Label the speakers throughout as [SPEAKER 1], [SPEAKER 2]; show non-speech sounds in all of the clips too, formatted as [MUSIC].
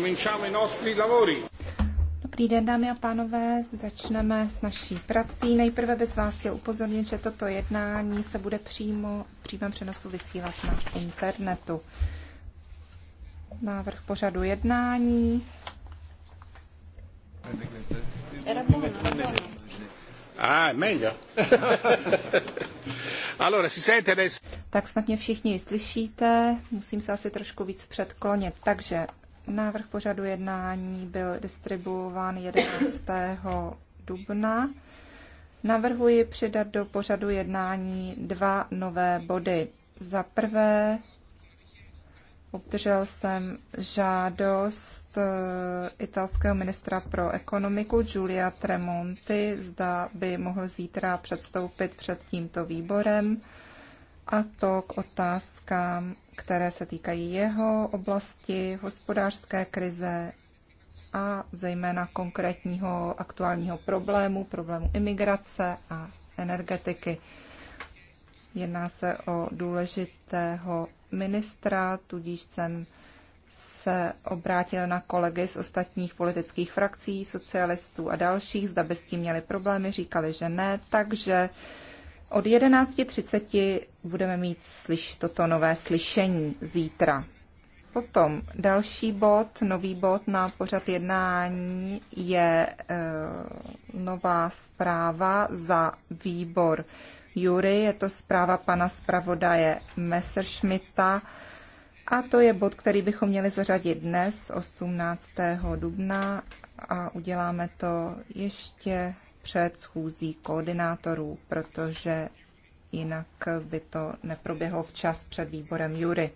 [SPEAKER 1] Cominciamo i nostri lavori.
[SPEAKER 2] Dobrý den, dámy a pánové, začneme s naší prací. Nejprve bych vás chtěl upozornit, že toto jednání se bude přímo v přímém přenosu vysílat na internetu. Návrh pořadu jednání.
[SPEAKER 1] Ah, meglio. [LAUGHS] allora, si sente adesso?
[SPEAKER 2] Tak snad mě všichni slyšíte, musím se asi trošku víc předklonit. Takže Návrh pořadu jednání byl distribuován 11. dubna. Navrhuji přidat do pořadu jednání dva nové body. Za prvé obdržel jsem žádost eh, italského ministra pro ekonomiku Giulia Tremonti, zda by mohl zítra předstoupit před tímto výborem a to k otázkám které se týkají jeho oblasti, hospodářské krize a zejména konkrétního aktuálního problému, problému imigrace a energetiky. Jedná se o důležitého ministra, tudíž jsem se obrátil na kolegy z ostatních politických frakcí, socialistů a dalších, zda by s tím měli problémy, říkali, že ne, takže uh, od 11.30 budeme mít slyš, toto nové slyšení zítra. Potom další bod, nový bod na pořad jednání je e, nová zpráva za výbor Jury. Je to zpráva pana zpravodaje Messerschmitta a to je bod, který bychom měli zařadit dnes, 18. dubna a uděláme to ještě před schůzí koordinátorů, protože jinak by to neproběhlo včas před výborem jury.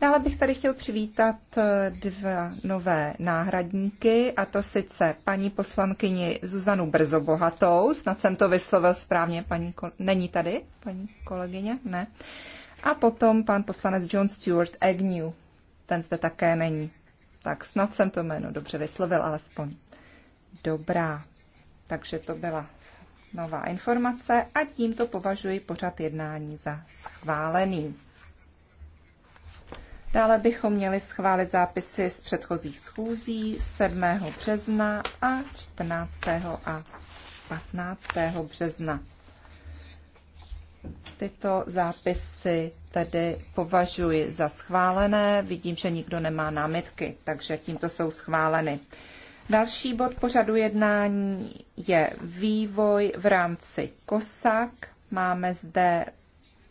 [SPEAKER 2] Dále bych tady chtěl přivítat eh, dva nové náhradníky, a to sice paní poslankyni Zuzanu Brzobohatou, snad jsem to vyslovil správně, paní ko- není tady, paní kolegyně, ne. A potom pan poslanec John Stewart Agnew, ten zde také není. Tak snad jsem to jméno dobře vyslovil, alespoň. Dobrá, takže to byla nová informace a tímto považuji pořad jednání za schválený. Dále bychom měli schválit zápisy z předchozích schůzí 7. března a 14. a 15. března. Tyto zápisy tedy považuji za schválené. Vidím, že nikdo nemá námitky, takže tímto jsou schváleny. Další bod pořadu jednání je vývoj v rámci COSAC. Máme zde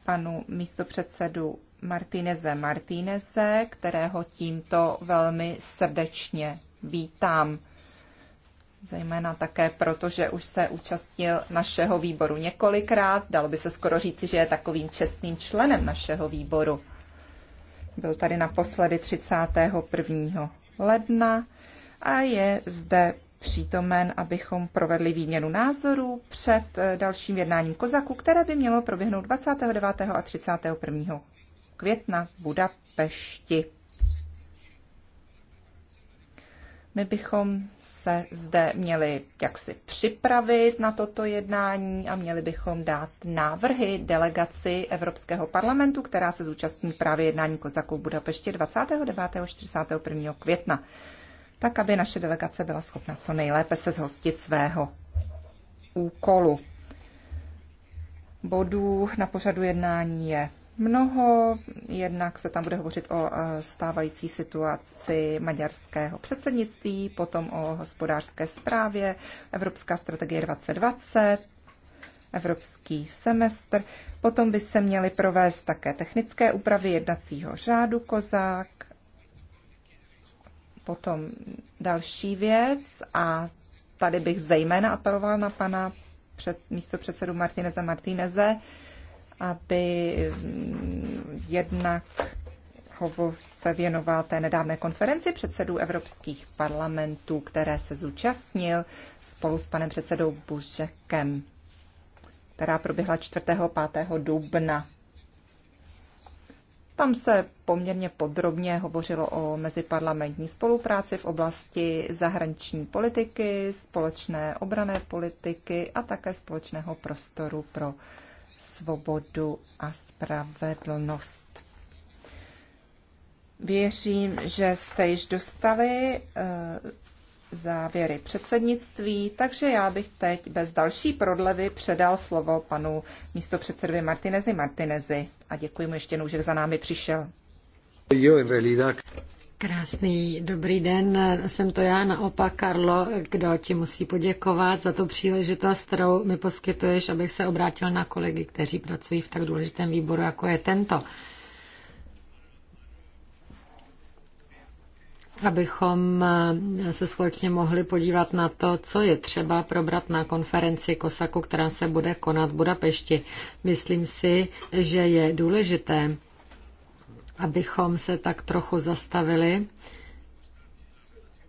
[SPEAKER 2] panu místopředsedu Martineze Martineze, kterého tímto velmi srdečně vítám. Zejména také proto, že už se účastnil našeho výboru několikrát. Dalo by se skoro říci, že je takovým čestným členem našeho výboru. Byl tady naposledy 31. ledna a je zde přítomen, abychom provedli výměnu názorů před eh, dalším jednáním Kozaku, které by mělo proběhnout 29. a 31. května v Budapešti. My bychom se zde měli jaksi připravit na toto jednání a měli bychom dát návrhy delegaci Evropského parlamentu, která se zúčastní právě jednání Kozaku v Budapešti 29. a 31. května tak aby naše delegace byla schopna co nejlépe se zhostit svého úkolu. Bodů na pořadu jednání je mnoho. Jednak se tam bude hovořit o e, stávající situaci maďarského předsednictví, potom o hospodářské zprávě, Evropská strategie 2020, evropský semestr. Potom by se měly provést také technické úpravy jednacího řádu Kozák, Potom další věc a tady bych zejména apeloval na pana před, místo předsedu Martineze Martineze, aby mm, jednak Hovo se věnoval té nedávné konferenci předsedů evropských parlamentů, které se zúčastnil spolu s panem předsedou Bužekem, která proběhla 4. 5. dubna. Tam se poměrně podrobně hovořilo o meziparlamentní spolupráci v oblasti zahraniční politiky, společné obrané politiky a také společného prostoru pro svobodu a spravedlnost. Věřím, že jste již dostali eh, závěry předsednictví, takže já bych teď bez další prodlevy předal slovo panu místopředsedovi Martinezi Martinezi a děkuji mu ještě jednou, že za námi přišel. Jo, Krásný, dobrý den, jsem to já, naopak, Karlo,
[SPEAKER 3] kdo ti musí poděkovat za tu příležitost, kterou mi poskytuješ, abych se obrátil na kolegy, kteří pracují v tak důležitém výboru, jako je tento. abychom eh, se společně mohli podívat na to, co je třeba probrat na konferenci Kosaku, která se bude konat v Budapešti. Myslím si, že je důležité, abychom se tak trochu zastavili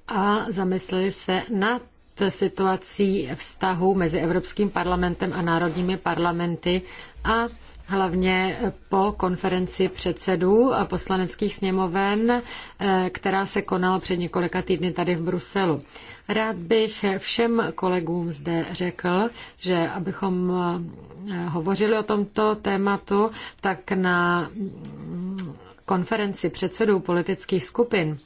[SPEAKER 3] a zamysleli se nad situací vztahu mezi Evropským parlamentem a národními parlamenty a hlavně po konferenci předsedů a poslaneckých sněmoven, eh, která se konala před několika týdny tady v Bruselu. Rád bych všem kolegům zde řekl, že abychom eh, hovořili o tomto tématu, tak na mm, konferenci předsedů politických skupin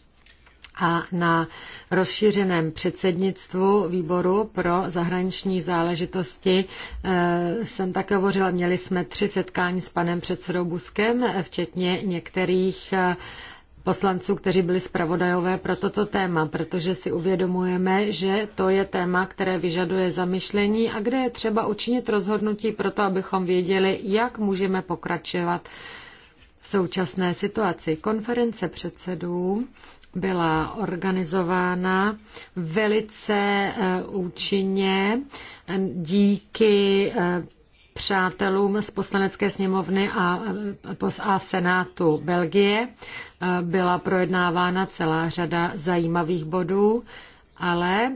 [SPEAKER 3] a na rozšířeném předsednictvu výboru pro zahraniční záležitosti eh, jsem také hovořila. Měli jsme tři setkání s panem předsedou Buskem, včetně některých eh, poslanců, kteří byli zpravodajové pro toto téma, protože si uvědomujeme, že to je téma, které vyžaduje zamyšlení a kde je třeba učinit rozhodnutí pro to, abychom věděli, jak můžeme pokračovat v současné situaci. Konference předsedů byla organizována velice eh, účinně eh, díky eh, přátelům z poslanecké sněmovny a, a senátu Belgie. Byla projednávána celá řada zajímavých bodů, ale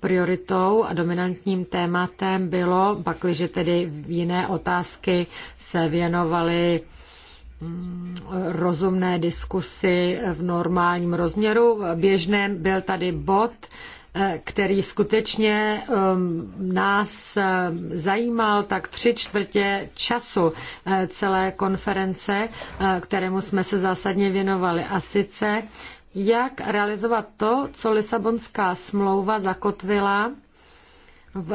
[SPEAKER 3] prioritou a dominantním tématem bylo, pakliže tedy jiné otázky se věnovaly rozumné diskusy v normálním rozměru. V běžném byl tady bod, eh, který skutečně ehm, nás ehm, zajímal tak tři čtvrtě času eh, celé konference, eh, kterému jsme se zásadně věnovali. A sice, jak realizovat to, co Lisabonská smlouva zakotvila v,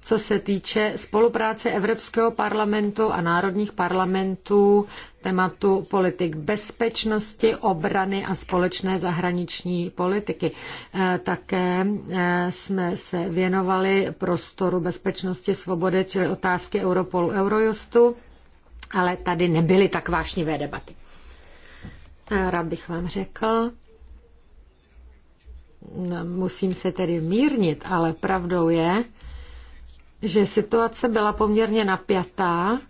[SPEAKER 3] co se týče spolupráce Evropského parlamentu a národních parlamentů tématu politik bezpečnosti, obrany a společné zahraniční politiky. E, také e, jsme se věnovali prostoru bezpečnosti, svobody, čili otázky Europolu, Eurojustu, ale tady nebyly tak vášnivé debaty. E, rád bych vám řekl, No, musím se tedy mírnit, ale pravdou je, že situace byla poměrně napjatá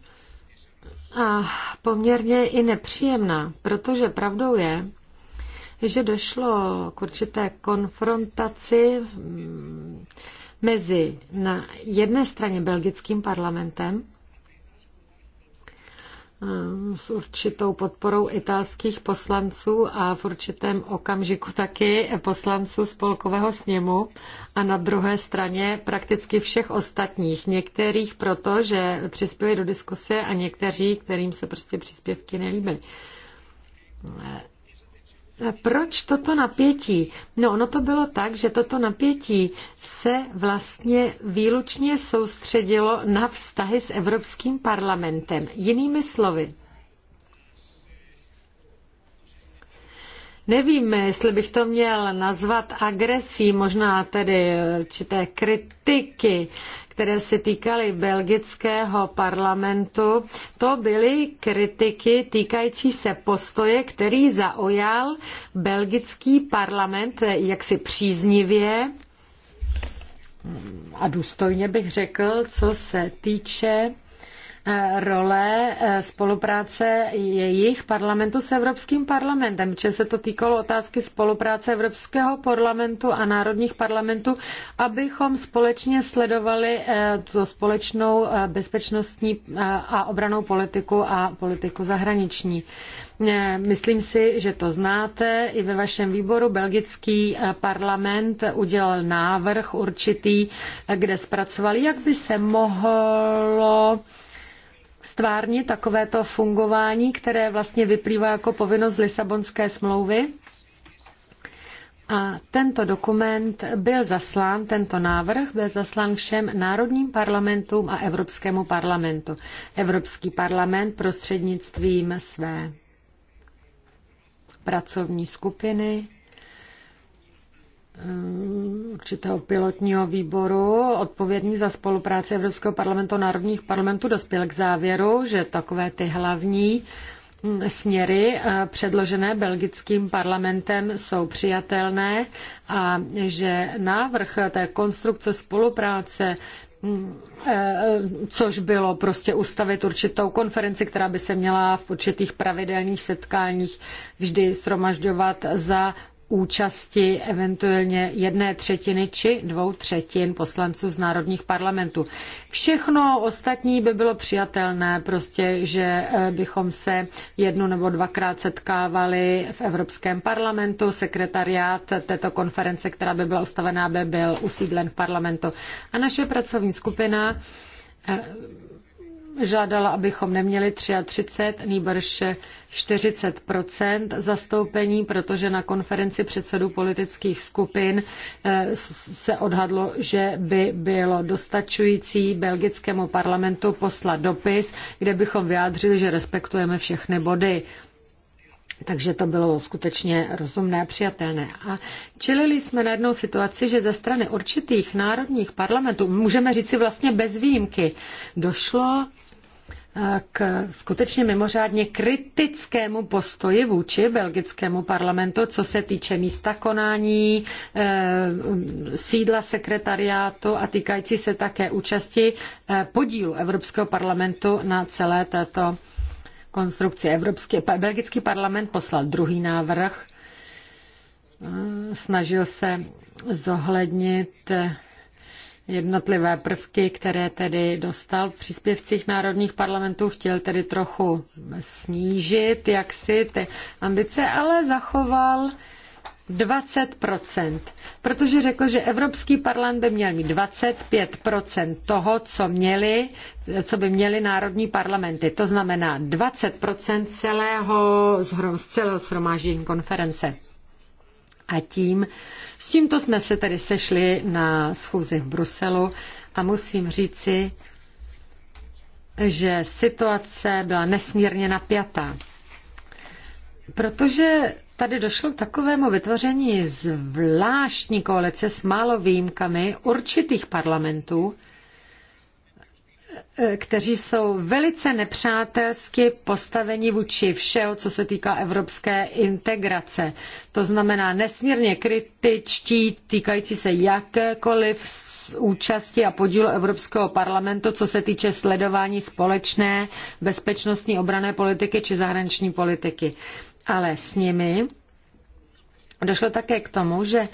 [SPEAKER 3] a poměrně i nepříjemná, protože pravdou je, že došlo k určité konfrontaci mm, mezi na jedné straně belgickým parlamentem Eh, s určitou podporou italských poslanců a v určitém okamžiku taky poslanců spolkového sněmu a na druhé straně prakticky všech ostatních. Některých proto, že přispěli do diskuse a někteří, kterým se prostě příspěvky nelíbily. Proč toto napětí? No, ono to bylo tak, že toto napětí se vlastně výlučně soustředilo na vztahy s Evropským parlamentem. Jinými slovy, Nevím, jestli bych to měl nazvat agresí, možná tedy určité kritiky, které se týkaly belgického parlamentu. To byly kritiky týkající se postoje, který zaujal belgický parlament jaksi příznivě a důstojně bych řekl, co se týče role eh, spolupráce jejich parlamentu s Evropským parlamentem, či se to týkalo otázky spolupráce Evropského parlamentu a národních parlamentů, abychom společně sledovali eh, tu společnou eh, bezpečnostní a obranou politiku a politiku zahraniční. Myslím si, že to znáte. I ve vašem výboru belgický parlament udělal návrh určitý, kde zpracoval, jak by se mohlo stvárnit takovéto fungování, které vlastně vyplývá jako povinnost z Lisabonské smlouvy. A tento dokument byl zaslán, tento návrh byl zaslán všem národním parlamentům a Evropskému parlamentu. Evropský parlament prostřednictvím své pracovní skupiny Eh, určitého pilotního výboru odpovědný za spolupráci Evropského parlamentu a národních parlamentů dospěl k závěru, že takové ty hlavní hm, směry eh, předložené belgickým parlamentem jsou přijatelné a že návrh té konstrukce spolupráce hm, eh, což bylo prostě ustavit určitou konferenci, která by se měla v určitých pravidelných setkáních vždy stromažďovat za účasti eventuálně jedné třetiny či dvou třetin poslanců z národních parlamentů. Všechno ostatní by bylo přijatelné, prostě, že eh, bychom se jednu nebo dvakrát setkávali v Evropském parlamentu, sekretariát této konference, která by byla ustavená, by byl usídlen v parlamentu. A naše pracovní skupina eh, žádala, abychom neměli 33, nýbrž 40 zastoupení, protože na konferenci předsedů politických skupin eh, se odhadlo, že by bylo dostačující belgickému parlamentu poslat dopis, kde bychom vyjádřili, že respektujeme všechny body. Takže to bylo skutečně rozumné a přijatelné. A čelili jsme jednou situaci, že ze strany určitých národních parlamentů, můžeme říci vlastně bez výjimky, došlo k skutečně mimořádně kritickému postoji vůči belgickému parlamentu, co se týče místa konání, eh, sídla sekretariátu a týkající se také účasti eh, podílu Evropského parlamentu na celé této konstrukci. Evropský, belgický parlament poslal druhý návrh, eh, snažil se zohlednit jednotlivé prvky, které tedy dostal v příspěvcích národních parlamentů, chtěl tedy trochu snížit jaksi ty ambice, ale zachoval 20%, protože řekl, že Evropský parlament by měl mít 25% toho, co, měli, co by měli národní parlamenty. To znamená 20% celého, z celého shromáždění konference. A tím s tímto jsme se tady sešli na schůzi v Bruselu a musím říci, že situace byla nesmírně napjatá. Protože tady došlo k takovému vytvoření zvláštní koalice s málo výjimkami určitých parlamentů, Eh, kteří jsou velice nepřátelsky postaveni vůči všeho, co se týká evropské integrace. To znamená nesmírně kritičtí, týkající se jakékoliv účasti a podílu Evropského parlamentu, co se týče sledování společné bezpečnostní obrané politiky či zahraniční politiky. Ale s nimi došlo také k tomu, že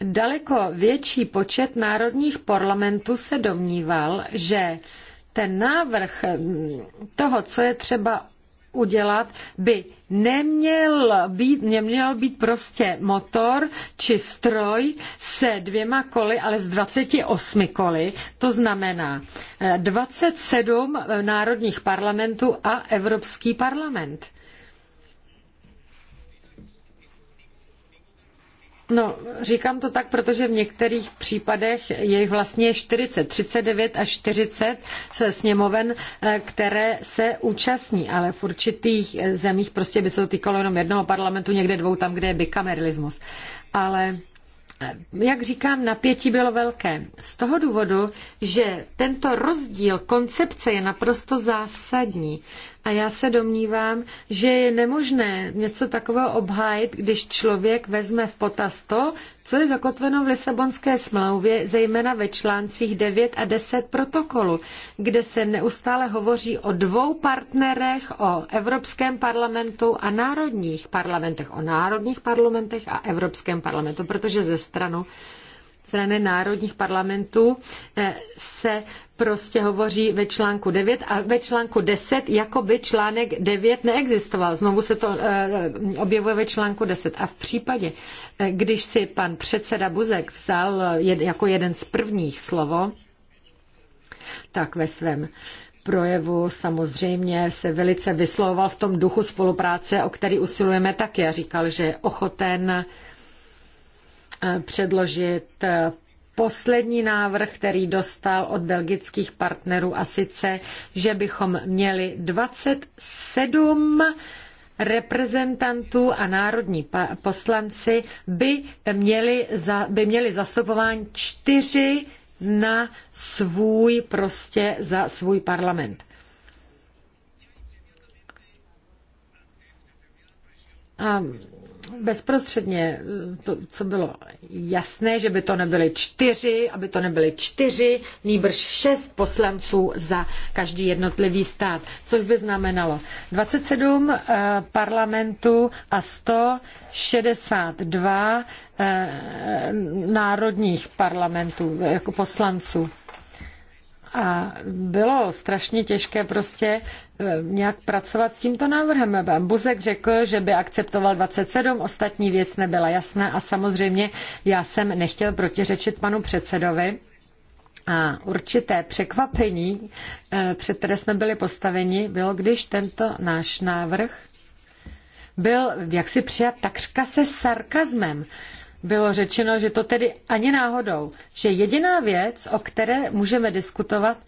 [SPEAKER 3] daleko větší počet národních parlamentů se domníval, že ten návrh mm, toho, co je třeba udělat, by neměl být, neměl být prostě motor či stroj se dvěma koly, ale s 28 koly. To znamená 27 eh, eh, národních parlamentů a Evropský parlament. No, říkám to tak, protože v některých případech je vlastně 40, 39 až 40 sněmoven, eh, které se účastní, ale v určitých eh, zemích prostě by se to týkalo jenom jednoho parlamentu, někde dvou tam, kde je bikameralismus. Ale eh, jak říkám, napětí bylo velké. Z toho důvodu, že tento rozdíl koncepce je naprosto zásadní. A já se domnívám, že je nemožné něco takového obhájit, když člověk vezme v potaz to, co je zakotveno v Lisabonské smlouvě, zejména ve článcích 9 a 10 protokolu, kde se neustále hovoří o dvou partnerech, o Evropském parlamentu a národních parlamentech, o národních parlamentech a Evropském parlamentu, protože ze stranu strany národních parlamentů eh, se prostě hovoří ve článku 9 a ve článku 10, jako by článek 9 neexistoval. Znovu se to eh, objevuje ve článku 10. A v případě, eh, když si pan předseda Buzek vzal jako jeden z prvních slovo, tak ve svém projevu samozřejmě se velice vyslovoval v tom duchu spolupráce, o který usilujeme také. a říkal, že je ochoten předložit eh, poslední návrh, který dostal od belgických partnerů a sice, že bychom měli 27 reprezentantů a národní poslanci by měli, za, by měli zastupování čtyři na svůj prostě za svůj parlament. A bezprostředně, to, co bylo jasné, že by to nebyly čtyři, aby to nebyly čtyři, nýbrž šest poslanců za každý jednotlivý stát, což by znamenalo 27 eh, parlamentů a 162 eh, národních parlamentů eh, jako poslanců. A bylo strašně těžké prostě eh, nějak pracovat s tímto návrhem. Buzek řekl, že by akceptoval 27, ostatní věc nebyla jasná a samozřejmě já jsem nechtěl protiřečit panu předsedovi. A určité překvapení, eh, před které jsme byli postaveni, bylo, když tento náš návrh byl jaksi přijat takřka se sarkazmem bylo řečeno, že to tedy ani náhodou, že jediná věc, o které můžeme diskutovat,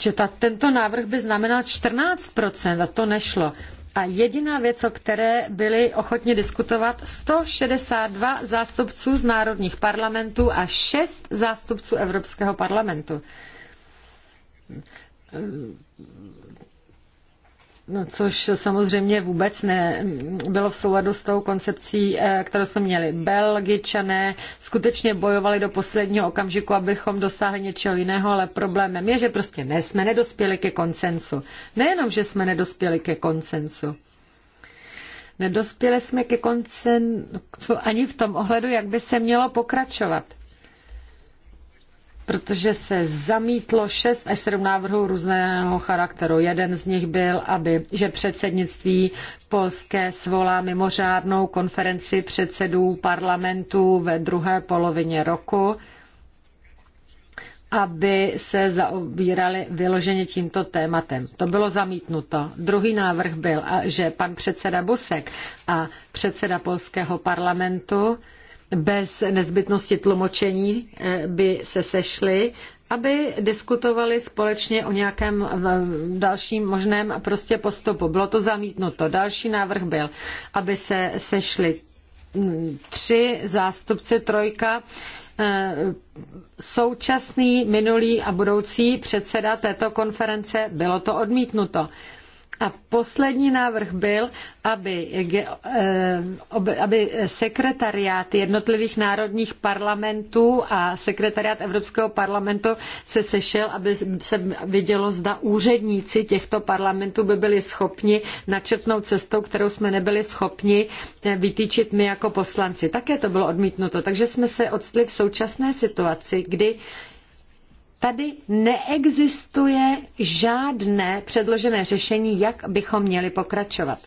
[SPEAKER 3] že ta, tento návrh by znamenal 14% a to nešlo. A jediná věc, o které byli ochotni diskutovat 162 zástupců z národních parlamentů a 6 zástupců Evropského parlamentu No, což samozřejmě vůbec nebylo v souladu s tou koncepcí, eh, kterou jsme měli. Belgičané skutečně bojovali do posledního okamžiku, abychom dosáhli něčeho jiného, ale problémem je, že prostě ne, jsme nedospěli ke koncensu. Nejenom, že jsme nedospěli ke koncensu. Nedospěli jsme ke koncensu ani v tom ohledu, jak by se mělo pokračovat protože se zamítlo 6 až 7 návrhů různého charakteru. Jeden z nich byl, aby, že předsednictví Polské svolá mimořádnou konferenci předsedů parlamentů ve druhé polovině roku, aby se zaobírali vyloženě tímto tématem. To bylo zamítnuto. Druhý návrh byl, že pan předseda Busek a předseda Polského parlamentu bez nezbytnosti tlumočení eh, by se sešli, aby diskutovali společně o nějakém eh, dalším možném prostě postupu. Bylo to zamítnuto. Další návrh byl, aby se sešli mm, tři zástupci trojka eh, současný, minulý a budoucí předseda této konference, bylo to odmítnuto. A poslední návrh byl, aby, eh, aby sekretariát jednotlivých národních parlamentů a sekretariát Evropského parlamentu se sešel, aby se vidělo, zda úředníci těchto parlamentů by byli schopni načrtnout cestou, kterou jsme nebyli schopni eh, vytýčit my jako poslanci. Také to bylo odmítnuto. Takže jsme se odstli v současné situaci, kdy Tady neexistuje žádné předložené řešení, jak bychom měli pokračovat.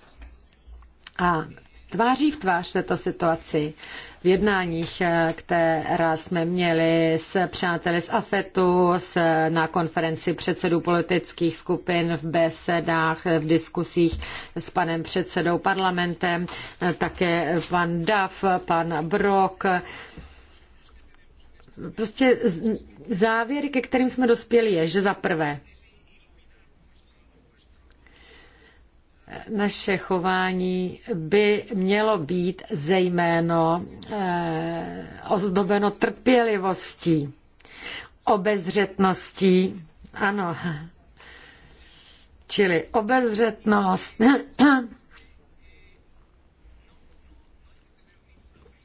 [SPEAKER 3] A tváří v tvář této situaci v jednáních, eh, která jsme měli s přáteli z AFETu, s, na konferenci předsedů politických skupin, v besedách, v diskusích s panem předsedou parlamentem, eh, také pan Duff, pan Brok, Prostě závěry, ke kterým jsme dospěli, je, že za prvé naše chování by mělo být zejméno eh, ozdobeno trpělivostí, obezřetností, ano, čili obezřetnost,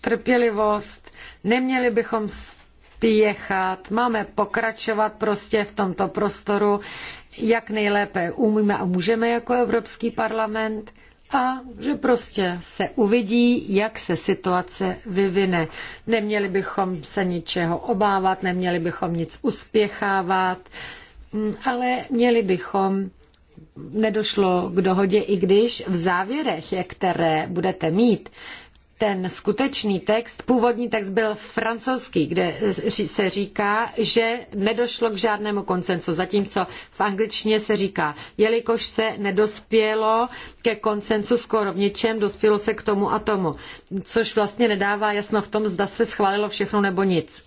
[SPEAKER 3] trpělivost. Neměli bychom spěchat, máme pokračovat prostě v tomto prostoru, jak nejlépe umíme a můžeme jako Evropský parlament a že prostě se uvidí, jak se situace vyvine. Neměli bychom se ničeho obávat, neměli bychom nic uspěchávat, mm, ale měli bychom nedošlo k dohodě, i když v závěrech, které budete mít, ten skutečný text, původní text byl francouzský, kde se říká, že nedošlo k žádnému konsensu, zatímco v angličtině se říká, jelikož se nedospělo ke konsensu skoro v ničem, dospělo se k tomu a tomu, což vlastně nedává jasno v tom, zda se schválilo všechno nebo nic.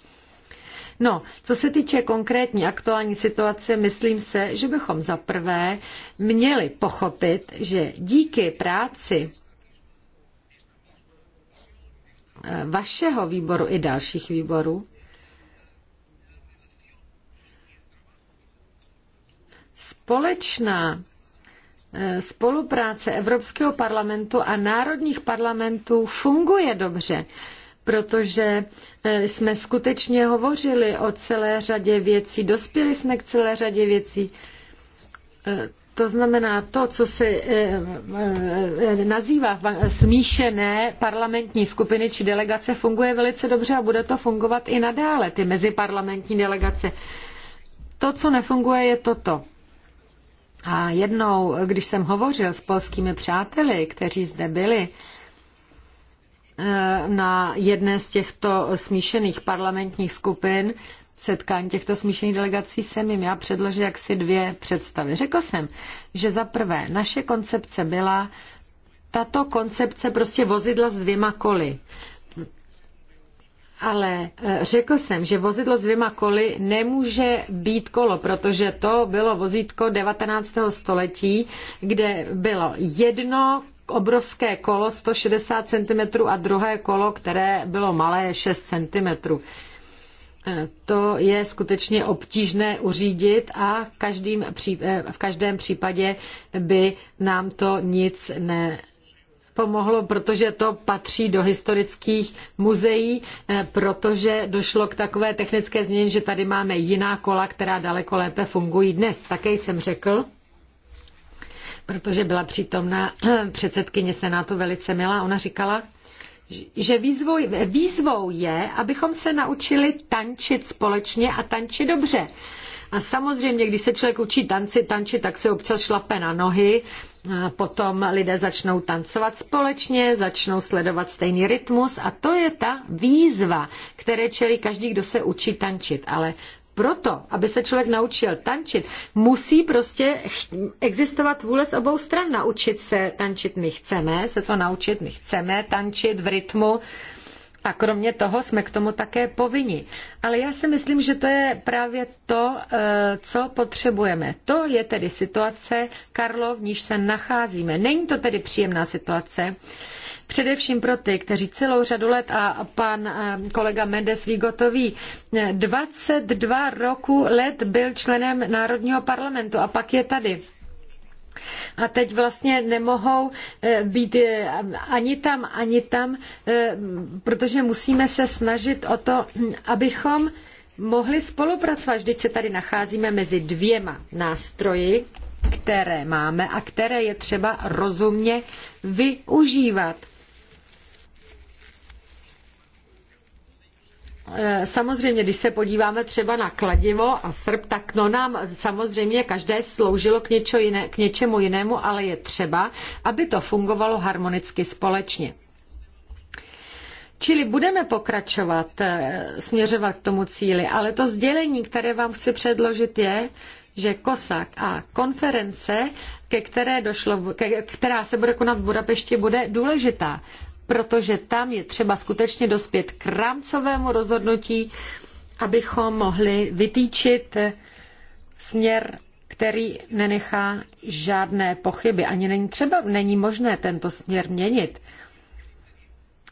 [SPEAKER 3] No, co se týče konkrétní aktuální situace, myslím se, že bychom za prvé měli pochopit, že díky práci vašeho výboru i dalších výborů společná eh, spolupráce Evropského parlamentu a národních parlamentů funguje dobře, protože eh, jsme skutečně hovořili o celé řadě věcí, dospěli jsme k celé řadě věcí. Eh, to znamená to, co se eh, eh, nazývá smíšené parlamentní skupiny či delegace, funguje velice dobře a bude to fungovat i nadále, ty meziparlamentní delegace. To, co nefunguje, je toto. A jednou, když jsem hovořil s polskými přáteli, kteří zde byli, eh, na jedné z těchto smíšených parlamentních skupin, setkání těchto smíšených delegací jsem jim já předložil jaksi dvě představy. Řekl jsem, že za prvé naše koncepce byla tato koncepce prostě vozidla s dvěma koly. Ale eh, řekl jsem, že vozidlo s dvěma koly nemůže být kolo, protože to bylo vozítko 19. století, kde bylo jedno obrovské kolo 160 cm a druhé kolo, které bylo malé 6 cm to je skutečně obtížné uřídit a každým, eh, v každém případě by nám to nic ne pomohlo, protože to patří do historických muzeí, eh, protože došlo k takové technické změně, že tady máme jiná kola, která daleko lépe fungují dnes. Také jsem řekl, protože byla přítomna [CLEARS THROAT] předsedkyně Senátu velice milá. Ona říkala, že výzvou, výzvou je, abychom se naučili tančit společně a tančit dobře. A samozřejmě, když se člověk učí tanci, tančit, tak se občas šlape na nohy, potom lidé začnou tancovat společně, začnou sledovat stejný rytmus a to je ta výzva, které čelí každý, kdo se učí tančit. Ale proto, aby se člověk naučil tančit, musí prostě existovat vůle z obou stran naučit se tančit. My chceme se to naučit, my chceme tančit v rytmu, a kromě toho jsme k tomu také povinni. Ale já si myslím, že to je právě to, eh, co potřebujeme. To je tedy situace, Karlo, v níž se nacházíme. Není to tedy příjemná situace. Především pro ty, kteří celou řadu let, a pan eh, kolega Mendes Vigo to ví, 22 eh, roku let byl členem Národního parlamentu a pak je tady. A teď vlastně nemohou eh, být ani tam, ani tam, protože musíme se snažit o to, abychom mohli spolupracovat. Vždyť se tady nacházíme mezi dvěma nástroji, které máme a které je třeba rozumně využívat. Eh, samozřejmě, když se podíváme třeba na kladivo a srp, tak no nám samozřejmě každé sloužilo k, něčo jiné, k něčemu jinému, ale je třeba, aby to fungovalo harmonicky společně. Čili budeme pokračovat, eh, směřovat k tomu cíli, ale to sdělení, které vám chci předložit, je, že Kosak a konference, ke které došlo, ke, která se bude konat v Budapešti, bude důležitá protože tam je třeba skutečně dospět k rámcovému rozhodnutí, abychom mohli vytýčit směr, který nenechá žádné pochyby. Ani není třeba, není možné tento směr měnit.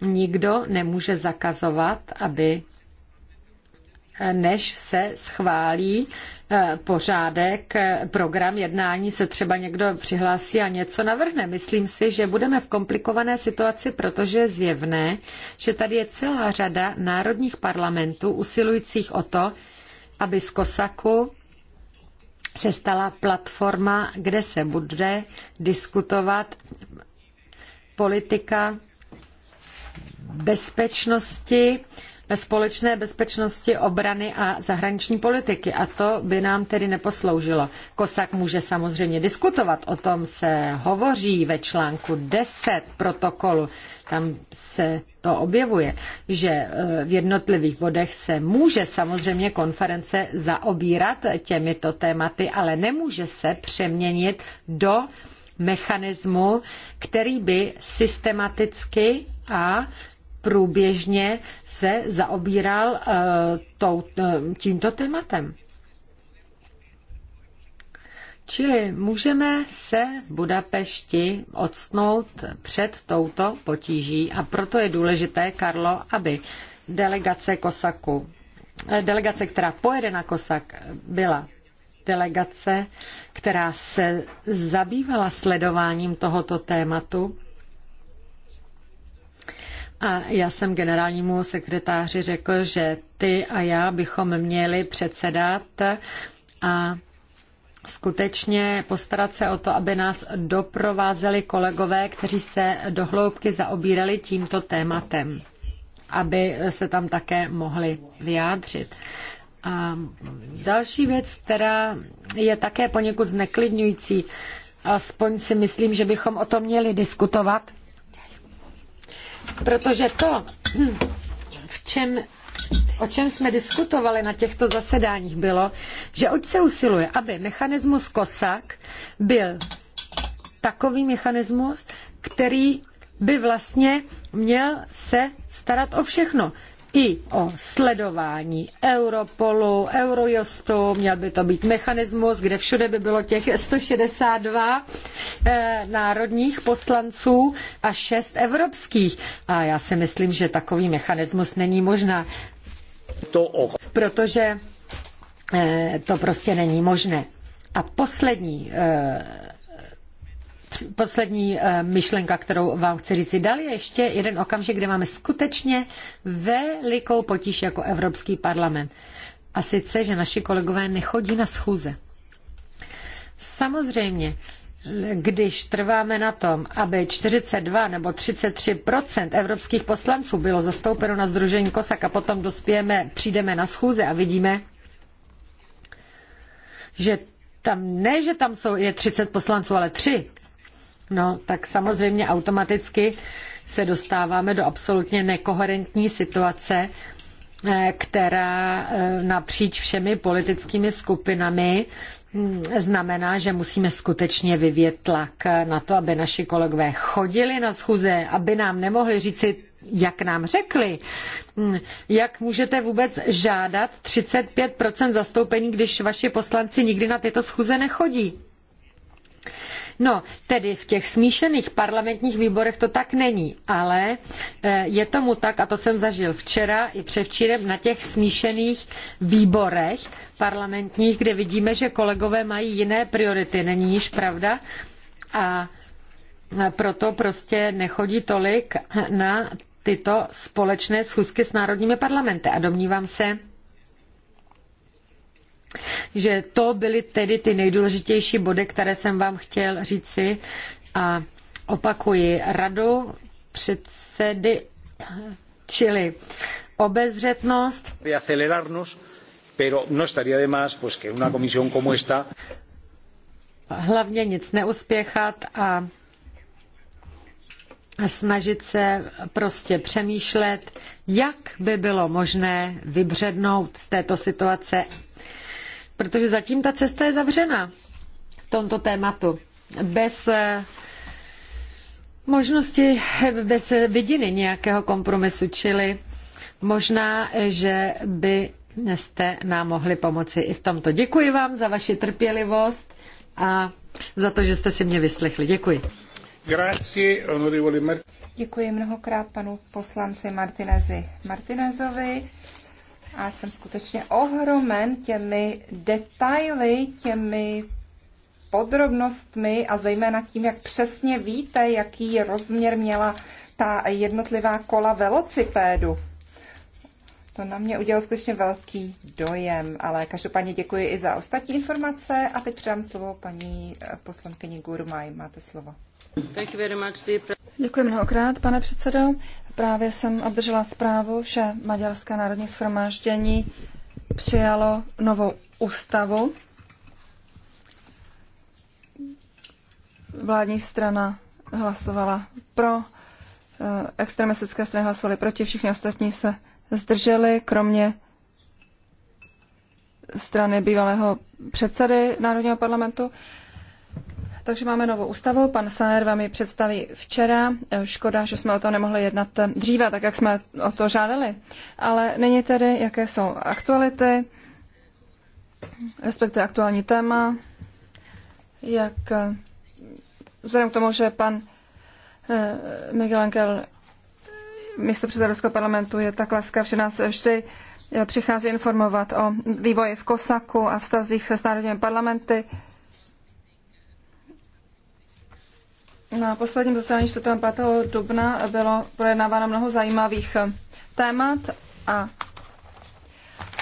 [SPEAKER 3] Nikdo nemůže zakazovat, aby než se schválí eh, pořádek, eh, program jednání se třeba někdo přihlásí a něco navrhne. Myslím si, že budeme v komplikované situaci, protože je zjevné, že tady je celá řada národních parlamentů usilujících o to, aby z Kosaku se stala platforma, kde se bude diskutovat politika bezpečnosti, společné bezpečnosti, obrany a zahraniční politiky. A to by nám tedy neposloužilo. Kosak může samozřejmě diskutovat, o tom se hovoří ve článku 10 protokolu. Tam se to objevuje, že e, v jednotlivých bodech se může samozřejmě konference zaobírat těmito tématy, ale nemůže se přeměnit do mechanismu, který by systematicky a průběžně se zaobíral eh, tou, eh, tímto tématem. Čili můžeme se v Budapešti odstnout před touto potíží a proto je důležité, Karlo, aby delegace Kosaku, eh, delegace, která pojede na Kosak, byla delegace, která se zabývala sledováním tohoto tématu a já jsem generálnímu sekretáři řekl, že ty a já bychom měli předsedat a skutečně postarat se o to, aby nás doprovázeli kolegové, kteří se dohloubky zaobírali tímto tématem, aby se tam také mohli vyjádřit. A další věc, která je také poněkud zneklidňující, aspoň si myslím, že bychom o tom měli diskutovat, Protože to, v čem, o čem jsme diskutovali na těchto zasedáních, bylo, že oč se usiluje, aby mechanismus kosak byl takový mechanismus, který by vlastně měl se starat o všechno i o sledování Europolu, Eurojustu, měl by to být mechanismus, kde všude by bylo těch 162 eh, národních poslanců a 6 evropských. A já si myslím, že takový mechanismus není možná, protože eh, to prostě není možné. A poslední eh, poslední eh, myšlenka, kterou vám chci říct. Dali ještě jeden okamžik, kde máme skutečně velikou potíž jako Evropský parlament. A sice, že naši kolegové nechodí na schůze. Samozřejmě, když trváme na tom, aby 42 nebo 33 evropských poslanců bylo zastoupeno na združení Kosak a potom dospějeme, přijdeme na schůze a vidíme, že tam ne, že tam jsou, je 30 poslanců, ale 3, No, tak samozřejmě automaticky se dostáváme do absolutně nekoherentní situace, eh, která eh, napříč všemi politickými skupinami hm, znamená, že musíme skutečně vyvět tlak na to, aby naši kolegové chodili na schůze, aby nám nemohli říci, jak nám řekli, hm, jak můžete vůbec žádat 35% zastoupení, když vaši poslanci nikdy na tyto schůze nechodí. No, tedy v těch smíšených parlamentních výborech to tak není, ale eh, je tomu tak, a to jsem zažil včera i převčírem na těch smíšených výborech parlamentních, kde vidíme, že kolegové mají jiné priority, není již pravda? A proto prostě nechodí tolik na tyto společné schůzky s národními parlamenty. A domnívám se, že to byly tedy ty nejdůležitější body, které jsem vám chtěl říci a opakuji radu předsedy, čili obezřetnost.
[SPEAKER 1] pero no estaría de más pues que una comisión como esta
[SPEAKER 3] hlavně nic neuspěchat a snažit se prostě přemýšlet, jak by bylo možné vybřednout z této situace protože zatím ta cesta je zavřená v tomto tématu. Bez eh, možnosti, bez vidiny nějakého kompromisu, čili možná, že by jste nám mohli pomoci i v tomto. Děkuji vám za vaši trpělivost
[SPEAKER 2] a za to, že jste si mě vyslechli. Děkuji.
[SPEAKER 1] Grazie,
[SPEAKER 2] Děkuji mnohokrát panu poslanci Martinezi Martinezovi a jsem skutečně ohromen těmi detaily, těmi podrobnostmi a zejména tím, jak přesně víte, jaký rozměr měla ta jednotlivá kola velocipédu. To na mě udělalo skutečně velký dojem, ale každopádně děkuji i za ostatní informace a teď předám slovo paní poslankyni Gurmaj. Máte slovo. Thank you very much, dear
[SPEAKER 1] Děkuji mnohokrát, pane předsedo. Právě jsem obdržela zprávu, že Maďarské národní schromáždění přijalo novou ústavu. Vládní strana hlasovala pro, eh, extremistické strany hlasovaly proti, všichni ostatní se zdrželi, kromě strany bývalého předsedy Národního parlamentu. Takže máme novou ústavu. Pan Saner vám ji představí včera. Eh, Škoda, že jsme o to nemohli jednat eh, dříve, tak jak jsme o to žádali. Ale není tedy, jaké jsou aktuality, respektive aktuální téma, jak eh, vzhledem k tomu, že pan Miguel Angel místo předsedovského parlamentu je tak laskav, že nás vždy přichází informovat o vývoji v Kosaku a vztazích s národními parlamenty. Na posledním zasedání 4. 5. dubna bylo projednáváno mnoho zajímavých témat a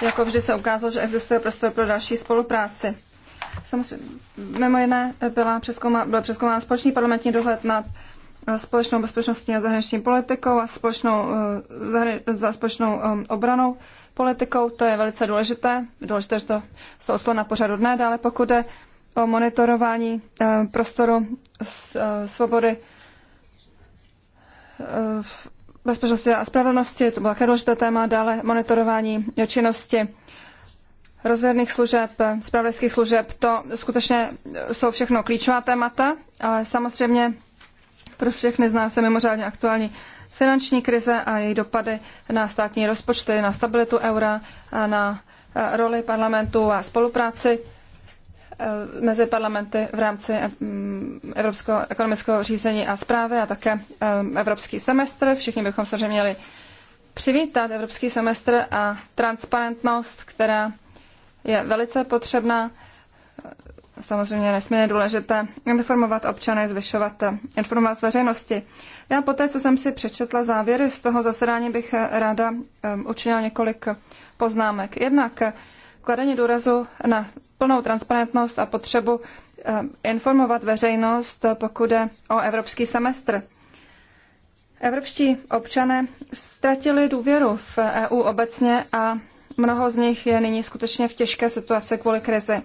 [SPEAKER 1] jako vždy se ukázalo, že existuje prostor pro další spolupráci. Samozřejmě, mimo jiné byla přeskoumá, byl přeskoumán společný parlamentní dohled nad eh, společnou bezpečnostní a zahraniční politikou a společnou, eh, za společnou eh, obranou politikou. To je velice důležité. Důležité, že to se oslo na pořadu dne. Dále pokud je o monitorování eh, prostoru eh, svobody eh, bezpečnosti a spravedlnosti, to bylo také důležité téma, dále monitorování činnosti rozvěrných služeb, spravodajských služeb, to skutečně jsou všechno klíčová témata, ale samozřejmě pro všechny z nás je mimořádně aktuální finanční krize a její dopady na státní rozpočty, na stabilitu eura, a na roli parlamentu a spolupráci Eh, mezi parlamenty v rámci eh, mm, evropského ekonomického řízení a zprávy a také eh, evropský semestr. Všichni bychom samozřejmě měli přivítat evropský semestr a transparentnost, která je velice potřebná. Samozřejmě nesmírně důležité informovat občany, zvyšovat informovanost veřejnosti. Já poté, co jsem si přečetla závěry z toho zasedání, bych ráda učinila několik poznámek. Jednak kladení důrazu na plnou transparentnost a potřebu eh, informovat veřejnost, pokud jde o evropský semestr. Evropští občané ztratili důvěru v EU obecně a mnoho z nich je nyní skutečně v těžké situaci kvůli krizi.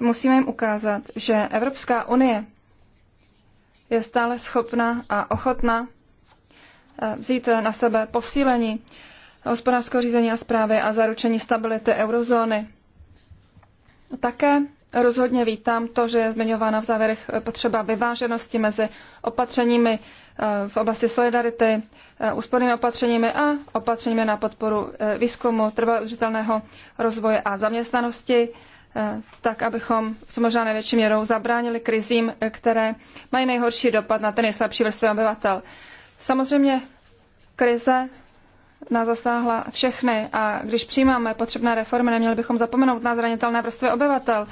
[SPEAKER 1] Musíme jim ukázat, že Evropská unie je stále schopna a ochotna eh, vzít na sebe posílení hospodářského řízení a zprávy a zaručení stability eurozóny také rozhodně vítám to, že je zmiňována v závěrech potřeba vyváženosti mezi opatřeními eh, v oblasti solidarity, eh, úspornými opatřeními a opatřeními na podporu eh, výzkumu, trvalého udržitelného rozvoje a zaměstnanosti, tak abychom co možná největší měrou zabránili krizím, které mají nejhorší dopad na ty nejslabší vrstvy obyvatel. Samozřejmě krize nás zasáhla všechny a když přijímáme potřebné reformy, neměli bychom zapomenout na zranitelné vrstvy obyvatel.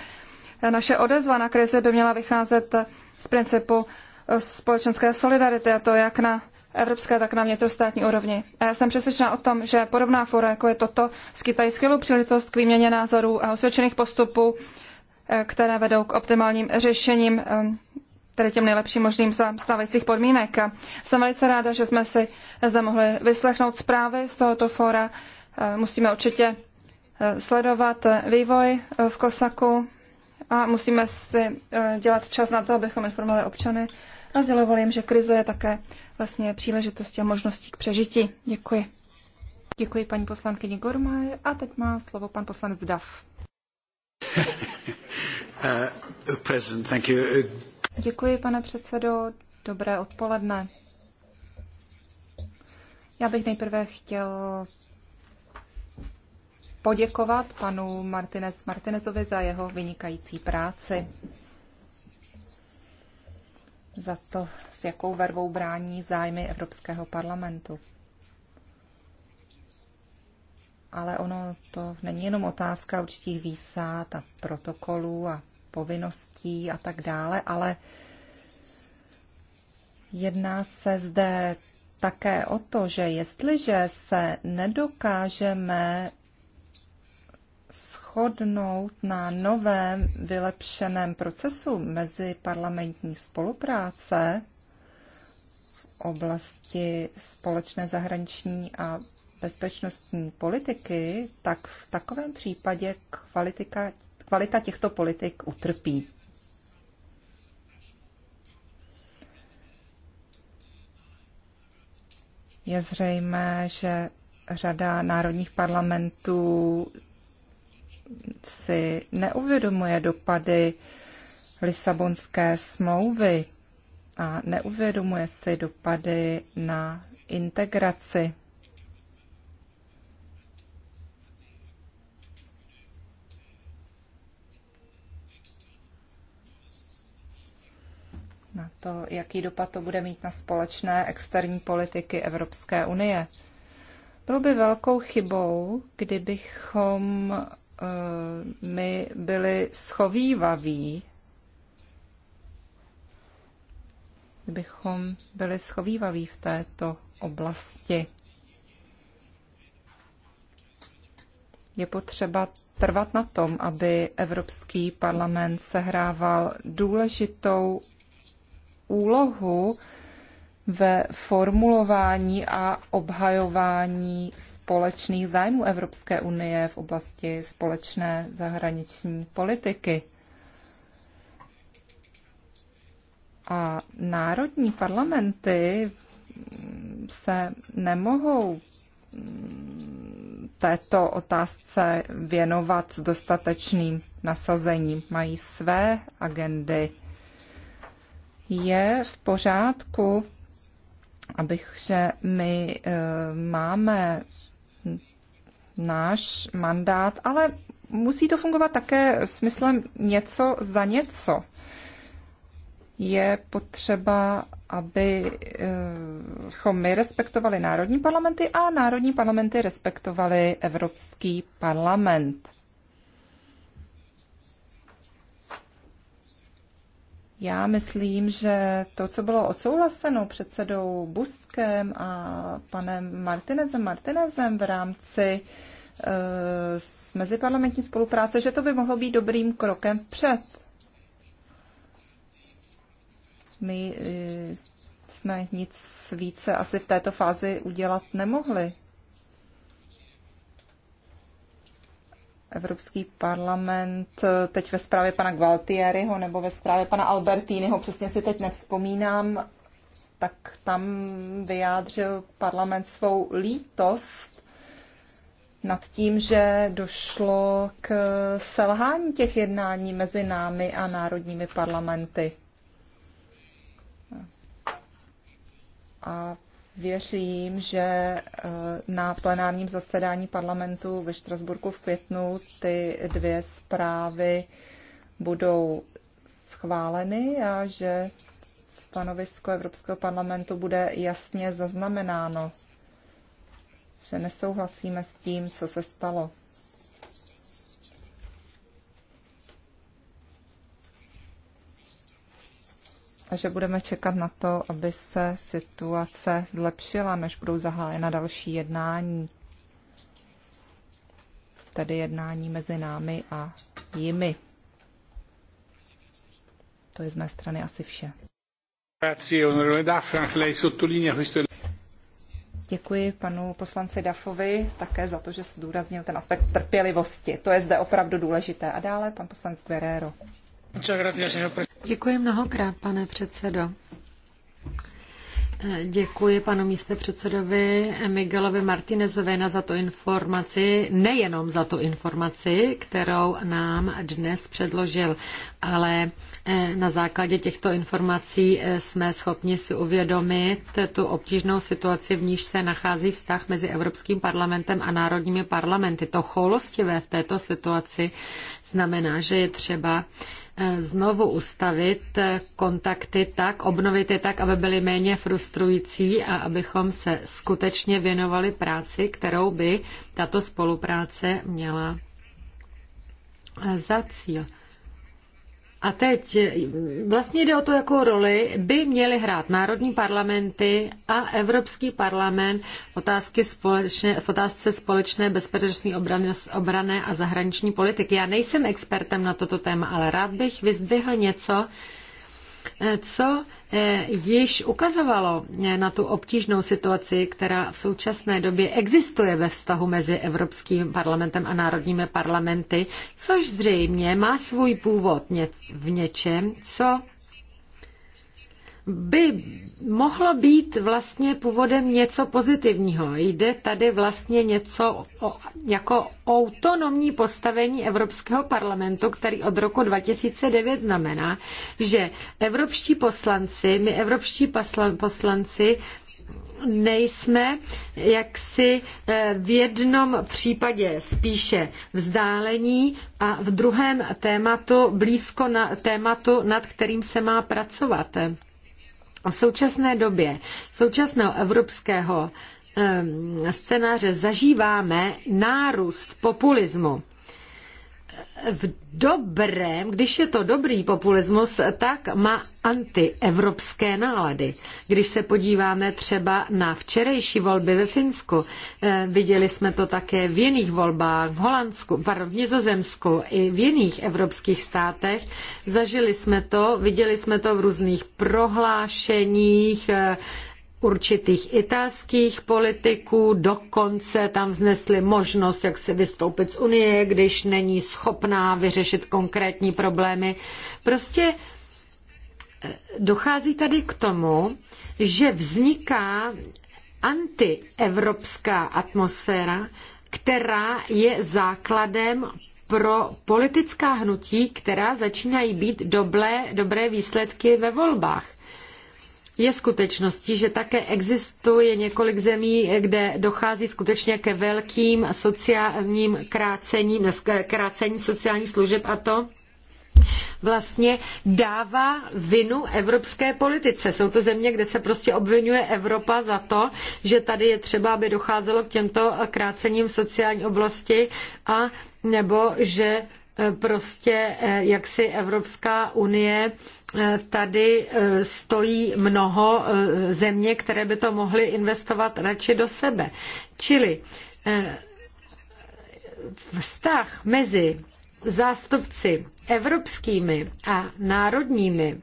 [SPEAKER 1] Naše odezva na krizi by měla vycházet z principu společenské solidarity a to jak na evropské, tak na vnitrostátní úrovni. A já jsem přesvědčena o tom, že podobná fora, jako je toto, skýtají skvělou příležitost k výměně názorů a osvědčených postupů, eh, které vedou k optimálním řešením eh, tedy těm nejlepším možným za stávajících podmínek. Jsem velice ráda, že jsme si zde mohli vyslechnout zprávy z tohoto fóra. Eh, musíme určitě eh, sledovat eh, vývoj v Kosaku a musíme si dělat čas na to, abychom informovali občany a sdělovali jim, že krize je také
[SPEAKER 2] vlastně příležitosti a možností k přežití. Děkuji. Děkuji paní poslankyni Gormaj a teď má slovo pan poslanec Dav.
[SPEAKER 1] [LAUGHS] uh, president, thank you.
[SPEAKER 2] Děkuji, pane předsedo. Dobré odpoledne. Já bych nejprve chtěl poděkovat panu Martinez Martinezovi za jeho vynikající práci. Za to, s jakou vervou brání zájmy Evropského parlamentu. Ale ono to není jenom otázka určitých výsad a protokolů a povinností a tak dále, ale jedná se zde také o to, že jestliže se nedokážeme shodnout na novém vylepšeném procesu mezi parlamentní spolupráce v oblasti společné zahraniční a bezpečnostní politiky, tak v takovém případě kvalitika, kvalita těchto politik utrpí. Je zřejmé, že řada národních parlamentů si neuvědomuje dopady Lisabonské smlouvy a neuvědomuje si dopady na integraci to, jaký dopad to bude mít na společné externí politiky Evropské unie. Bylo by velkou chybou, kdybychom eh, my byli schovývaví, kdybychom byli schovývaví v této oblasti. Je potřeba trvat na tom, aby Evropský parlament sehrával důležitou úlohu ve formulování a obhajování společných zájmů Evropské unie v oblasti společné zahraniční politiky. A národní parlamenty se nemohou této otázce věnovat s dostatečným nasazením. Mají své agendy je v pořádku, abych, že my eh, máme náš mandát, ale musí to fungovat také smyslem něco za něco. Je potřeba, abychom eh, my respektovali národní parlamenty a národní parlamenty respektovali Evropský parlament. Já myslím, že to, co bylo odsouhlaseno předsedou Buskem a panem Martinezem Martinezem v rámci uh, meziparlamentní spolupráce, že to by mohlo být dobrým krokem před. My uh, jsme nic více asi v této fázi udělat nemohli. Evropský parlament eh, teď ve zprávě pana Gualtieriho nebo ve zprávě pana Albertiniho, přesně si teď nevzpomínám, tak tam vyjádřil parlament svou lítost nad tím, že došlo k selhání těch jednání mezi námi a národními parlamenty. A Věřím, že e, na plenárním zasedání parlamentu ve Štrasburku v květnu ty dvě zprávy budou schváleny a že stanovisko Evropského parlamentu bude jasně zaznamenáno, že nesouhlasíme s tím, co se stalo. a že budeme čekat na to, aby se situace zlepšila, než budou zahájena další jednání. Tedy jednání mezi námi a jimi. To je z mé strany asi vše. Děkuji panu poslanci Dafovi také za to, že zdůraznil ten aspekt trpělivosti. To je zde opravdu důležité. A dále pan poslanec Guerrero. Děkuji mnohokrát, pane předsedo. Eh, děkuji
[SPEAKER 3] panu místopředsedovi Miguelovi Martinezovi za tu informaci, nejenom za tu informaci, kterou nám dnes předložil, ale Eh, na základě těchto informací eh, jsme schopni si uvědomit tu obtížnou situaci, v níž se nachází vztah mezi Evropským parlamentem a národními parlamenty. To choulostivé v této situaci znamená, že je třeba eh, znovu ustavit kontakty tak, obnovit je tak, aby byly méně frustrující a abychom se skutečně věnovali práci, kterou by tato spolupráce měla za cíl. A teď vlastně jde o to, jakou roli by měly hrát národní parlamenty a Evropský parlament v, otázky společné, v otázce společné bezpečnostní obrané a zahraniční politiky. Já nejsem expertem na toto téma, ale rád bych vyzdvihl něco, co eh, již ukazovalo eh, na tu obtížnou situaci, která v současné době existuje ve vztahu mezi Evropským parlamentem a národními parlamenty, což zřejmě má svůj původ v něčem, co by mohlo být vlastně původem něco pozitivního. Jde tady vlastně něco o, jako autonomní postavení Evropského parlamentu, který od roku 2009 znamená, že evropští poslanci, my evropští poslanci nejsme jaksi eh, v jednom případě spíše vzdálení a v druhém tématu blízko na, tématu, nad kterým se má pracovat. V současné době současného evropského ehm, scénáře zažíváme nárůst populismu v dobrém, když je to dobrý populismus, tak má antievropské nálady. Když se podíváme třeba na včerejší volby ve Finsku, eh, viděli jsme to také v jiných volbách, v Holandsku, pardon, v Nizozemsku i v jiných evropských státech. Zažili jsme to, viděli jsme to v různých prohlášeních, eh, určitých italských politiků, dokonce tam vznesli možnost, jak se vystoupit z Unie, když není schopná vyřešit konkrétní problémy. Prostě eh, dochází tady k tomu, že vzniká antievropská atmosféra, která je základem pro politická hnutí, která začínají být doble, dobré výsledky ve volbách je skutečností, že také existuje několik zemí, kde dochází skutečně ke velkým sociálním krácením, krácení sociálních služeb a to vlastně dává vinu evropské politice. Jsou to země, kde se prostě obvinuje Evropa za to, že tady je třeba, aby docházelo k těmto krácením v sociální oblasti a nebo že Eh, prostě eh, jak si Evropská unie eh, tady stojí mnoho země, které by to mohly investovat radši do sebe. Čili vztah mezi zástupci evropskými a národními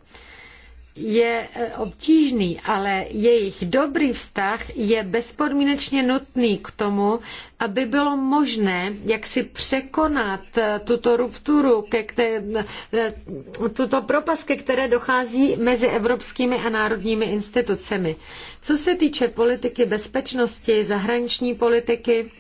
[SPEAKER 3] je eh, obtížný, ale jejich dobrý vztah je bezpodmínečně nutný k tomu, aby bylo možné jak si překonat eh, tuto rupturu, ke které, eh, tuto propast, ke které dochází mezi evropskými a národními institucemi. Co se týče politiky bezpečnosti, zahraniční politiky,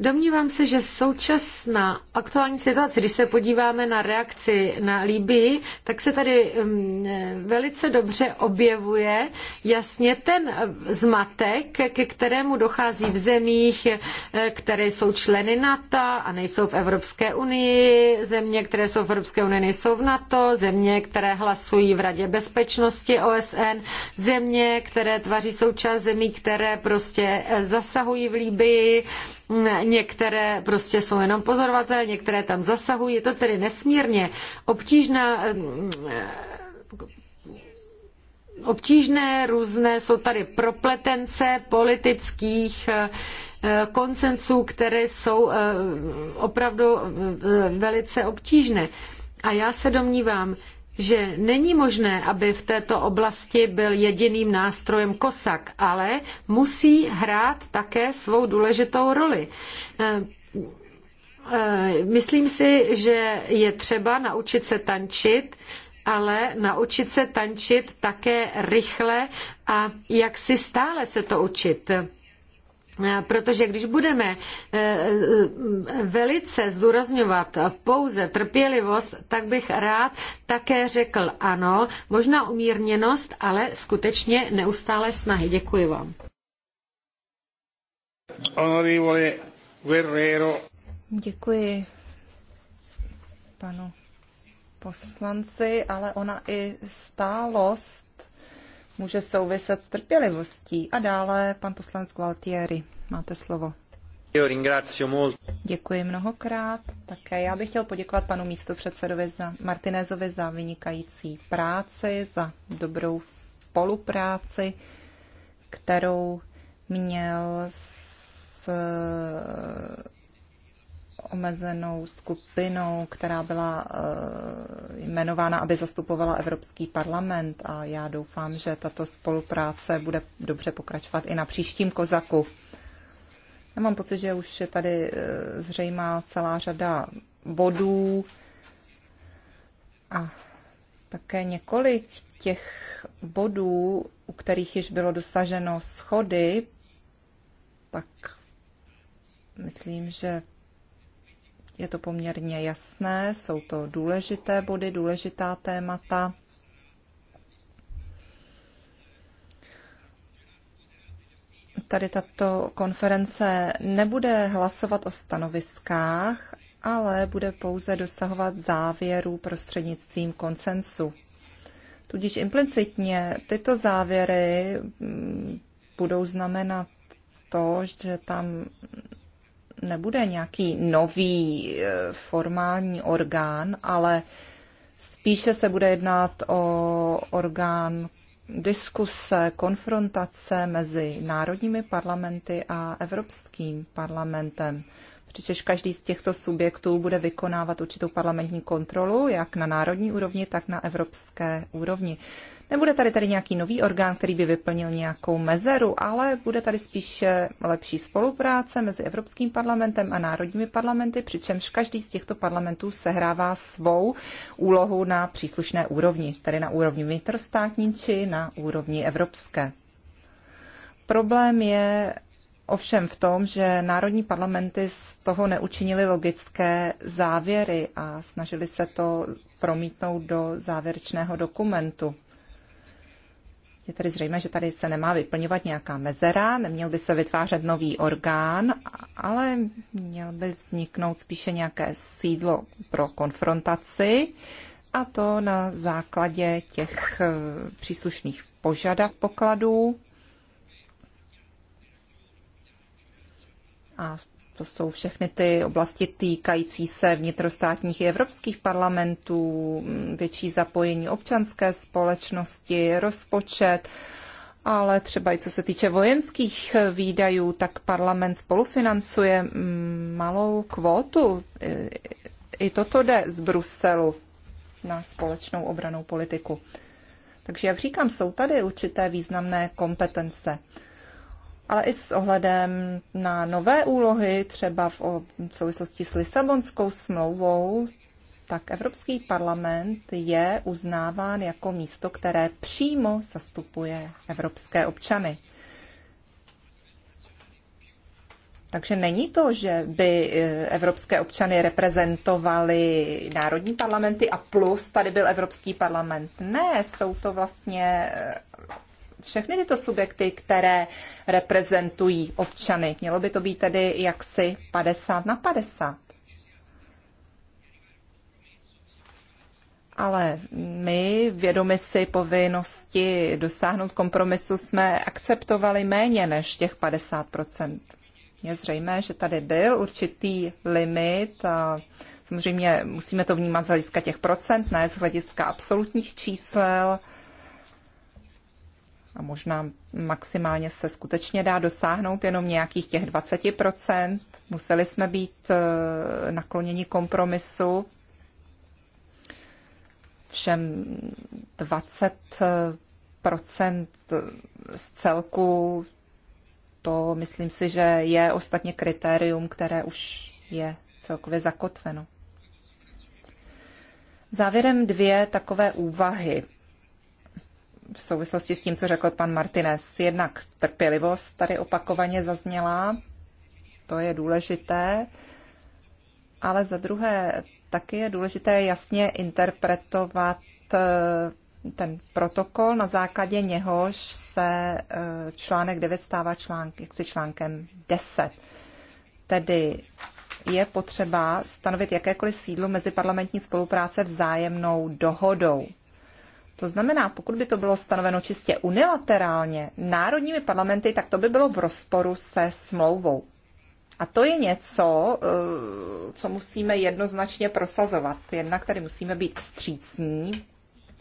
[SPEAKER 3] Domnívám se, že současná aktuální situace, když se podíváme na reakci na Libii, tak se tady mm, velice dobře objevuje jasně ten zmatek, ke kterému dochází v zemích, eh, které jsou členy NATO a nejsou v Evropské unii, země, které jsou v Evropské unii, nejsou v NATO, země, které hlasují v Radě bezpečnosti OSN, země, které tvaří součást zemí, které prostě eh, zasahují v Libii Některé prostě jsou jenom pozorovatel, některé tam zasahují. Je to tedy nesmírně obtížná eh, obtížné, různé, jsou tady propletence politických eh, konsensů, které jsou eh, opravdu velice obtížné. A já se domnívám, že není možné, aby v této oblasti byl jediným nástrojem kosak, ale musí hrát také svou důležitou roli. Eh, eh, myslím si, že je třeba naučit se tančit, ale naučit se tančit také rychle a jak si stále se to učit. Eh, protože když budeme eh, eh, velice zdůrazňovat pouze trpělivost, tak bych rád také řekl ano, možná umírněnost, ale skutečně neustále snahy. Děkuji vám.
[SPEAKER 1] Honorevole Guerrero.
[SPEAKER 2] Děkuji panu poslanci, ale ona i stálost může souviset s trpělivostí. A dále pan poslanec Gualtieri, máte slovo. Děkuji mnohokrát. Také já bych chtěl poděkovat panu místopředsedovi za Martinezovi za vynikající práci, za dobrou spolupráci, kterou měl s omezenou skupinou, která byla eh, jmenována, aby zastupovala Evropský parlament a já doufám, že tato spolupráce bude dobře pokračovat i na příštím Kozaku. Já mám pocit, že už je tady eh, zřejmá celá řada bodů a také několik těch bodů, u kterých již bylo dosaženo schody, tak myslím, že je to poměrně jasné, jsou to důležité body, důležitá témata. Tady tato konference nebude hlasovat o stanoviskách, ale bude pouze dosahovat závěrů prostřednictvím konsensu. Tudíž implicitně tyto závěry mm, budou znamenat to, že tam nebude nějaký nový eh, formální orgán, ale spíše se bude jednat o orgán diskuse, konfrontace mezi národními parlamenty a Evropským parlamentem. Přičemž každý z těchto subjektů bude vykonávat určitou parlamentní kontrolu, jak na národní úrovni, tak na evropské úrovni. Nebude tady tady nějaký nový orgán, který by vyplnil nějakou mezeru, ale bude tady spíše eh, lepší spolupráce mezi Evropským parlamentem a národními parlamenty, přičemž každý z těchto parlamentů sehrává svou úlohu na příslušné úrovni, tedy na úrovni vnitrostátní či na úrovni evropské. Problém je ovšem v tom, že národní parlamenty z toho neučinili logické závěry a snažili se to promítnout do závěrečného dokumentu. Je tedy zřejmé, že tady se nemá vyplňovat nějaká mezera, neměl by se vytvářet nový orgán, ale měl by vzniknout spíše nějaké sídlo pro konfrontaci a to na základě těch eh, příslušných požadav pokladů a to jsou všechny ty oblasti týkající se vnitrostátních i evropských parlamentů, mm, větší zapojení občanské společnosti, rozpočet, ale třeba i co se týče vojenských výdajů, tak parlament spolufinancuje mm, malou kvótu. I toto jde z Bruselu na společnou obranou politiku. Takže, jak říkám, jsou tady určité významné kompetence ale i s ohledem na nové úlohy, třeba v, souvislosti s Lisabonskou smlouvou, tak Evropský parlament je uznáván jako místo, které přímo zastupuje evropské občany. Takže není to, že by e, evropské občany reprezentovali národní parlamenty a plus tady byl Evropský parlament. Ne, jsou to vlastně e, všechny tyto subjekty, které reprezentují občany. Mělo by to být tedy jaksi 50 na 50. ale my, vědomi si povinnosti dosáhnout kompromisu, jsme akceptovali méně než těch 50 Je zřejmé, že tady byl určitý limit a samozřejmě musíme to vnímat z hlediska těch procent, ne z hlediska absolutních čísel a možná maximálně se skutečně dá dosáhnout jenom nějakých těch 20%. Museli jsme být eh, nakloněni kompromisu. Všem 20% z celku, to myslím si, že je ostatně kritérium, které už je celkově zakotveno. Závěrem dvě takové úvahy v souvislosti s tím, co řekl pan Martinez. Jednak trpělivost tady opakovaně zazněla, to je důležité, ale za druhé taky je důležité jasně interpretovat eh, ten protokol, na základě něhož se eh, článek 9 stává článk, jaksi článkem 10. Tedy je potřeba stanovit jakékoliv sídlo mezi parlamentní spolupráce vzájemnou dohodou. To znamená, pokud by to bylo stanoveno čistě unilaterálně národními parlamenty, tak to by bylo v rozporu se smlouvou. A to je něco, eh, co musíme jednoznačně prosazovat. Jednak tady musíme být vstřícní,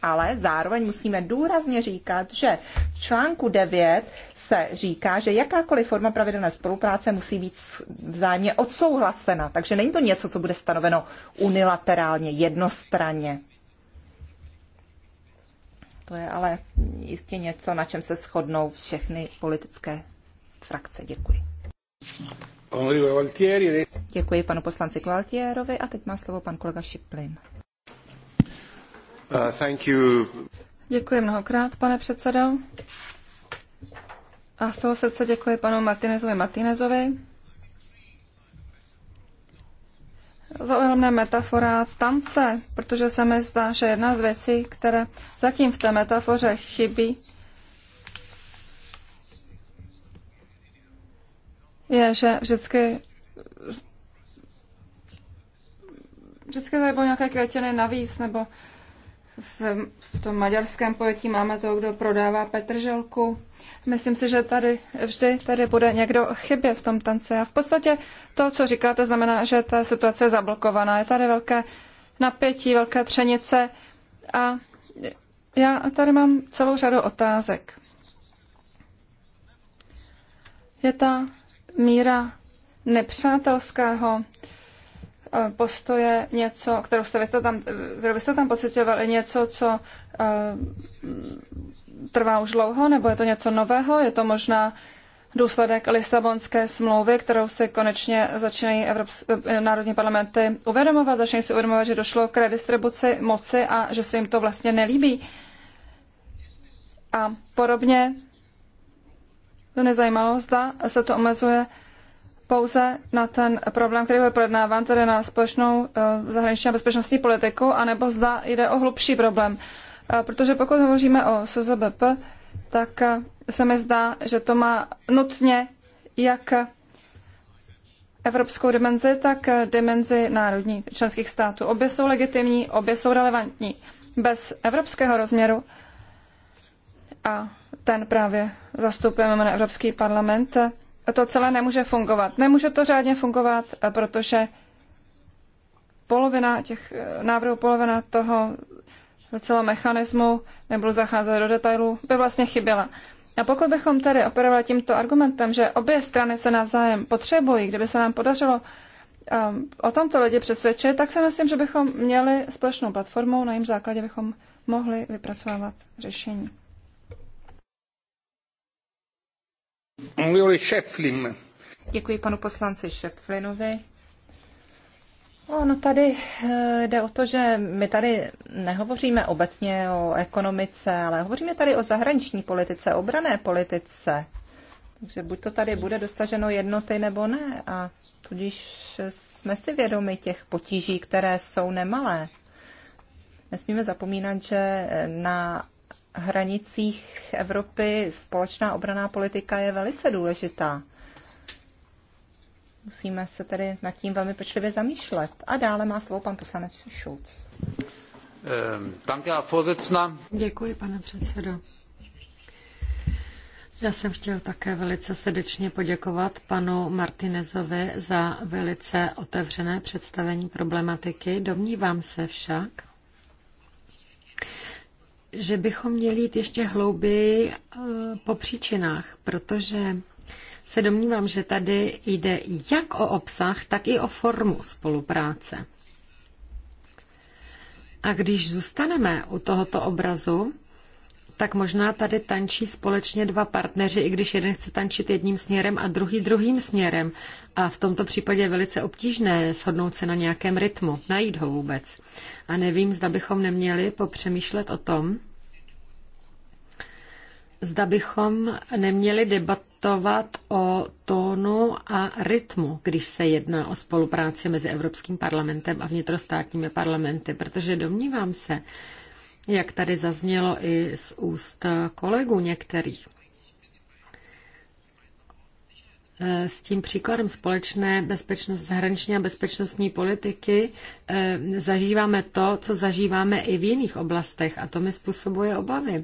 [SPEAKER 2] ale zároveň musíme důrazně říkat, že v článku 9 se říká, že jakákoliv forma pravidelné spolupráce musí být vzájemně odsouhlasena. Takže není to něco, co bude stanoveno unilaterálně, jednostranně. To je ale jistě něco, na čem se shodnou všechny politické frakce. Děkuji. Děkuji panu poslanci Gualtierovi a teď má slovo pan kolega Šiplin.
[SPEAKER 1] Uh, thank you.
[SPEAKER 2] Děkuji mnohokrát, pane předsedo.
[SPEAKER 1] A z toho srdce děkuji panu Martinezovi Martinezovi zaujala mě metafora tance, protože se mi zdá, že jedna z věcí, které zatím v té metafoře chybí, je, že vždycky vždycky nebo nějaké květiny navíc, nebo v, v tom maďarském pojetí máme toho, kdo prodává petrželku. Myslím si, že tady vždy tady bude někdo chybět v tom tance. A v podstatě to, co říkáte, znamená, že ta situace je zablokovaná. Je tady velké napětí, velké třenice. A já tady mám celou řadu otázek. Je ta míra nepřátelského Eh, postoje něco, kterou jste byste tam, kterou byste tam pocitoval, je něco, co eh, trvá už dlouho, nebo je to něco nového? Je to možná důsledek Lisabonské smlouvy, kterou si konečně začínají Evrops- eh, národní parlamenty uvědomovat, začínají si uvědomovat, že došlo k redistribuci moci a že se jim to vlastně nelíbí. A podobně to nezajímalo, zda se to omezuje pouze na ten problém, který byl projednáván, tedy na společnou eh, zahraniční a bezpečnostní politiku, anebo zda jde o hlubší problém. Eh, protože pokud hovoříme o SZBP, tak eh, se mi zdá, že to má nutně jak evropskou dimenzi, tak dimenzi národní členských států. Obě jsou legitimní, obě jsou relevantní. Bez evropského rozměru a ten právě zastupujeme na Evropský parlament, to celé nemůže fungovat. Nemůže to řádně fungovat, eh, protože polovina těch eh, návrhů, polovina toho celého mechanismu, nebudu zacházet do detailů, by vlastně chyběla. A pokud bychom tedy operovali tímto argumentem, že obě strany se navzájem potřebují, kdyby se nám podařilo um, o tomto lidi přesvědčit, tak si myslím, že bychom měli společnou platformu, na jejím základě bychom mohli vypracovávat řešení.
[SPEAKER 2] Děkuji panu poslanci Šeflinovi. No tady eh, jde o to, že my tady nehovoříme obecně o ekonomice, ale hovoříme tady o zahraniční politice, obrané politice. Takže buď to tady bude dosaženo jednoty nebo ne. A tudíž jsme si vědomi těch potíží, které jsou nemalé. Nesmíme zapomínat, že na hranicích Evropy společná obraná politika je velice důležitá. Musíme se tedy nad tím velmi pečlivě zamýšlet. A dále má slovo pan poslanec Šulc. Ehm, Děkuji, pane předsedo.
[SPEAKER 3] Já jsem chtěl také velice srdečně poděkovat panu Martinezovi za velice otevřené představení problematiky. Domnívám se však, že bychom měli jít ještě hlouběji eh, po příčinách, protože se domnívám, že tady jde jak o obsah, tak i o formu spolupráce. A když zůstaneme u tohoto obrazu, tak možná tady tančí společně dva partneři, i když jeden chce tančit jedním směrem a druhý druhým směrem. A v tomto případě je velice obtížné shodnout se na nějakém rytmu, najít ho vůbec. A nevím, zda bychom neměli popřemýšlet o tom, zda bychom neměli debatovat o tónu a rytmu, když se jedná o spolupráci mezi Evropským parlamentem a vnitrostátními parlamenty, protože domnívám se, jak tady zaznělo i z úst kolegů některých. E, s tím příkladem společné bezpečnost, zahraniční a bezpečnostní politiky e, zažíváme to, co zažíváme i v jiných oblastech a to mi způsobuje obavy.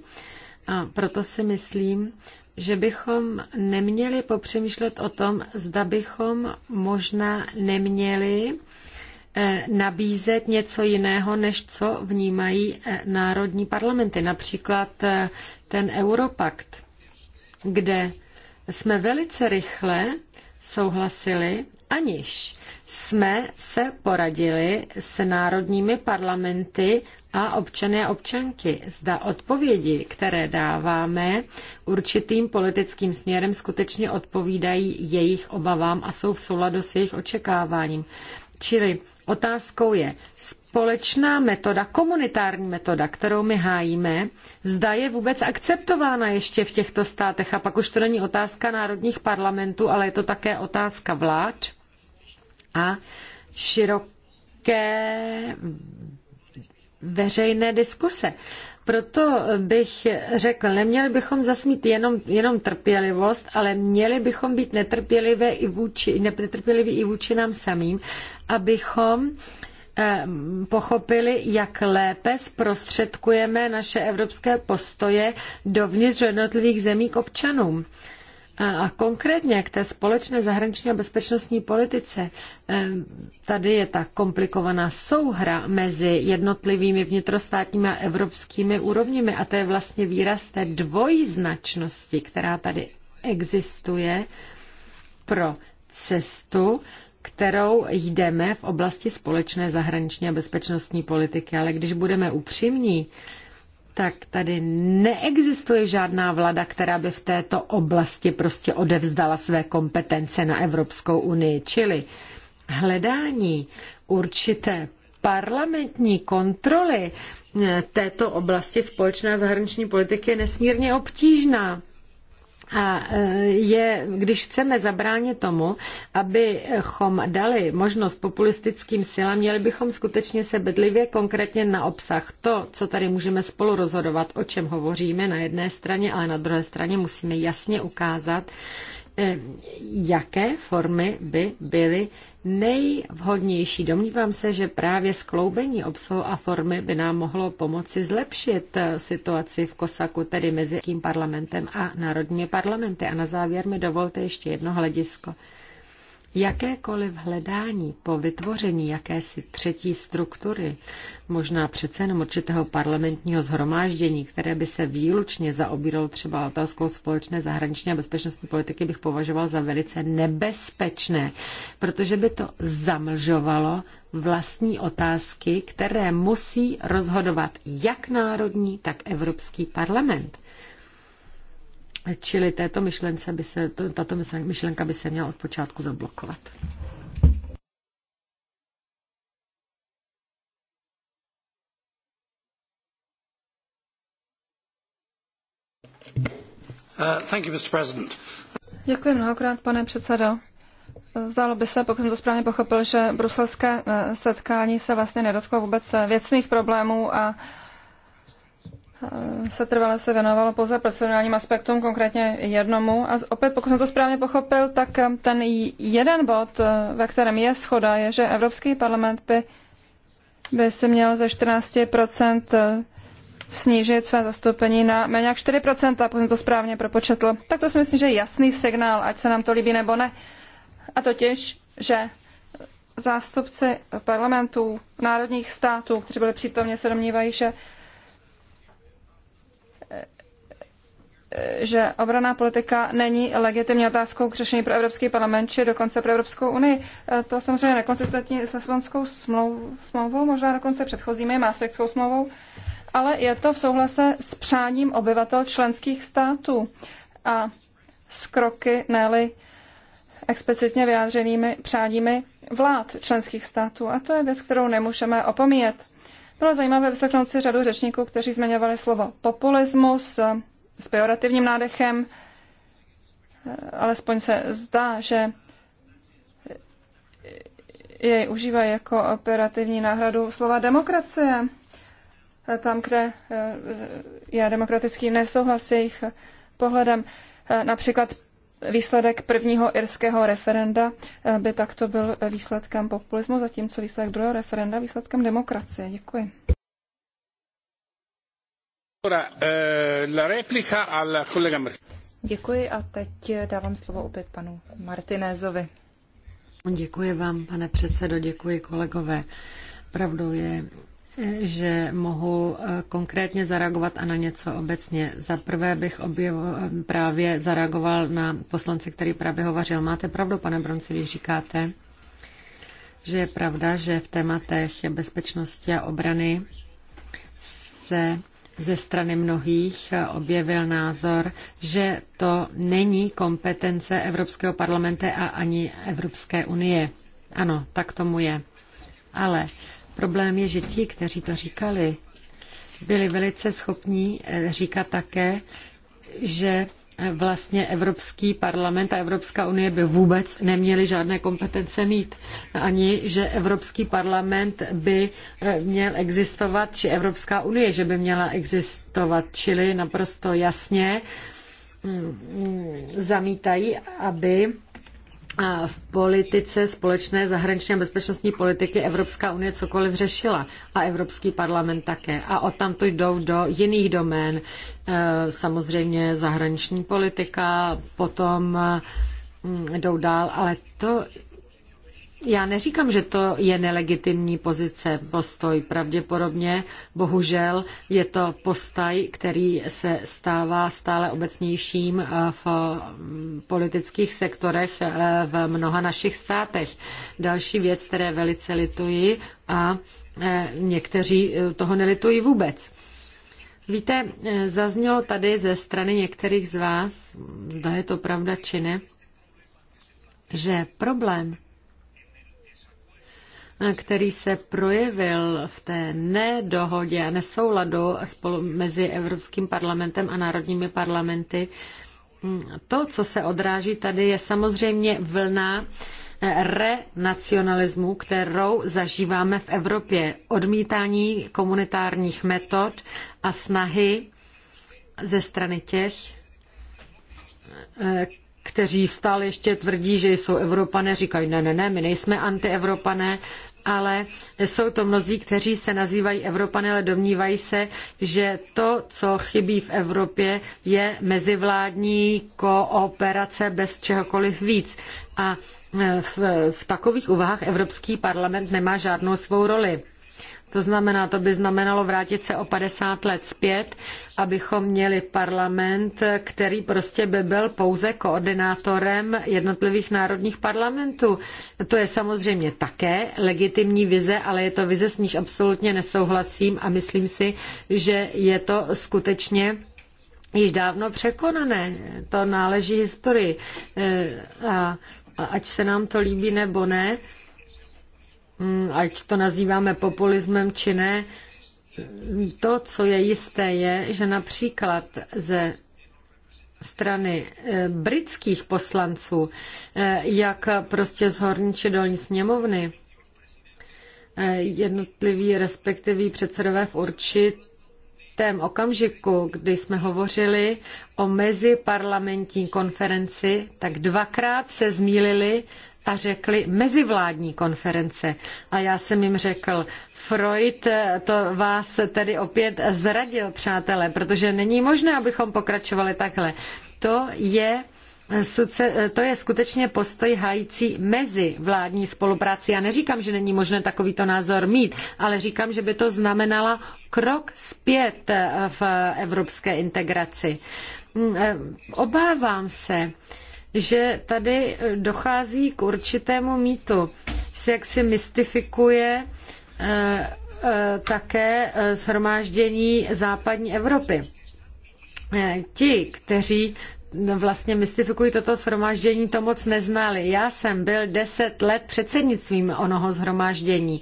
[SPEAKER 3] A proto si myslím, že bychom neměli popřemýšlet o tom, zda bychom možná neměli Eh, nabízet něco jiného, než co vnímají eh, národní parlamenty. Například eh, ten Europakt, kde jsme velice rychle souhlasili, aniž jsme se poradili s národními parlamenty a občany a občanky. Zda odpovědi, které dáváme určitým politickým směrem, skutečně odpovídají jejich obavám a jsou v souladu s jejich očekáváním. Čili otázkou je společná metoda, komunitární metoda, kterou my hájíme, zda je vůbec akceptována ještě v těchto státech. A pak už to není otázka národních parlamentů, ale je to také otázka vlád a široké veřejné diskuse. Proto bych řekl, neměli bychom zasmít jenom, jenom trpělivost, ale měli bychom být netrpělivé i vůči, netrpěliví i vůči nám samým, abychom eh, pochopili, jak lépe zprostředkujeme naše evropské postoje dovnitř jednotlivých zemí k občanům. A konkrétně k té společné zahraniční a bezpečnostní politice, eh, tady je ta komplikovaná souhra mezi jednotlivými vnitrostátními a evropskými úrovněmi a to je vlastně výraz té dvojznačnosti, která tady existuje pro cestu, kterou jdeme v oblasti společné zahraniční a bezpečnostní politiky. Ale když budeme upřímní, tak tady neexistuje žádná vlada, která by v této oblasti prostě odevzdala své kompetence na Evropskou unii. Čili hledání určité parlamentní kontroly eh, této oblasti společné zahraniční politiky je nesmírně obtížná. A e, je, když chceme zabránit tomu, abychom dali možnost populistickým silám, měli bychom skutečně se bedlivě konkrétně na obsah. To, co tady můžeme spolu rozhodovat, o čem hovoříme na jedné straně, ale na druhé straně musíme jasně ukázat, jaké formy by byly nejvhodnější. Domnívám se, že právě skloubení obsahu a formy by nám mohlo pomoci zlepšit situaci v Kosaku, tedy mezi tím parlamentem a národními parlamenty. A na závěr mi dovolte ještě jedno hledisko. Jakékoliv hledání po vytvoření jakési třetí struktury, možná přece jenom určitého parlamentního zhromáždění, které by se výlučně zaobíralo třeba otázkou společné zahraniční a bezpečnostní politiky, bych považoval za velice nebezpečné, protože by to zamlžovalo vlastní otázky, které musí rozhodovat jak národní, tak Evropský parlament. Čili této myšlence by se, tato myšlenka by se měla od počátku zablokovat.
[SPEAKER 1] Uh, thank you, Mr. President. Děkuji mnohokrát, pane předsedo. Zdálo by se, pokud jsem to správně pochopil, že bruselské eh, setkání se vlastně nedotklo vůbec eh, věcných problémů a se trvale se věnovalo pouze personálním aspektům, konkrétně jednomu. A opět, pokud jsem to správně pochopil, tak eh, ten jeden bod, eh, ve kterém je schoda, je, že Evropský parlament by, by si měl ze 14 eh, snížit své zastoupení na méně jak 4%, pokud jsem to správně propočetl. Tak to si myslím, že je jasný signál, ať se nám to líbí nebo ne. A totiž, že zástupci parlamentů národních států, kteří byli přítomně, se domnívají, že že obraná politika není legitimní otázkou k řešení pro Evropský parlament či dokonce pro Evropskou unii. E, to samozřejmě nekonsistentní s Lisbonskou smlouvou, možná dokonce předchozími Maastrichtskou smlouvou, ale je to v souhlase s přáním obyvatel členských států a s kroky, ne explicitně vyjádřenými přáními vlád členských států. A to je věc, kterou nemůžeme opomíjet. Bylo zajímavé vyslechnout si řadu řečníků, kteří zmiňovali slovo populismus, s pejorativním nádechem, alespoň se zdá, že jej užívají jako operativní náhradu slova demokracie. Tam, kde eh, je demokratický nesouhlas s jejich pohledem. Eh, například výsledek prvního irského referenda eh, by takto byl výsledkem populismu, zatímco výsledek druhého referenda výsledkem demokracie. Děkuji. Eh,
[SPEAKER 2] děkuji a teď dávám slovo opět panu Martinézovi.
[SPEAKER 3] Děkuji vám, pane předsedo, děkuji kolegové. Pravdou je, že mohu eh, konkrétně zareagovat a na něco obecně. Za prvé bych objev, eh, právě zareagoval na poslance, který právě hovořil. Máte pravdu, pane Bronci, když říkáte, že je pravda, že v tématech bezpečnosti a obrany se ze strany mnohých objevil názor, že to není kompetence Evropského parlamentu a ani Evropské unie. Ano, tak tomu je. Ale problém je, že ti, kteří to říkali, byli velice schopní eh, říkat také, že vlastně Evropský parlament a Evropská unie by vůbec neměly žádné kompetence mít. Ani, že Evropský parlament by eh, měl existovat, či Evropská unie, že by měla existovat. Čili naprosto jasně mm, mm, zamítají, aby v politice společné zahraniční a bezpečnostní politiky Evropská unie cokoliv řešila a Evropský parlament také. A od odtamtud jdou do jiných domén, e, samozřejmě zahraniční politika, potom mm, jdou dál, ale to já neříkám, že to je nelegitimní pozice, postoj. Pravděpodobně, bohužel, je to postoj, který se stává stále obecnějším eh, v mm, politických sektorech eh, v mnoha našich státech. Další věc, které velice lituji a eh, někteří toho nelitují vůbec. Víte, zaznělo tady ze strany některých z vás, zda je to pravda či ne, že problém který se projevil v té nedohodě a nesouladu spolu mezi Evropským parlamentem a národními parlamenty. To, co se odráží tady, je samozřejmě vlna eh, renacionalismu, kterou zažíváme v Evropě. Odmítání komunitárních metod a snahy ze strany těch, eh, kteří stále ještě tvrdí, že jsou Evropané, říkají, ne, ne, ne, my nejsme antievropané, ale jsou to mnozí, kteří se nazývají Evropané, ale domnívají se, že to, co chybí v Evropě, je mezivládní kooperace bez čehokoliv víc. A v, v takových úvahách Evropský parlament nemá žádnou svou roli. To znamená, to by znamenalo vrátit se o 50 let zpět, abychom měli parlament, který prostě by byl pouze koordinátorem jednotlivých národních parlamentů. To je samozřejmě také legitimní vize, ale je to vize, s níž absolutně nesouhlasím a myslím si, že je to skutečně již dávno překonané. To náleží historii. E, a ať se nám to líbí nebo ne, Mm, ať to nazýváme populismem či ne, to, co je jisté, je, že například ze strany eh, britských poslanců, eh, jak prostě z horní či dolní sněmovny, eh, jednotliví respektiví předsedové v určitém okamžiku, kdy jsme hovořili o meziparlamentní konferenci, tak dvakrát se zmílili a řekli mezivládní konference. A já jsem jim řekl, Freud to vás tedy opět zradil, přátelé, protože není možné, abychom pokračovali takhle. To je to je skutečně postoj hající mezi vládní spolupráci. Já neříkám, že není možné takovýto názor mít, ale říkám, že by to znamenala krok zpět v evropské integraci. Hm, eh, obávám se, že tady dochází k určitému mýtu, se jaksi mystifikuje eh, eh, také eh, shromáždění západní Evropy. Ti, kteří vlastně mystifikují toto shromáždění, to moc neznali. Já jsem byl deset let předsednictvím onoho shromáždění.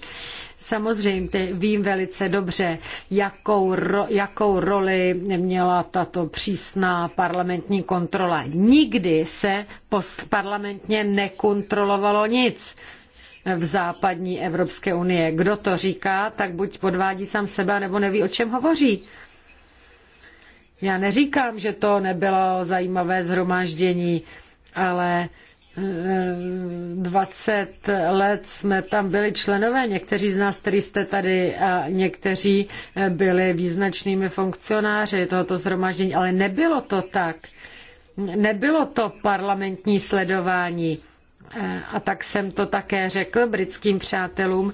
[SPEAKER 3] Samozřejmě vím velice dobře, jakou, ro, jakou roli měla tato přísná parlamentní kontrola. Nikdy se parlamentně nekontrolovalo nic v západní Evropské unie. Kdo to říká, tak buď podvádí sám sebe, nebo neví, o čem hovoří. Já neříkám, že to nebylo zajímavé zhromáždění, ale 20 let jsme tam byli členové, někteří z nás, kteří jste tady a někteří byli význačnými funkcionáři tohoto zhromaždění, ale nebylo to tak. Nebylo to parlamentní sledování. A tak jsem to také řekl britským přátelům,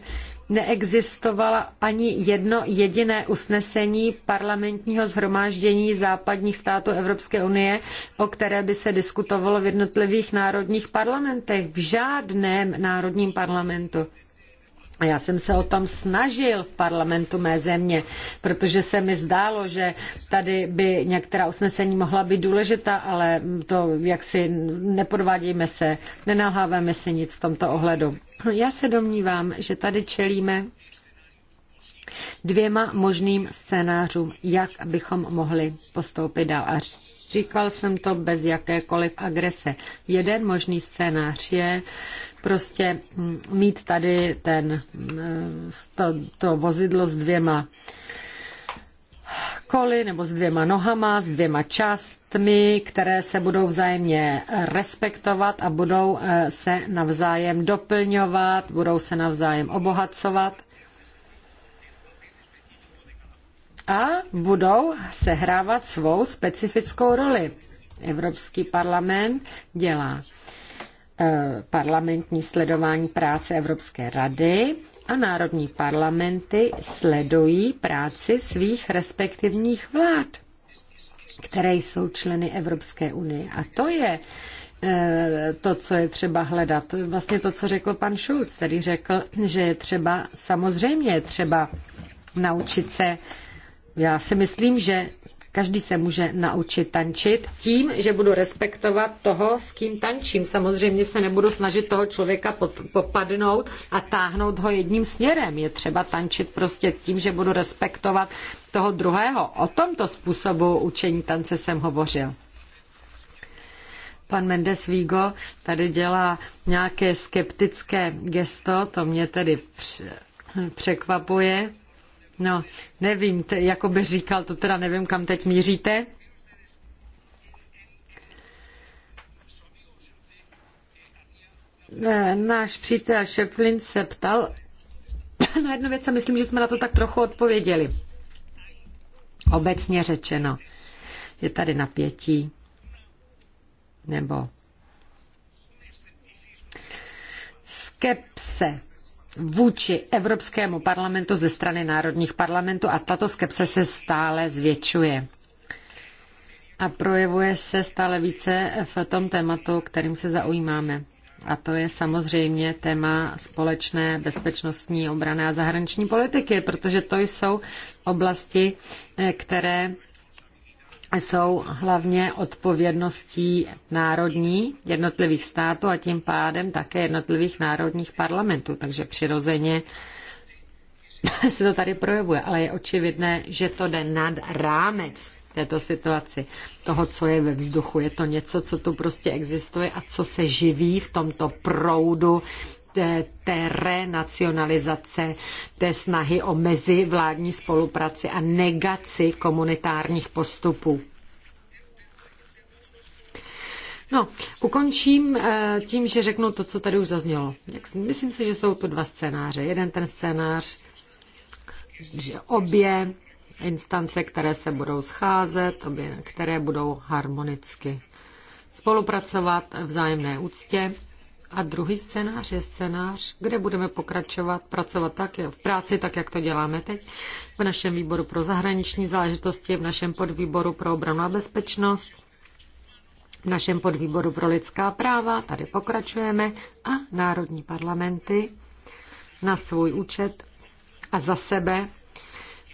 [SPEAKER 3] neexistovala ani jedno jediné usnesení parlamentního zhromáždění západních států Evropské unie, o které by se diskutovalo v jednotlivých národních parlamentech, v žádném národním parlamentu. A já jsem se o tom snažil v parlamentu mé země, protože se mi zdálo, že tady by některá usnesení mohla být důležitá, ale to jaksi nepodvádějme se, nenalháváme si nic v tomto ohledu. Já se domnívám, že tady čelíme dvěma možným scénářům, jak bychom mohli postoupit dál. A říkal jsem to bez jakékoliv agrese. Jeden možný scénář je, Prostě mít tady ten, to, to vozidlo s dvěma koly nebo s dvěma nohama, s dvěma částmi, které se budou vzájemně respektovat a budou eh, se navzájem doplňovat, budou se navzájem obohacovat a budou sehrávat svou specifickou roli. Evropský parlament dělá Eh, parlamentní sledování práce Evropské rady a národní parlamenty sledují práci svých respektivních vlád, které jsou členy Evropské unie. A to je eh, to, co je třeba hledat. To je vlastně to, co řekl pan Schulz, který řekl, že je třeba, samozřejmě je třeba naučit se. Já si myslím, že Každý se může naučit tančit tím, že budu respektovat toho, s kým tančím. Samozřejmě se nebudu snažit toho člověka popadnout a táhnout ho jedním směrem. Je třeba tančit prostě tím, že budu respektovat toho druhého. O tomto způsobu učení tance jsem hovořil pan Mendes Vigo tady dělá nějaké skeptické gesto, to mě tedy překvapuje. No, nevím, te, jako by říkal, to teda nevím, kam teď míříte. Eh, náš přítel Šeplin se ptal [COUGHS] na jednu věc a myslím, že jsme na to tak trochu odpověděli. Obecně řečeno, je tady napětí nebo skepse vůči Evropskému parlamentu ze strany národních parlamentů a tato skepse se stále zvětšuje. A projevuje se stále více v tom tématu, kterým se zaujímáme. A to je samozřejmě téma společné bezpečnostní, obrané a zahraniční politiky, protože to jsou oblasti, eh, které jsou hlavně odpovědností národní jednotlivých států a tím pádem také jednotlivých národních parlamentů. Takže přirozeně [LAUGHS] se to tady projevuje, ale je očividné, že to jde nad rámec této situaci, toho, co je ve vzduchu. Je to něco, co tu prostě existuje a co se živí v tomto proudu té renacionalizace, té snahy o mezivládní spolupráci a negaci komunitárních postupů. No, ukončím eh, tím, že řeknu to, co tady už zaznělo. Myslím si, že jsou tu dva scénáře. Jeden ten scénář, že obě instance, které se budou scházet, obě, které budou harmonicky spolupracovat v vzájemné úctě a druhý scénář je scénář, kde budeme pokračovat, pracovat tak v práci, tak jak to děláme teď, v našem výboru pro zahraniční záležitosti, v našem podvýboru pro obranu a bezpečnost, v našem podvýboru pro lidská práva, tady pokračujeme, a národní parlamenty na svůj účet a za sebe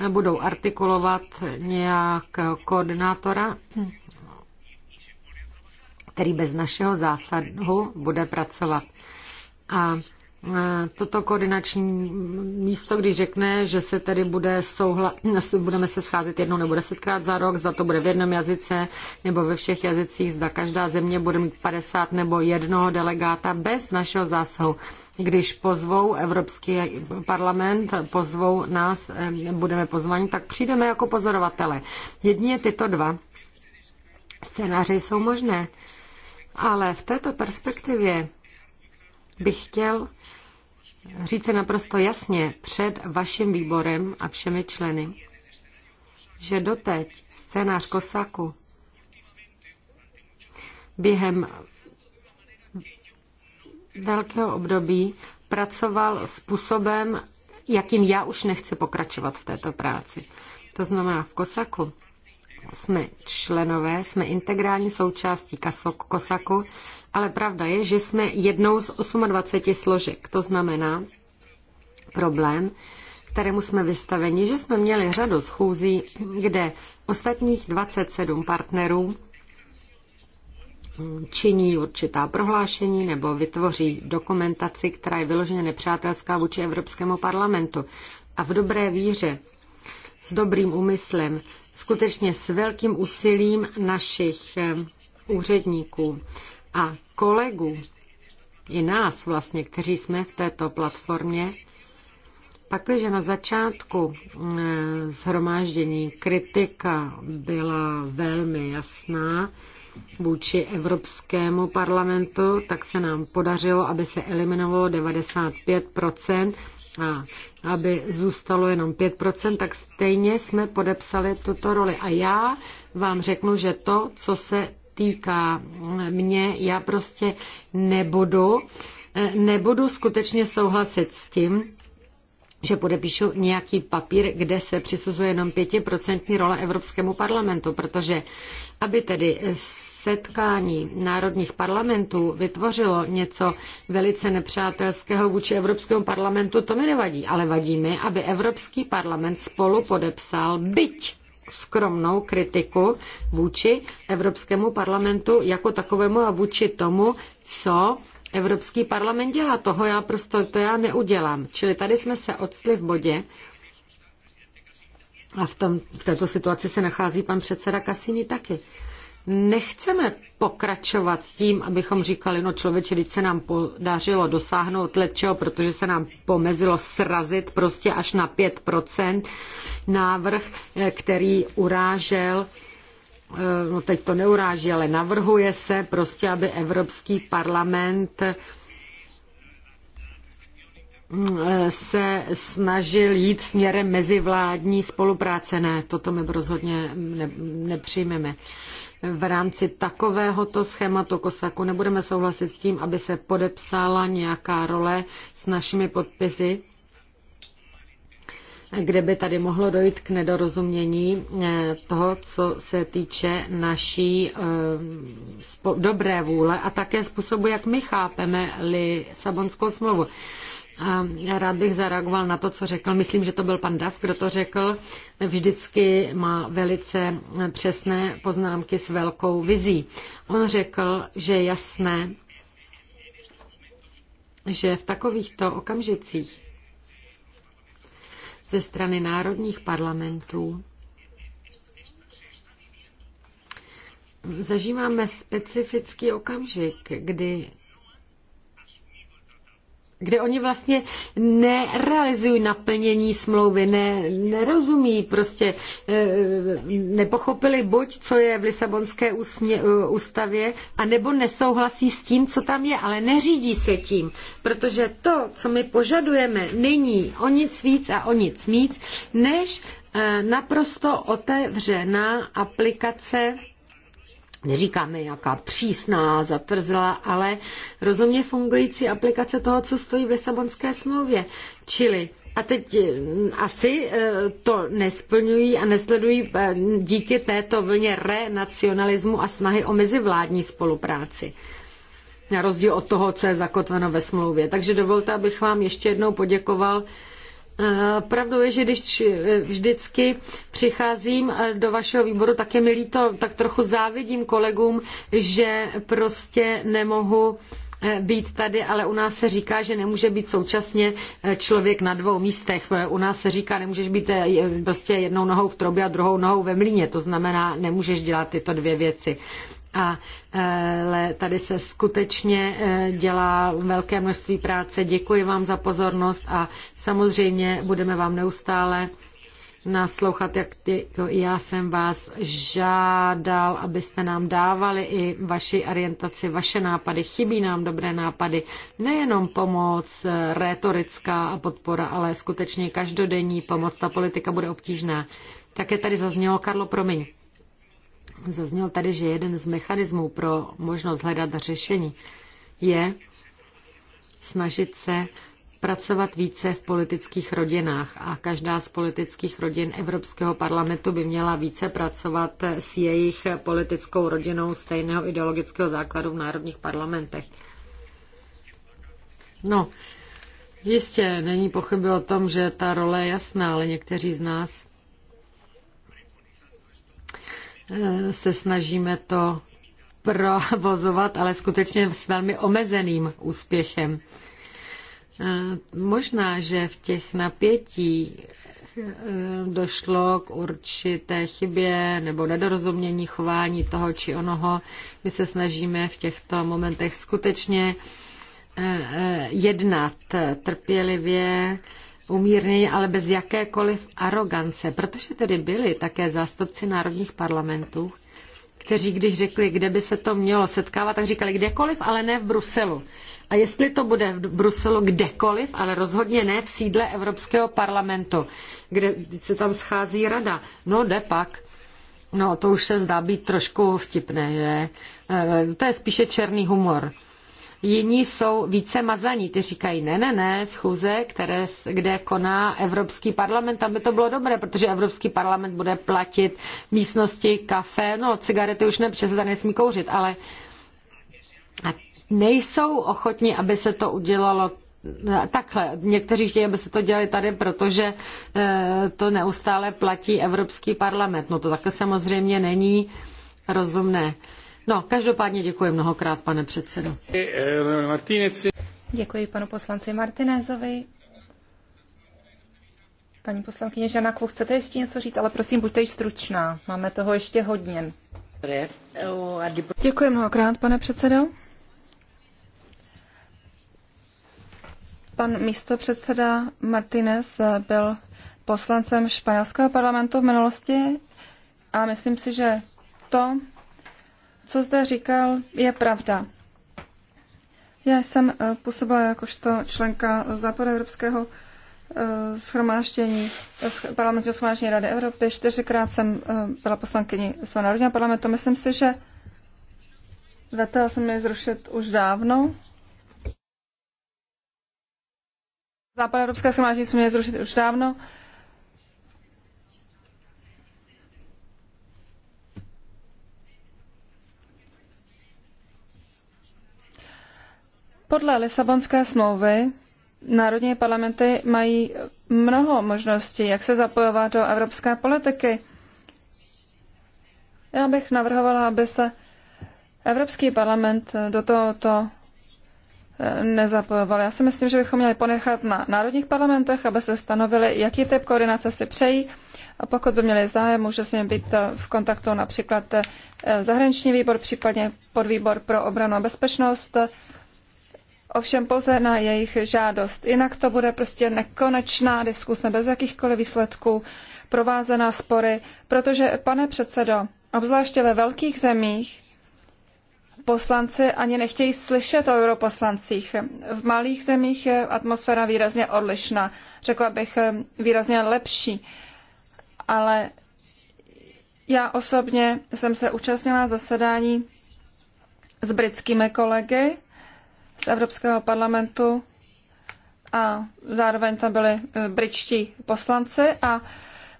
[SPEAKER 3] budou artikulovat nějak koordinátora který bez našeho zásahu bude pracovat. A toto koordinační místo, když řekne, že se tedy bude souhla, budeme se scházet jednou nebo desetkrát za rok, za to bude v jednom jazyce nebo ve všech jazycích, zda každá země bude mít 50 nebo jednoho delegáta bez našeho zásahu. Když pozvou Evropský parlament, pozvou nás, eh, budeme pozvaní, tak přijdeme jako pozorovatele. Jedině tyto dva scénáře jsou možné. Ale v této perspektivě bych chtěl říct naprosto jasně před vaším výborem a všemi členy, že doteď scénář Kosaku během velkého období pracoval způsobem, jakým já už nechci pokračovat v této práci. To znamená, v Kosaku jsme členové, jsme integrální součástí Kosaku, ale pravda je, že jsme jednou z 28 složek. To znamená problém, kterému jsme vystaveni, že jsme měli řadu schůzí, kde ostatních 27 partnerů činí určitá prohlášení nebo vytvoří dokumentaci, která je vyloženě nepřátelská vůči Evropskému parlamentu. A v dobré víře s dobrým úmyslem, skutečně s velkým úsilím našich eh, úředníků a kolegů, i nás vlastně, kteří jsme v této platformě, Pakliže na začátku zhromáždění eh, kritika byla velmi jasná vůči Evropskému parlamentu, tak se nám podařilo, aby se eliminovalo 95 a aby zůstalo jenom 5%, tak stejně jsme podepsali tuto roli. A já vám řeknu, že to, co se týká mě, já prostě nebudu, nebudu skutečně souhlasit s tím, že podepíšu nějaký papír, kde se přisuzuje jenom pětiprocentní role Evropskému parlamentu, protože aby tedy setkání národních parlamentů vytvořilo něco velice nepřátelského vůči Evropskému parlamentu, to mi nevadí, ale vadí mi, aby Evropský parlament spolu podepsal byť skromnou kritiku vůči Evropskému parlamentu jako takovému a vůči tomu, co Evropský parlament dělá. Toho já prostě to já neudělám. Čili tady jsme se odstli v bodě, a v, tom, v této situaci se nachází pan předseda Kasini taky nechceme pokračovat s tím, abychom říkali, no člověče, teď se nám podařilo dosáhnout lečeho, protože se nám pomezilo srazit prostě až na 5% návrh, eh, který urážel eh, no teď to neuráží, ale navrhuje se prostě, aby Evropský parlament eh, se snažil jít směrem mezivládní spolupráce. Ne, toto my rozhodně nepřijmeme v rámci takovéhoto schématu Kosaku nebudeme souhlasit s tím, aby se podepsala nějaká role s našimi podpisy, kde by tady mohlo dojít k nedorozumění eh, toho, co se týče naší eh, dobré vůle a také způsobu, jak my chápeme Lisabonskou smlouvu. Já rád bych zareagoval na to, co řekl. Myslím, že to byl pan Dav, kdo to řekl. Vždycky má velice přesné poznámky s velkou vizí. On řekl, že je jasné, že v takovýchto okamžicích ze strany národních parlamentů zažíváme specifický okamžik, kdy kde oni vlastně nerealizují naplnění smlouvy, ne, nerozumí, prostě eh, nepochopili buď, co je v Lisabonské úsmě, eh, ústavě, anebo nesouhlasí s tím, co tam je, ale neřídí se tím, protože to, co my požadujeme, není o nic víc a o nic míc, než eh, naprosto otevřená aplikace neříkáme, jaká přísná, zatvrzela, ale rozumně fungující aplikace toho, co stojí v Lisabonské smlouvě. Čili a teď eh, asi eh, to nesplňují a nesledují eh, díky této vlně renacionalismu a snahy o mezivládní spolupráci. Na rozdíl od toho, co je zakotveno ve smlouvě. Takže dovolte, abych vám ještě jednou poděkoval Eh, pravdou je, že když eh, vždycky přicházím eh, do vašeho výboru, tak je mi líto, tak trochu závidím kolegům, že prostě nemohu být tady, ale u nás se říká, že nemůže být současně člověk na dvou místech. U nás se říká, nemůžeš být prostě jednou nohou v trobě a druhou nohou ve mlíně. To znamená, nemůžeš dělat tyto dvě věci ale tady se skutečně eh, dělá velké množství práce. Děkuji vám za pozornost a samozřejmě budeme vám neustále naslouchat, jak jako já jsem vás žádal, abyste nám dávali i vaši orientaci, vaše nápady. Chybí nám dobré nápady, nejenom pomoc eh, rétorická a podpora, ale skutečně každodenní pomoc. Ta politika bude obtížná. Také tady zaznělo, Karlo, promiň. Zaznělo tady, že jeden z mechanismů pro možnost hledat řešení je snažit se pracovat více v politických rodinách a každá z politických rodin Evropského parlamentu by měla více pracovat s jejich politickou rodinou stejného ideologického základu v národních parlamentech. No, jistě, není pochyby o tom, že ta role je jasná, ale někteří z nás Eh, se snažíme to provozovat, ale skutečně s velmi omezeným úspěchem. Eh, možná, že v těch napětí eh, došlo k určité chybě nebo nedorozumění chování toho či onoho. My se snažíme v těchto momentech skutečně jednat trpělivě, umírněně, ale bez jakékoliv arogance, protože tedy byli také zástupci národních parlamentů, kteří když řekli, kde by se to mělo setkávat, tak říkali kdekoliv, ale ne v Bruselu. A jestli to bude v Bruselu kdekoliv, ale rozhodně ne v sídle Evropského parlamentu, kde se tam schází rada. No jde pak. No to už se zdá být trošku vtipné, že? Eh, to je spíše černý humor jiní jsou více mazaní. Ty říkají, ne, ne, ne, schůze, které, kde koná Evropský parlament, tam by to bylo dobré, protože Evropský parlament bude platit místnosti, kafe, no cigarety už ne, protože se tady nesmí kouřit, ale a nejsou ochotní, aby se to udělalo e, takhle. Někteří chtějí, aby se to dělali tady, protože e, to neustále platí Evropský parlament. No to také samozřejmě není rozumné. No, každopádně děkuji mnohokrát, pane předsedo.
[SPEAKER 2] Děkuji panu poslanci Martinezovi. Paní poslankyně Žanákovou, chcete ještě něco říct, ale prosím, buďte již stručná. Máme toho ještě hodně. Děkuji mnohokrát, pane předsedo. Pan
[SPEAKER 1] místo předseda Martinez byl poslancem španělského parlamentu v minulosti a myslím si, že to, co zde říkal, je pravda. Já jsem eh, působila jakožto členka Západoevropského eh, schromáždění, eh, parlamentního schromáždění Rady Evropy. Čtyřikrát jsem byla poslankyní svého národního parlamentu. Myslím si, že VTO jsem měl zrušit už dávno. Západoevropské schromáždění jsem měl zrušit už dávno. Podle Lisabonské smlouvy národní parlamenty mají mnoho možností, jak se zapojovat do evropské politiky. Já bych navrhovala, aby se Evropský parlament do tohoto eh, nezapojoval. Já si myslím, že bychom měli ponechat na národních parlamentech, aby se stanovili, jaký typ koordinace si přejí. A pokud by měli zájem, může s ním být eh, v kontaktu například eh, zahraniční výbor, případně podvýbor pro obranu a bezpečnost, ovšem pouze na jejich žádost. Jinak to bude prostě nekonečná diskuse bez jakýchkoliv výsledků, provázená spory, protože, pane předsedo, obzvláště ve velkých zemích, poslanci ani nechtějí slyšet o europoslancích. V malých zemích je atmosféra výrazně odlišná, řekla bych eh, výrazně lepší. Ale já osobně jsem se účastnila zasedání s britskými kolegy z Evropského parlamentu a zároveň tam byli eh, britští poslanci a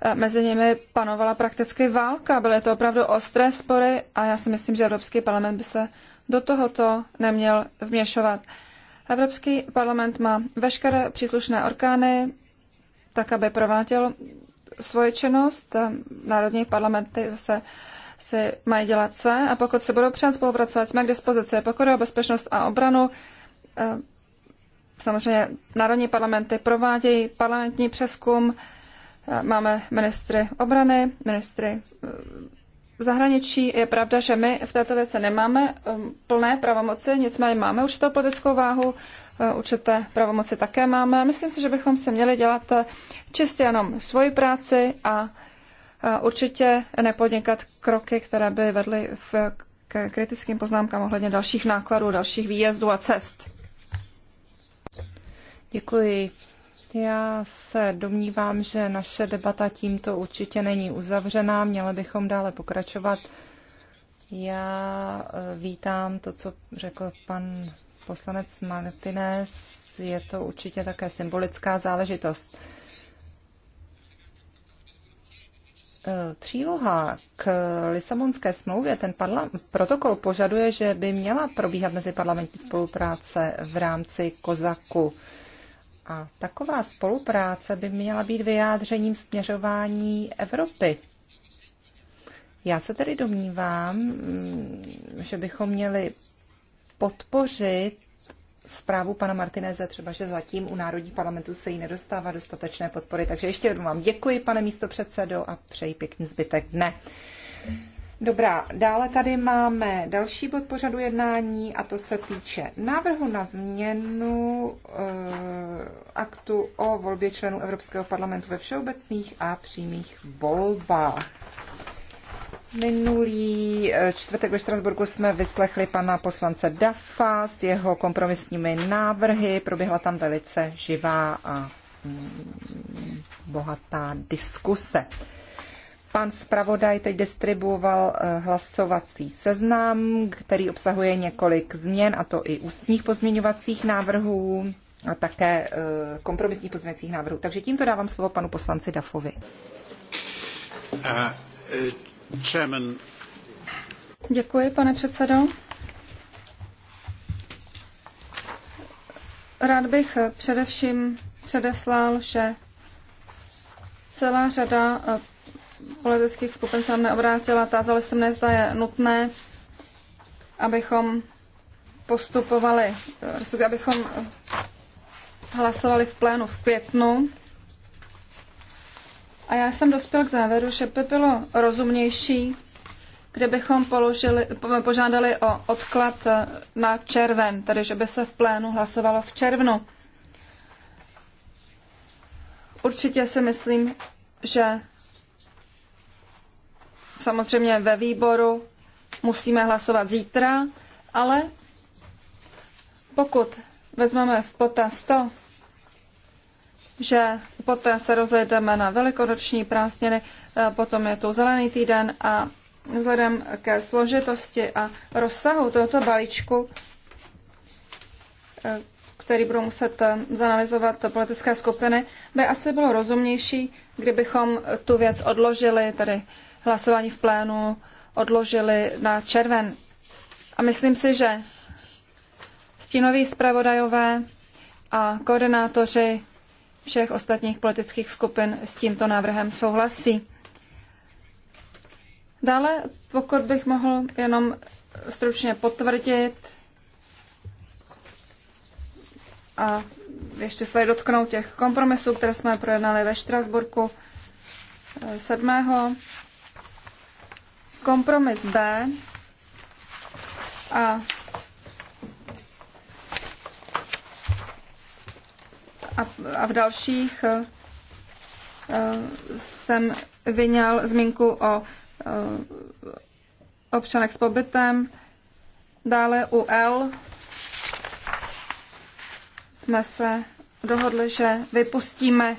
[SPEAKER 1] eh, mezi nimi panovala prakticky válka. Byly to opravdu ostré spory a já si myslím, že Evropský parlament by se do tohoto neměl vměšovat. Evropský parlament má veškeré příslušné orgány, tak aby prováděl svoje činnost. Národní parlamenty zase si mají dělat své a pokud se budou přát spolupracovat, jsme k dispozici. Pokud o bezpečnost a obranu, eh, samozřejmě národní parlamenty provádějí parlamentní přeskum, eh, máme ministry obrany, ministry eh, zahraničí. Je pravda, že my v této věci nemáme plné pravomoci, nicméně máme určitou politickou váhu, určité pravomoci také máme. Myslím si, že bychom se měli dělat čistě jenom svoji práci a určitě nepodnikat kroky, které by vedly v, k kritickým poznámkám ohledně
[SPEAKER 2] dalších nákladů, dalších výjezdů a cest. Děkuji. Já se domnívám, že naše debata tímto určitě není uzavřená. Měli bychom dále pokračovat. Já e, vítám to, co řekl pan poslanec Martinez. Je to určitě také symbolická záležitost. E, příloha k Lisabonské smlouvě, ten protokol požaduje, že by měla probíhat mezi parlamentní spolupráce v rámci Kozaku. A taková spolupráce by měla být vyjádřením směřování Evropy. Já se tedy domnívám, mm, že bychom měli podpořit zprávu pana Martineze, třeba že zatím u Národní parlamentu se jí nedostává dostatečné podpory. Takže ještě jednou vám děkuji, pane předsedo a přeji pěkný zbytek dne. Dobrá, dále tady máme další bod pořadu jednání a to se týče návrhu na změnu e, aktu o volbě členů Evropského parlamentu ve všeobecných a přímých volbách. Minulý eh, čtvrtek ve Štrasburku jsme vyslechli pana poslance Dafa s jeho kompromisními návrhy. Proběhla tam velice živá a mm, bohatá diskuse. Pan zpravodaj teď distribuoval eh, hlasovací seznam, který obsahuje několik změn, a to i ústních pozměňovacích návrhů a také eh, kompromisních pozměňovacích návrhů. Takže tímto dávám slovo panu poslanci Dafovi.
[SPEAKER 1] A, e
[SPEAKER 2] Děkuji, pane předsedající
[SPEAKER 1] Rád bych především předeslal, že celá řada eh, politických skupin se obrátila a Tázali se mne, zda je nutné, abychom postupovali, eh, respektive abychom eh, hlasovali v plénu v květnu a já jsem dospěl k závěru, že by bylo rozumnější, kdybychom položili, požádali o odklad eh, na červen, tedy že by se v plénu hlasovalo v červnu. Určitě si myslím, že samozřejmě ve výboru musíme hlasovat zítra, ale pokud vezmeme v potaz to, že poté se rozjedeme na velikonoční prázdniny, potom je tu zelený týden a vzhledem ke složitosti a rozsahu tohoto balíčku, e, který budou muset e, zanalizovat politické skupiny, by asi bylo rozumnější, kdybychom tu věc odložili, tedy hlasování v plénu odložili na červen. A myslím si, že stínoví zpravodajové a koordinátoři všech ostatních politických skupin s tímto návrhem souhlasí. Dále, pokud bych mohl jenom stručně potvrdit a ještě se dotknout těch kompromisů, které jsme projednali ve Štrasburku 7. Eh, Kompromis B a a, a v dalších eh, eh, jsem vyňal zmínku o eh, občanek s pobytem. Dále u L jsme se dohodli, že vypustíme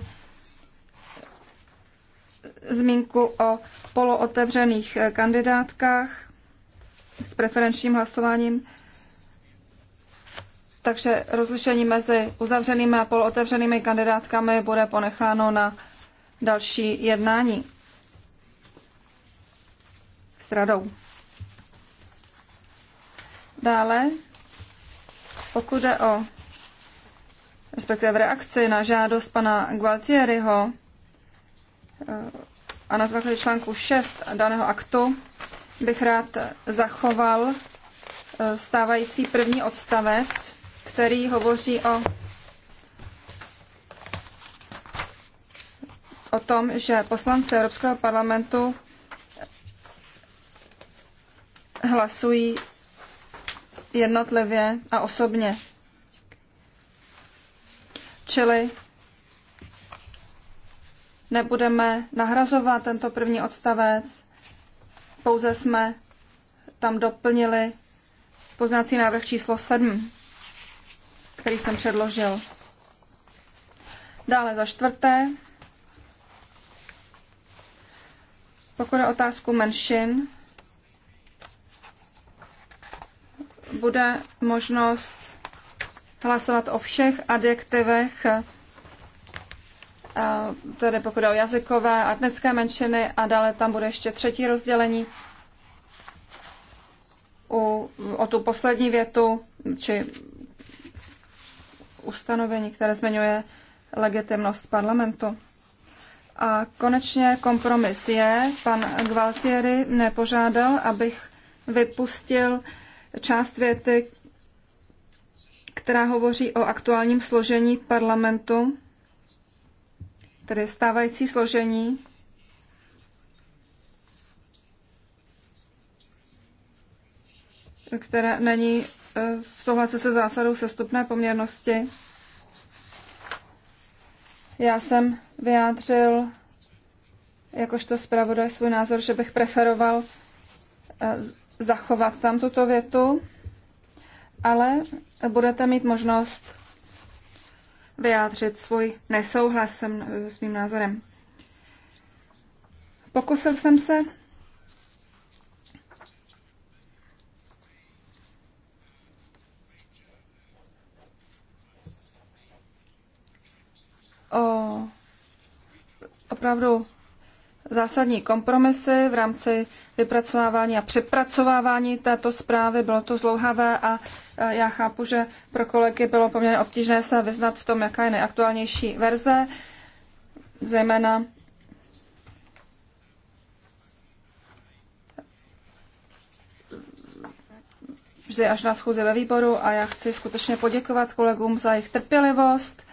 [SPEAKER 1] zmínku o polootevřených kandidátkách s preferenčním hlasováním takže rozlišení mezi uzavřenými a polootevřenými kandidátkami bude ponecháno na další jednání s radou. Dále, pokud jde o respektive v reakci na žádost pana Gualtieriho eh, a na základě článku 6 daného aktu bych rád zachoval eh, stávající první odstavec který hovoří o, o tom, že poslanci Evropského parlamentu hlasují jednotlivě a osobně. Čili nebudeme nahrazovat tento první odstavec, pouze jsme tam doplnili poznací návrh číslo 7 který jsem předložil. Dále za čtvrté, pokud je otázku menšin, bude možnost hlasovat o všech adjektivech, eh, tedy pokud je o jazykové a etnické menšiny a dále tam bude ještě třetí rozdělení u, o tu poslední větu, či ustanovení, které zmiňuje legitimnost parlamentu. A konečně kompromis je, pan Gualtieri nepožádal, abych vypustil část věty, která hovoří o aktuálním složení parlamentu, tedy stávající složení. které není v eh, souhlase se zásadou sestupné poměrnosti. Já jsem vyjádřil jakožto zpravodaj svůj názor, že bych preferoval eh, zachovat tam tuto větu, ale budete mít možnost vyjádřit svůj nesouhlas s mým názorem. Pokusil jsem se o opravdu zásadní kompromisy v rámci vypracovávání a přepracovávání této zprávy. Bylo to zlouhavé a já chápu, že pro kolegy bylo poměrně obtížné se vyznat v tom, jaká je nejaktuálnější verze, zejména vždy až na schůze ve výboru a já chci skutečně poděkovat kolegům za jejich trpělivost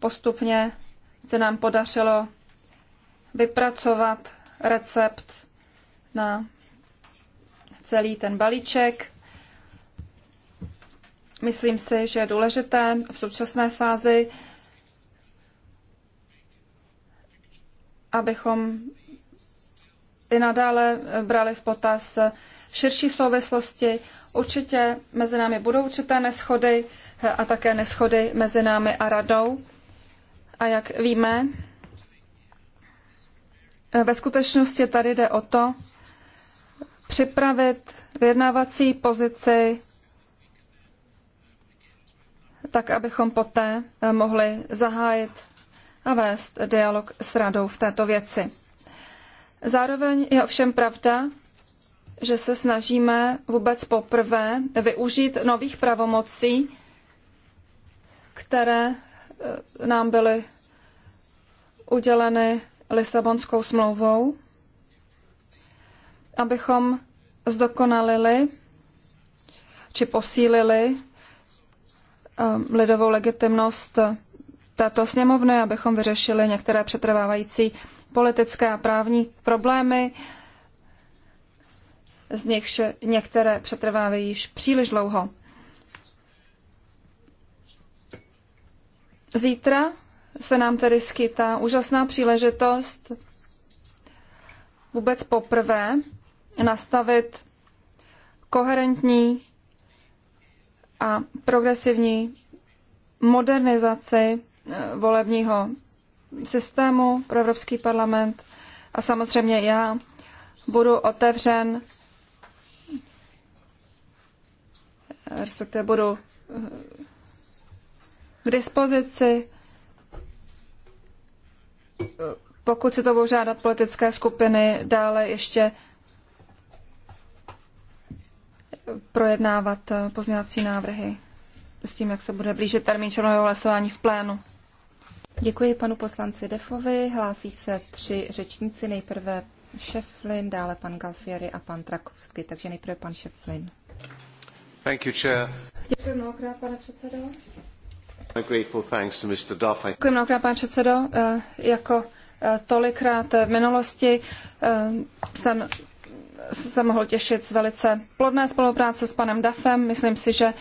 [SPEAKER 1] Postupně se nám podařilo vypracovat recept na celý ten balíček. Myslím si, že je důležité v současné fázi, abychom i nadále brali v potaz širší souvislosti. Určitě mezi námi budou určité neschody a také neschody mezi námi a radou. A jak víme, ve skutečnosti tady jde o to, připravit vyjednávací pozici tak, abychom poté eh, mohli zahájit a vést dialog s radou v této věci. Zároveň je ovšem pravda, že se snažíme vůbec poprvé využít nových pravomocí, které Eh, nám byly uděleny Lisabonskou smlouvou, abychom zdokonalili či posílili eh, lidovou legitimnost této sněmovny, abychom vyřešili některé přetrvávající politické a právní problémy, z nichž některé přetrvávají již příliš dlouho. Zítra se nám tedy skytá úžasná příležitost vůbec poprvé nastavit koherentní a progresivní modernizaci eh, volebního systému pro Evropský parlament. A samozřejmě já budu otevřen, eh, respektive budu eh, k dispozici, pokud si to budou žádat politické skupiny, dále ještě projednávat eh, pozměňovací návrhy s tím, jak se bude blížit termín černého hlasování v
[SPEAKER 2] plénu. Děkuji panu poslanci Defovi. Hlásí se tři řečníci. Nejprve Šeflin, dále pan Galfieri a pan Trakovsky. Takže nejprve pan Šeflin. Thank you, chair. Děkuji
[SPEAKER 1] mnohokrát, pane předsedo. Děkuji mnohokrát, pane předsedo. Eh, jako eh, tolikrát v minulosti eh, jsem se mohl těšit z velice plodné spolupráce s panem Duffem. Myslím si, že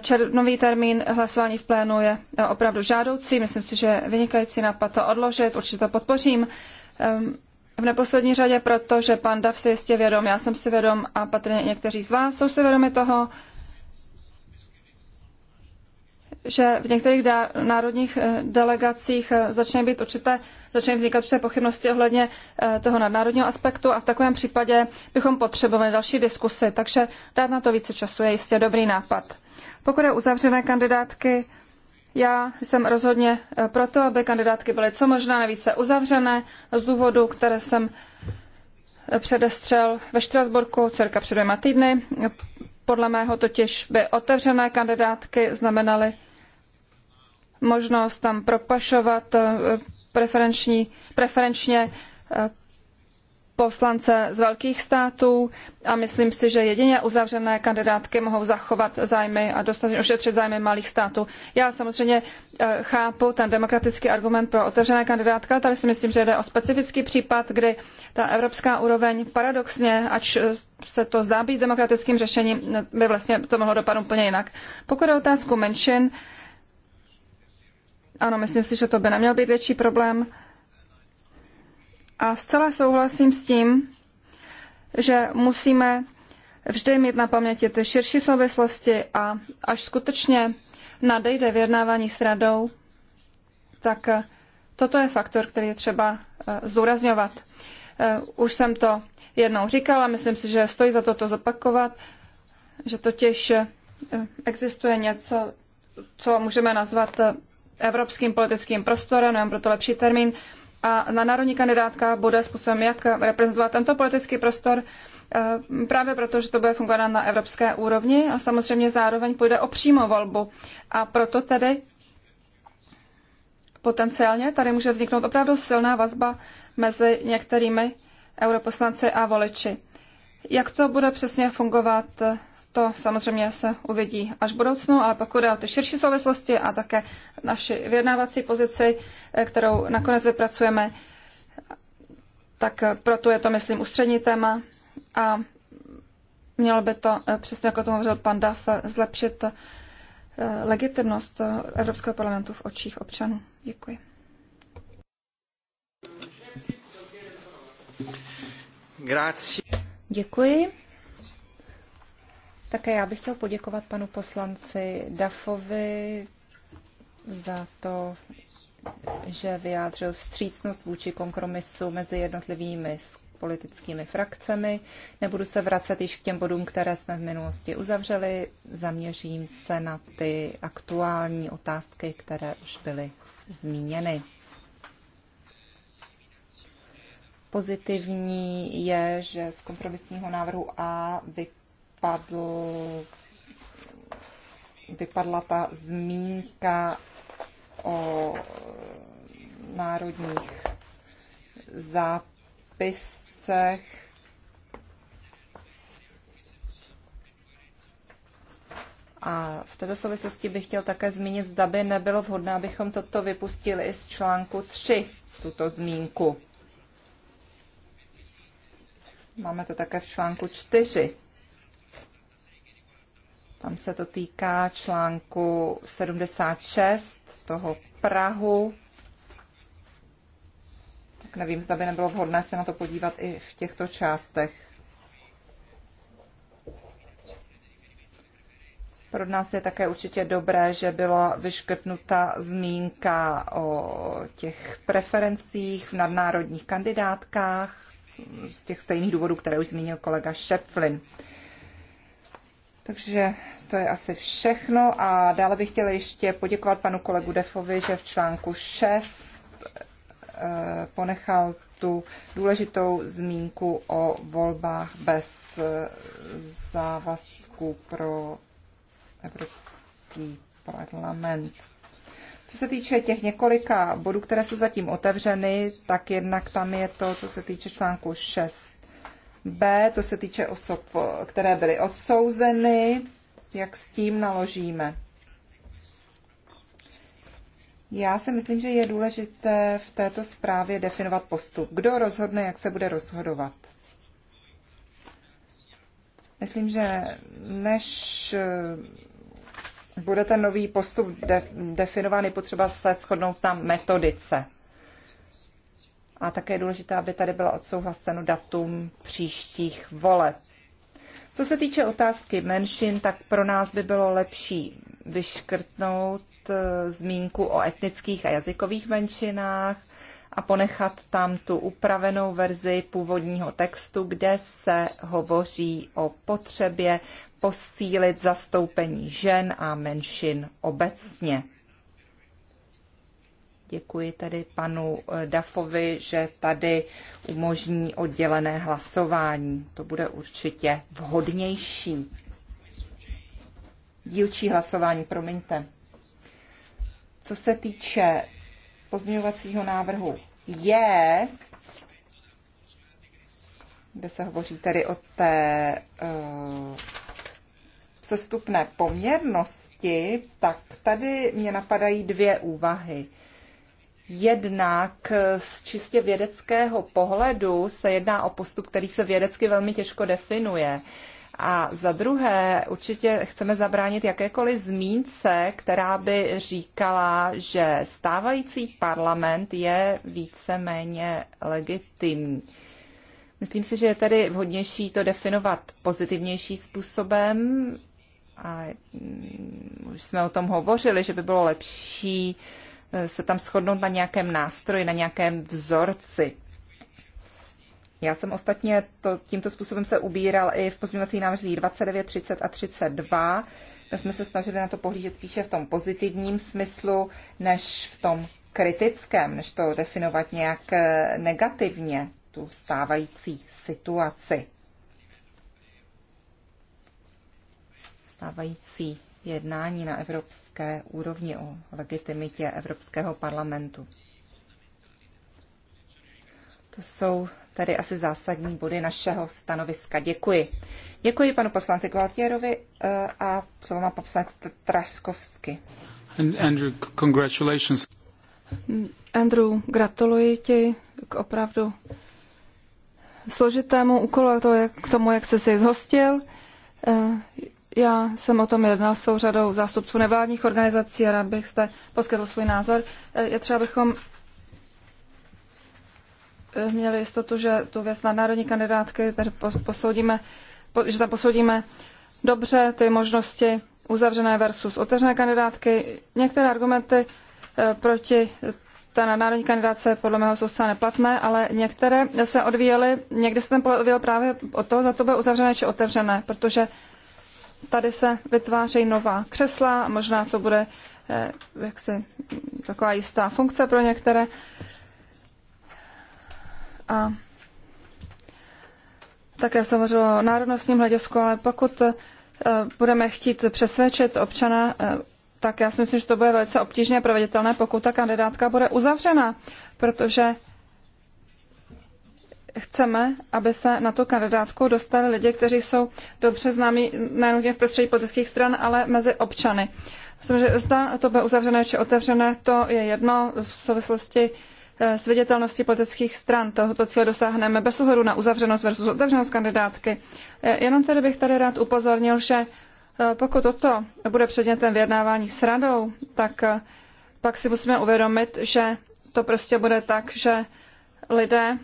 [SPEAKER 1] červnový termín hlasování v plénu je opravdu žádoucí. Myslím si, že vynikající nápad to odložit, určitě to podpořím. V neposlední řadě proto, že pan Dav si jistě vědom, já jsem si vědom a patrně někteří z vás jsou si vědomi toho, že v některých da- národních eh, delegacích eh, začínají být určité, začínají vznikat určité pochybnosti ohledně eh, toho nadnárodního aspektu a v takovém případě bychom potřebovali další diskusy, takže dát na to více času je jistě dobrý nápad. Pokud je uzavřené kandidátky, já jsem rozhodně proto, aby kandidátky byly co možná nejvíce uzavřené z důvodu, které jsem předestřel ve Štrasburku cirka před dvěma týdny. Podle mého totiž by otevřené kandidátky znamenaly možnost tam propašovat eh, preferenční, preferenčně eh, poslance z velkých států a myslím si, že jedině uzavřené kandidátky mohou zachovat zájmy a dostatečně ošetřit zájmy malých států. Já samozřejmě eh, chápu ten demokratický argument pro otevřené kandidátka, tady si myslím, že jde o specifický případ, kdy ta evropská úroveň paradoxně, ač se to zdá být demokratickým řešením, by vlastně to mohlo dopadnout úplně jinak. Pokud je otázku menšin, ano, myslím si, že to by neměl být větší problém. A zcela souhlasím s tím, že musíme vždy mít na paměti ty širší souvislosti a až skutečně nadejde vyjednávání s radou, tak eh, toto je faktor, který je třeba eh, zdůrazňovat. Eh, už jsem to jednou říkala, myslím si, že stojí za to to zopakovat, že totiž existuje něco, co můžeme nazvat evropským politickým prostorem, nevím proto lepší termín, a na národní kandidátka bude způsobem, jak reprezentovat tento politický prostor, eh, právě proto, že to bude fungovat na evropské úrovni a samozřejmě zároveň půjde o přímo volbu. A proto tedy potenciálně tady může vzniknout opravdu silná vazba mezi některými europoslanci a voliči. Jak to bude přesně fungovat, to samozřejmě se uvidí až v budoucnu, ale pokud jde o ty širší souvislosti a také naši vyjednávací pozici, eh, kterou nakonec vypracujeme, tak proto je to, myslím, ústřední téma a mělo by to, eh, přesně jako to hovořil pan Daf, eh, zlepšit legitimnost Evropského parlamentu v
[SPEAKER 2] očích občanů. Děkuji.
[SPEAKER 3] Grazie.
[SPEAKER 2] Děkuji. Také já bych chtěl poděkovat panu poslanci Dafovi za to, že vyjádřil vstřícnost vůči kompromisu mezi jednotlivými politickými frakcemi. Nebudu se vracet již k těm bodům, které jsme v minulosti uzavřeli. Zaměřím se na ty aktuální otázky, které už byly zmíněny. Pozitivní je, že z kompromisního návrhu A vy vypadl, vypadla ta zmínka o národních zápisech. A v této souvislosti bych chtěl také zmínit, zda by nebylo vhodné, abychom toto vypustili z článku 3, tuto zmínku. Máme to také v článku 4. Tam se to týká článku 76 toho Prahu. Tak nevím, zda by nebylo vhodné se na to podívat i v těchto částech. Pro nás je také určitě dobré, že byla vyškrtnuta zmínka o těch preferencích v nadnárodních kandidátkách z těch stejných důvodů, které už zmínil kolega Šepflin. Takže to je asi všechno a dále bych chtěla ještě poděkovat panu kolegu Defovi, že v článku 6 eh, ponechal tu důležitou zmínku o volbách bez eh, závazku pro Evropský parlament. Co se týče těch několika bodů, které jsou zatím otevřeny, tak jednak tam je to, co se týče článku 6b, to se týče osob, které byly odsouzeny, jak s tím naložíme. Já si myslím, že je důležité v této zprávě definovat postup. Kdo rozhodne, jak se bude rozhodovat? Myslím, že než eh, bude ten nový postup de- definován, je potřeba se shodnout na metodice. A také je důležité, aby tady bylo odsouhlaseno datum příštích voleb. Co se týče otázky menšin, tak pro nás by bylo lepší vyškrtnout eh, zmínku o etnických a jazykových menšinách a ponechat tam tu upravenou verzi původního textu, kde se hovoří o potřebě posílit zastoupení žen a menšin obecně. Děkuji tedy panu eh, Dafovi, že tady umožní oddělené hlasování. To bude určitě vhodnější. Dílčí hlasování, promiňte. Co se týče pozměňovacího návrhu je, kde se hovoří tedy o té uh, sestupné poměrnosti, tak tady mě napadají dvě úvahy. Uh, Jednak z čistě vědeckého pohledu se jedná o postup, který se vědecky velmi těžko definuje. A za druhé, určitě chceme zabránit jakékoliv zmínce, která by říkala, že stávající parlament je víceméně legitimní. Myslím si, že je tedy vhodnější to definovat pozitivnější způsobem. A mm, už jsme o tom hovořili, že by bylo lepší uh, Eh, se tam shodnout na nějakém nástroji, na nějakém vzorci. Já jsem ostatně to, tímto způsobem se ubíral i v pozměňovacích návrzích 29, 30 a 32. My jsme se snažili na to pohlížet spíše v tom pozitivním smyslu, než v tom kritickém, než to definovat nějak eh, negativně, tu stávající situaci. Stávající jednání na evropské úrovni o legitimitě Evropského parlamentu. To jsou tady asi zásadní body našeho stanoviska. Děkuji. Děkuji panu poslanci Gualtierovi eh, a slovo má poslanec Traškovsky.
[SPEAKER 1] Andrew, congratulations. Mm, Andrew, gratuluji ti k opravdu složitému úkolu, to je k tomu, jak jsi se zhostil. Eh, já jsem o tom jednal s řadou zástupců nevládních organizací a rád bych zde poskytl svůj názor. Eh, je třeba, bychom eh, měli jistotu, že tu věc národní kandidátky, tady posoudíme, že tam posoudíme dobře ty možnosti uzavřené versus otevřené kandidátky. Některé argumenty eh, proti ta národní kandidáce podle mého jsou zcela neplatné, ale některé se odvíjely, někdy se ten pohled odvíjel právě od toho, za to bylo uzavřené či otevřené, protože Tady se vytvářejí nová křesla a možná to bude eh, jaksi taková jistá funkce pro některé. A také se o národnostním hledisku, ale pokud eh, budeme chtít přesvědčit občana, eh, tak já si myslím, že to bude velice obtížně proveditelné, pokud ta kandidátka bude uzavřena, protože chceme, aby se na tu kandidátku dostali lidi, kteří jsou dobře známí nejen v prostředí politických stran, ale mezi občany. Myslím, že zda to bude uzavřené či otevřené, to je jedno v souvislosti eh, s viditelností politických stran. Tohoto cíle dosáhneme bez ohledu na uzavřenost versus otevřenost kandidátky. Eh, jenom tedy bych tady rád upozornil, že eh, pokud toto bude předmětem vyjednávání s radou, tak pak si musíme uvědomit, že to prostě bude tak, že lidé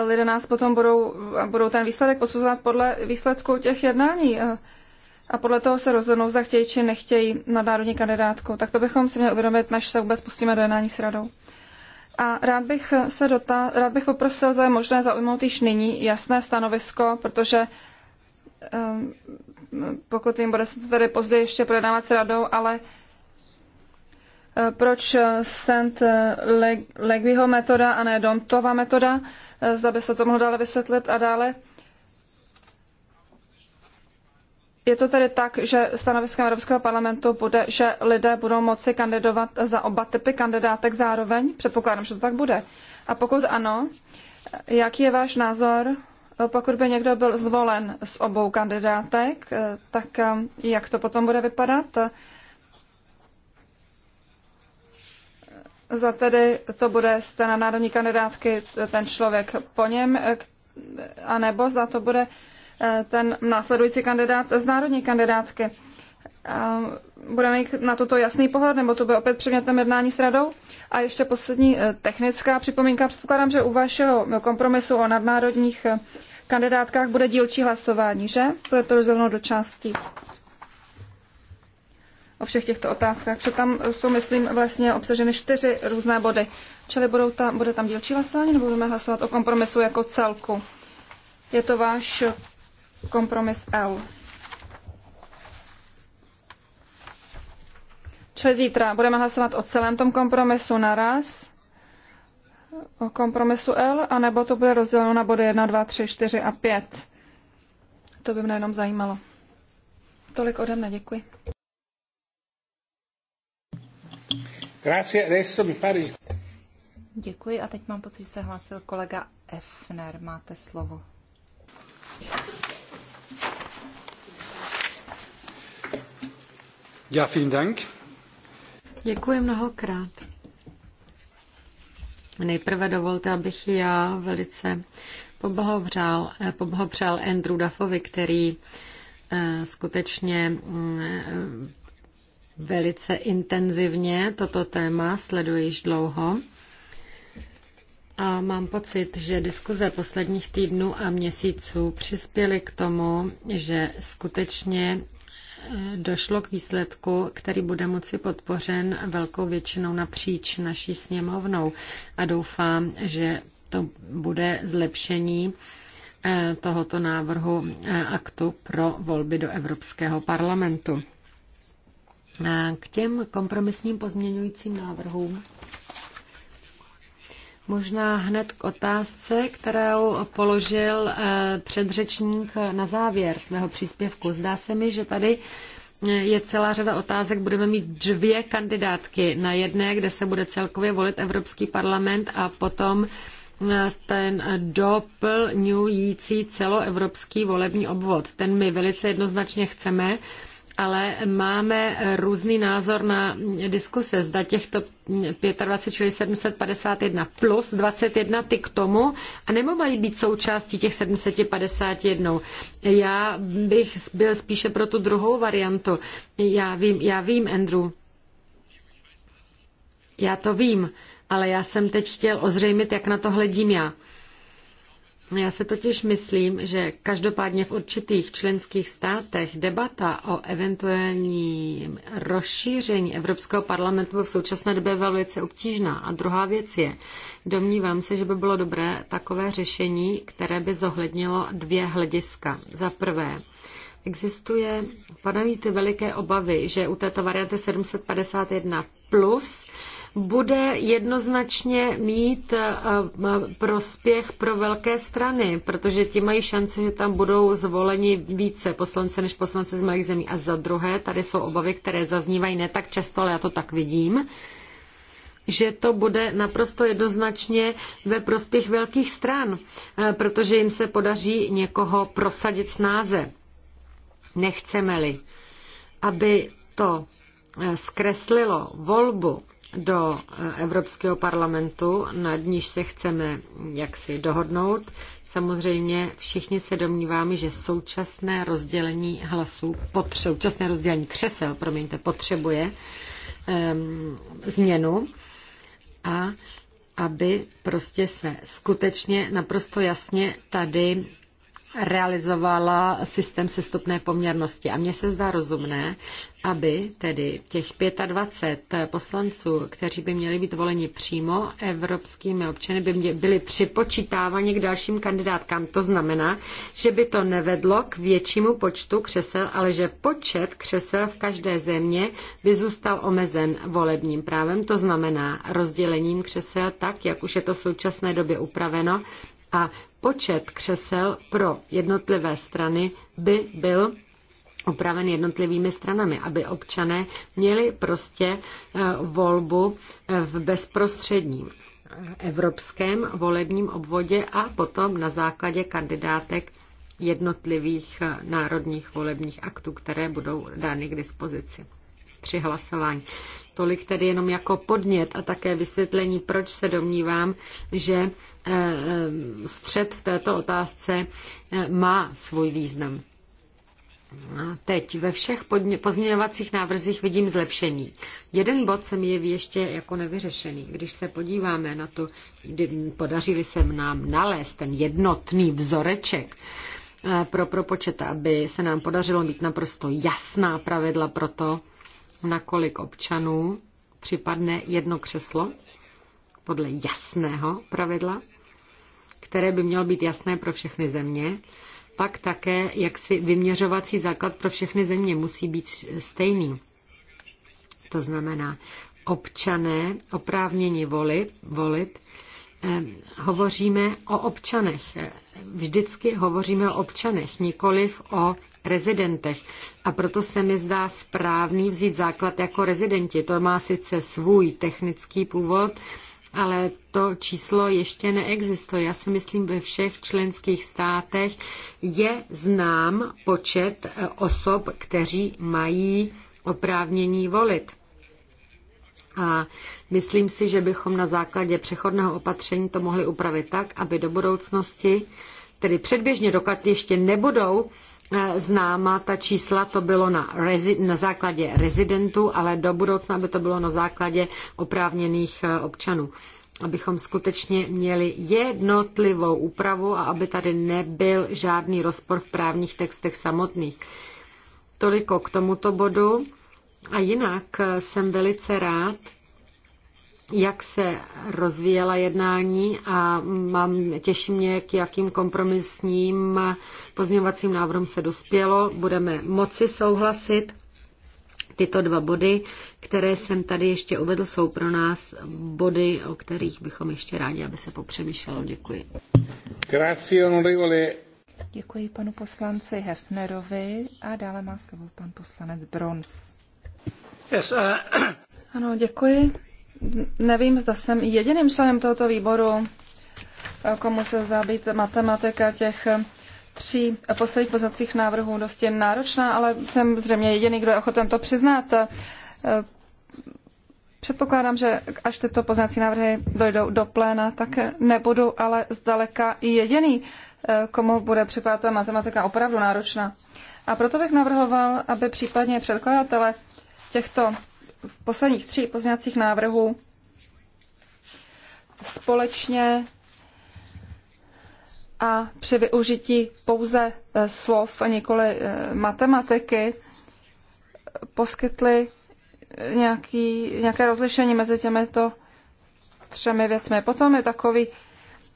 [SPEAKER 1] lidé nás potom budou, budou ten výsledek posuzovat podle výsledků těch jednání a, eh, a podle toho se rozhodnou, zda chtějí či nechtějí na národní kandidátku. Tak to bychom si měli uvědomit, než se vůbec pustíme do jednání s radou. A rád bych, se dotá, rád bych poprosil, zda je možné zaujmout již nyní jasné stanovisko, protože eh, pokud vím, bude se to tady později ještě projednávat s radou, ale eh, proč St. Legvyho metoda a ne Dontova metoda? Eh, zda by se to mohlo dále vysvětlit a dále. Je to tedy tak, že stanoviskem Evropského parlamentu bude, že lidé budou moci kandidovat za oba typy kandidátek zároveň? Předpokládám, že to tak bude. A pokud ano, jaký je váš názor, eh, pokud by někdo byl zvolen z obou kandidátek, eh, tak jak to potom bude vypadat? za tedy to bude té národní kandidátky ten člověk po něm, anebo za to bude eh, ten následující kandidát z národní kandidátky. Budeme mít na toto jasný pohled, nebo to bude opět předmětem jednání s radou? A ještě poslední eh, technická připomínka. Předpokládám, že u vašeho kompromisu o nadnárodních eh, kandidátkách bude dílčí hlasování, že? Bude to rozdělno do částí o všech těchto otázkách, protože tam jsou, myslím, vlastně obsaženy čtyři různé body. Čili budou tam, bude tam dílčí hlasování, nebo budeme hlasovat o kompromisu jako celku? Je to váš kompromis L. Čili zítra budeme hlasovat o celém tom kompromisu naraz, o kompromisu L, anebo to bude rozděleno na body 1, 2, 3, 4 a 5. To by mě jenom zajímalo. Tolik ode mne, děkuji. Grazie, adesso mi pare...
[SPEAKER 2] Děkuji a teď mám pocit, že se hlásil kolega Efner. Máte slovo.
[SPEAKER 1] Ja, vielen Dank.
[SPEAKER 3] Děkuji mnohokrát. Nejprve dovolte, abych já velice poblahopřál, eh, poblahopřál Andrew Duffovi, který eh, skutečně mm, eh, velice intenzivně toto téma, sleduji již dlouho. A mám pocit, že diskuze posledních týdnů a měsíců přispěly k tomu, že skutečně eh, došlo k výsledku, který bude moci podpořen velkou většinou napříč naší sněmovnou. A doufám, že to bude zlepšení eh, tohoto návrhu eh, aktu pro volby do Evropského parlamentu. K těm kompromisním pozměňujícím návrhům. Možná hned k otázce, kterou položil eh, předřečník na závěr svého příspěvku. Zdá se mi, že tady eh, je celá řada otázek. Budeme mít dvě kandidátky. Na jedné, kde se bude celkově volit Evropský parlament a potom eh, ten doplňující celoevropský volební obvod. Ten my velice jednoznačně chceme ale máme různý názor na diskuse. Zda těchto 25, čili 751 plus 21 ty k tomu, a nebo mají být součástí těch 751. Já bych byl spíše pro tu druhou variantu. Já vím, já vím, Andrew. Já to vím, ale já jsem teď chtěl ozřejmit, jak na to hledím já. Já se totiž myslím, že každopádně v určitých členských státech debata o eventuálním rozšíření Evropského parlamentu v současné době velice obtížná. A druhá věc je, domnívám se, že by bylo dobré takové řešení, které by zohlednilo dvě hlediska. Za prvé, Existuje, panují ty veliké obavy, že u této varianty 751 plus bude jednoznačně mít eh, eh, prospěch pro velké strany, protože ti mají šance, že tam budou zvoleni více poslance než poslanci z malých zemí. A za druhé, tady jsou obavy, které zaznívají ne tak často, ale já to tak vidím, že to bude naprosto jednoznačně ve prospěch velkých stran, eh, protože jim se podaří někoho prosadit snáze. Nechceme-li, aby to zkreslilo volbu do Evropského parlamentu, nad níž se chceme jaksi dohodnout. Samozřejmě všichni se domníváme, že současné rozdělení hlasů, potře- současné rozdělení křesel, promiňte, potřebuje um, změnu a aby prostě se skutečně naprosto jasně tady realizovala systém sestupné poměrnosti. A mně se zdá rozumné, aby tedy těch 25 poslanců, kteří by měli být voleni přímo evropskými občany, by byli připočítáváni k dalším kandidátkám. To znamená, že by to nevedlo k většímu počtu křesel, ale že počet křesel v každé země by zůstal omezen volebním právem, to znamená rozdělením křesel tak, jak už je to v současné době upraveno, a Počet křesel pro jednotlivé strany by byl upraven jednotlivými stranami, aby občané měli prostě eh, volbu eh, v bezprostředním eh, evropském volebním obvodě a potom na základě kandidátek jednotlivých národních volebních aktů, které budou dány k dispozici při hlasování. Tolik tedy jenom jako podnět a také vysvětlení, proč se domnívám, že eh, eh, střed v této otázce eh, má svůj význam. Teď ve všech pozměňovacích návrzích vidím zlepšení. Jeden bod se mi jeví ještě jako nevyřešený. Když se podíváme na to, podařili se nám nalézt ten jednotný vzoreček pro propočet, aby se nám podařilo mít naprosto jasná pravidla pro to, na kolik občanů připadne jedno křeslo podle jasného pravidla, které by mělo být jasné pro všechny země. Pak také, jak si vyměřovací základ pro všechny země musí být stejný. To znamená, občané oprávněni volit, volit hovoříme o občanech. Vždycky hovoříme o občanech, nikoliv o rezidentech. A proto se mi zdá správný vzít základ jako rezidenti. To má sice svůj technický původ, ale to číslo ještě neexistuje. Já si myslím, ve všech členských státech je znám počet eh, osob, kteří mají oprávnění volit. A myslím si, že bychom na základě přechodného opatření to mohli upravit tak, aby do budoucnosti, tedy předběžně dokud ještě nebudou eh, známa ta čísla, to bylo na, rezi, na základě rezidentů, ale do budoucna by to bylo na základě oprávněných eh, občanů abychom skutečně měli jednotlivou úpravu a aby tady nebyl žádný rozpor v právních textech samotných. Toliko k tomuto bodu. A jinak eh, jsem velice rád, jak se rozvíjela jednání a mám, těší mě, k jakým kompromisním pozměňovacím návrhům se dospělo. Budeme moci souhlasit. Tyto dva body, které jsem tady ještě uvedl, jsou pro nás body, o kterých bychom ještě rádi, aby se popřemýšlelo. Děkuji.
[SPEAKER 2] Děkuji panu poslanci Hefnerovi a dále má slovo pan poslanec Brons.
[SPEAKER 1] Yes, uh... [CLEARS THROAT] Ano, děkuji. Nevím, zda jsem jediným členem tohoto výboru, komu se zdá být matematika těch tří posledních poznacích návrhů dosti náročná, ale jsem zřejmě jediný, kdo je ochoten to přiznat. Předpokládám, že až tyto poznací návrhy dojdou do pléna, tak nebudu ale zdaleka jediný, komu bude připadat ta matematika opravdu náročná. A proto bych navrhoval, aby případně předkladatele těchto posledních tří pozměňovacích návrhů společně a při využití pouze eh, slov a nikoli eh, matematiky poskytli eh, nějaký, nějaké rozlišení mezi těmito třemi věcmi. Potom je takový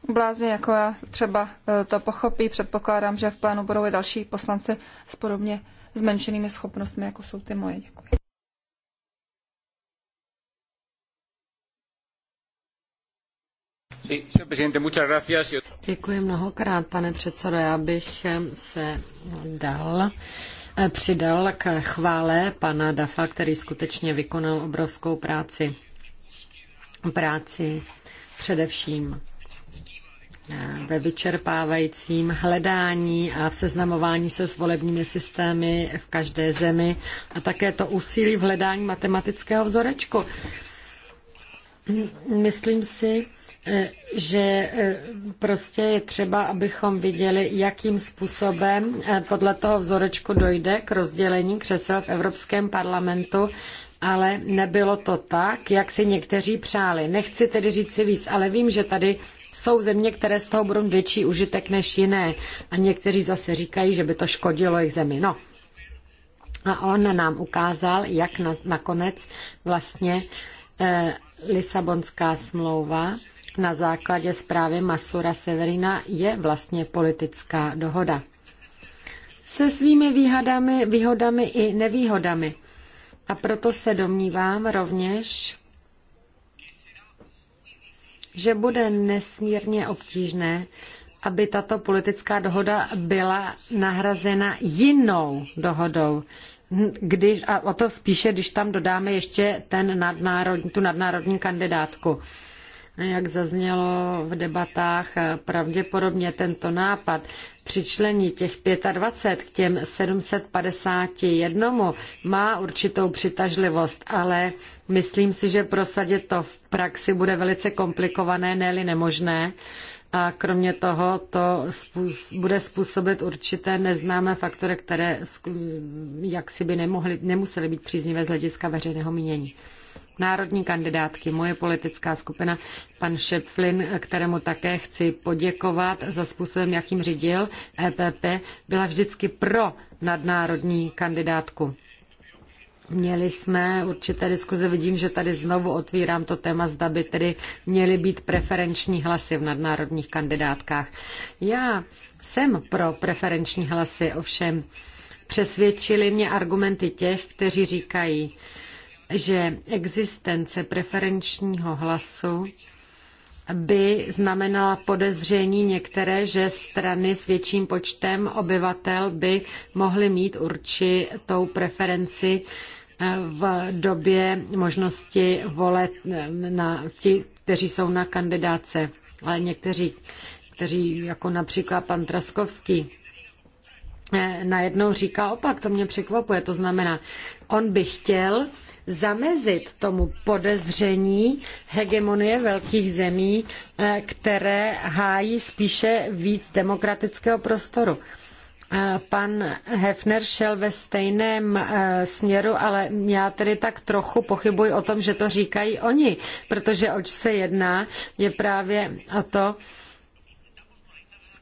[SPEAKER 1] blázni, jako já třeba to pochopí. Předpokládám, že v plánu budou i další poslanci s podobně zmenšenými schopnostmi, jako jsou ty moje. Děkuji.
[SPEAKER 3] Děkuji mnohokrát, pane předsedo. Já bych se dal eh, přidal k chvále pana Dafa, který skutečně vykonal obrovskou práci. Práci především eh, ve vyčerpávajícím hledání a v seznamování se s volebními systémy v každé zemi a také to úsilí v hledání matematického vzorečku. Myslím si, eh, že eh, prostě je třeba, abychom viděli, jakým způsobem eh, podle toho vzorečku dojde k rozdělení křesel v Evropském parlamentu, ale nebylo to tak, jak si někteří přáli. Nechci tedy říct si víc, ale vím, že tady jsou země, které z toho budou větší užitek než jiné. A někteří zase říkají, že by to škodilo jejich zemi. No, a on nám ukázal, jak na, nakonec vlastně Eh, Lisabonská smlouva na základě zprávy Masura Severina je vlastně politická dohoda. Se svými výhodami, výhodami i nevýhodami. A proto se domnívám rovněž, že bude nesmírně obtížné, aby tato politická dohoda byla nahrazena jinou dohodou když, a o to spíše, když tam dodáme ještě ten nadnárodní, tu nadnárodní kandidátku. Jak zaznělo v debatách, pravděpodobně tento nápad přičlení těch 25 k těm 751 má určitou přitažlivost, ale myslím si, že prosadit to v praxi bude velice komplikované, ne-li nemožné. A kromě toho to bude způsobit určité neznámé faktory, které jak si by nemohly, nemusely být příznivé z hlediska veřejného mínění. Národní kandidátky, moje politická skupina, pan Šepflin, kterému také chci poděkovat za způsobem, jakým řídil EPP, byla vždycky pro nadnárodní kandidátku. Měli jsme určité diskuze, vidím, že tady znovu otvírám to téma, zda by tedy měly být preferenční hlasy v nadnárodních kandidátkách. Já jsem pro preferenční hlasy, ovšem přesvědčili mě argumenty těch, kteří říkají, že existence preferenčního hlasu by znamenala podezření některé, že strany s větším počtem obyvatel by mohly mít určitou preferenci eh, v době možnosti volet eh, na ti, kteří jsou na kandidáce, ale někteří, kteří jako například pan Traskovský, eh, najednou říká opak, to mě překvapuje. To znamená, on by chtěl, zamezit tomu podezření hegemonie velkých zemí, eh, které hájí spíše víc demokratického prostoru. Eh, pan Hefner šel ve stejném eh, směru, ale já tedy tak trochu pochybuji o tom, že to říkají oni, protože oč se jedná, je právě o to,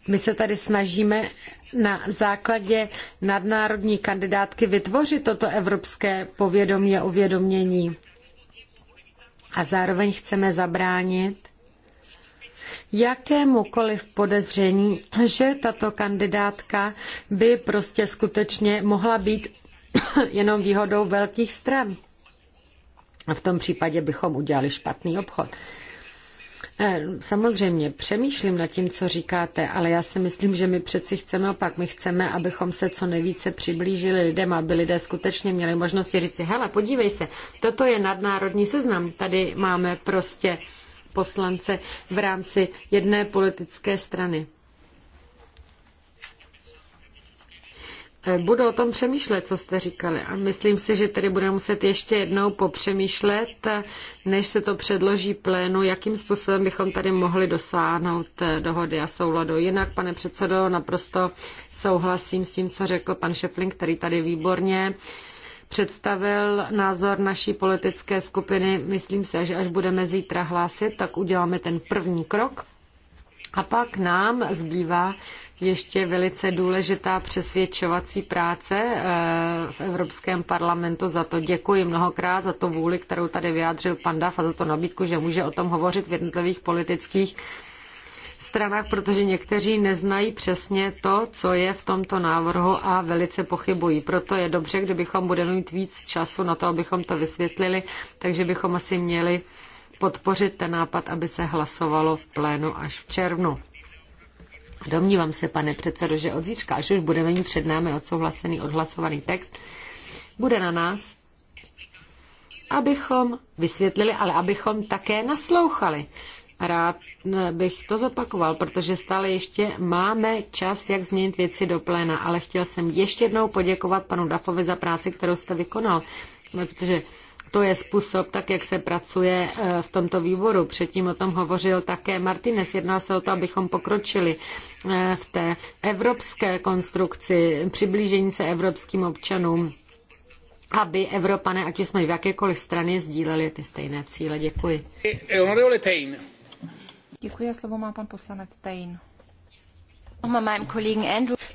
[SPEAKER 3] my se tady snažíme na základě nadnárodní kandidátky vytvořit toto evropské povědomí a uvědomění. A zároveň chceme zabránit jakémukoliv podezření, že tato kandidátka by prostě skutečně mohla být [COUGHS] jenom výhodou velkých stran. A v tom případě bychom udělali špatný obchod. Eh, samozřejmě přemýšlím nad tím, co říkáte, ale já si myslím, že my přeci chceme opak. My chceme, abychom se co nejvíce přiblížili lidem, aby lidé skutečně měli možnost říct si, hele, podívej se, toto je nadnárodní seznam, tady máme prostě poslance v rámci jedné politické strany. Eh, budu o tom přemýšlet, co jste říkali. A myslím si, že tedy budeme muset ještě jednou popřemýšlet, než se to předloží plénu, jakým způsobem bychom tady mohli dosáhnout eh, dohody a souladu. Jinak, pane předsedo, naprosto souhlasím s tím, co řekl pan Šepling, který tady výborně představil názor naší politické skupiny. Myslím si, že až budeme zítra hlásit, tak uděláme ten první krok a pak nám zbývá ještě velice důležitá přesvědčovací práce eh, v Evropském parlamentu. Za to děkuji mnohokrát, za to vůli, kterou tady vyjádřil pan Daf a za to nabídku, že může o tom hovořit v jednotlivých politických stranách, protože někteří neznají přesně to, co je v tomto návrhu a velice pochybují. Proto je dobře, kdybychom budeme mít víc času na to, abychom to vysvětlili, takže bychom asi měli podpořit ten nápad, aby se hlasovalo v plénu až v červnu. Domnívám se, pane předsedo, že od zítřka, až už budeme mít před námi odsouhlasený, odhlasovaný text, bude na nás, abychom vysvětlili, ale abychom také naslouchali. Rád eh, bych to zopakoval, protože stále ještě máme čas, jak změnit věci do pléna, ale chtěl jsem ještě jednou poděkovat panu Dafovi za práci, kterou jste vykonal, protože to je způsob, tak jak se pracuje eh, v tomto výboru. Předtím o tom hovořil také Martinez. Jedná se o to, abychom pokročili eh, v té evropské konstrukci, přiblížení se evropským občanům aby Evropané, ať už jsme v jakékoliv strany, sdíleli ty stejné cíle. Děkuji.
[SPEAKER 2] Děkuji a slovo má pan poslanec Tejn.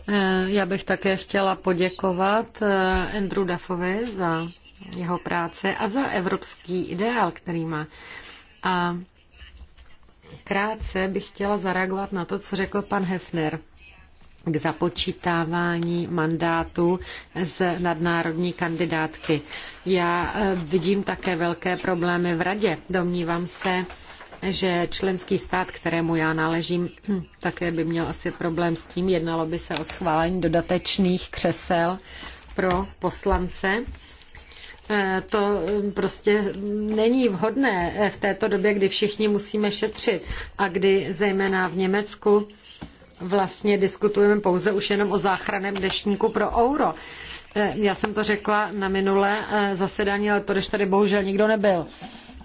[SPEAKER 3] Eh, já bych také chtěla poděkovat Andrew Duffovi za jeho práce a za evropský ideál, který má. A krátce bych chtěla zareagovat na to, co řekl pan Hefner k započítávání mandátu z nadnárodní kandidátky. Já eh, vidím také velké problémy v radě. Domnívám se, že členský stát, kterému já náležím, [CLEARS THROAT] také by měl asi problém s tím. Jednalo by se o schválení dodatečných křesel pro poslance Eh, to mm, prostě není vhodné eh, v této době, kdy všichni musíme šetřit a kdy zejména v Německu vlastně diskutujeme pouze už jenom o záchraném deštníku pro euro. Eh, já jsem to řekla na minulé zasedání, ale to, když tady bohužel nikdo nebyl.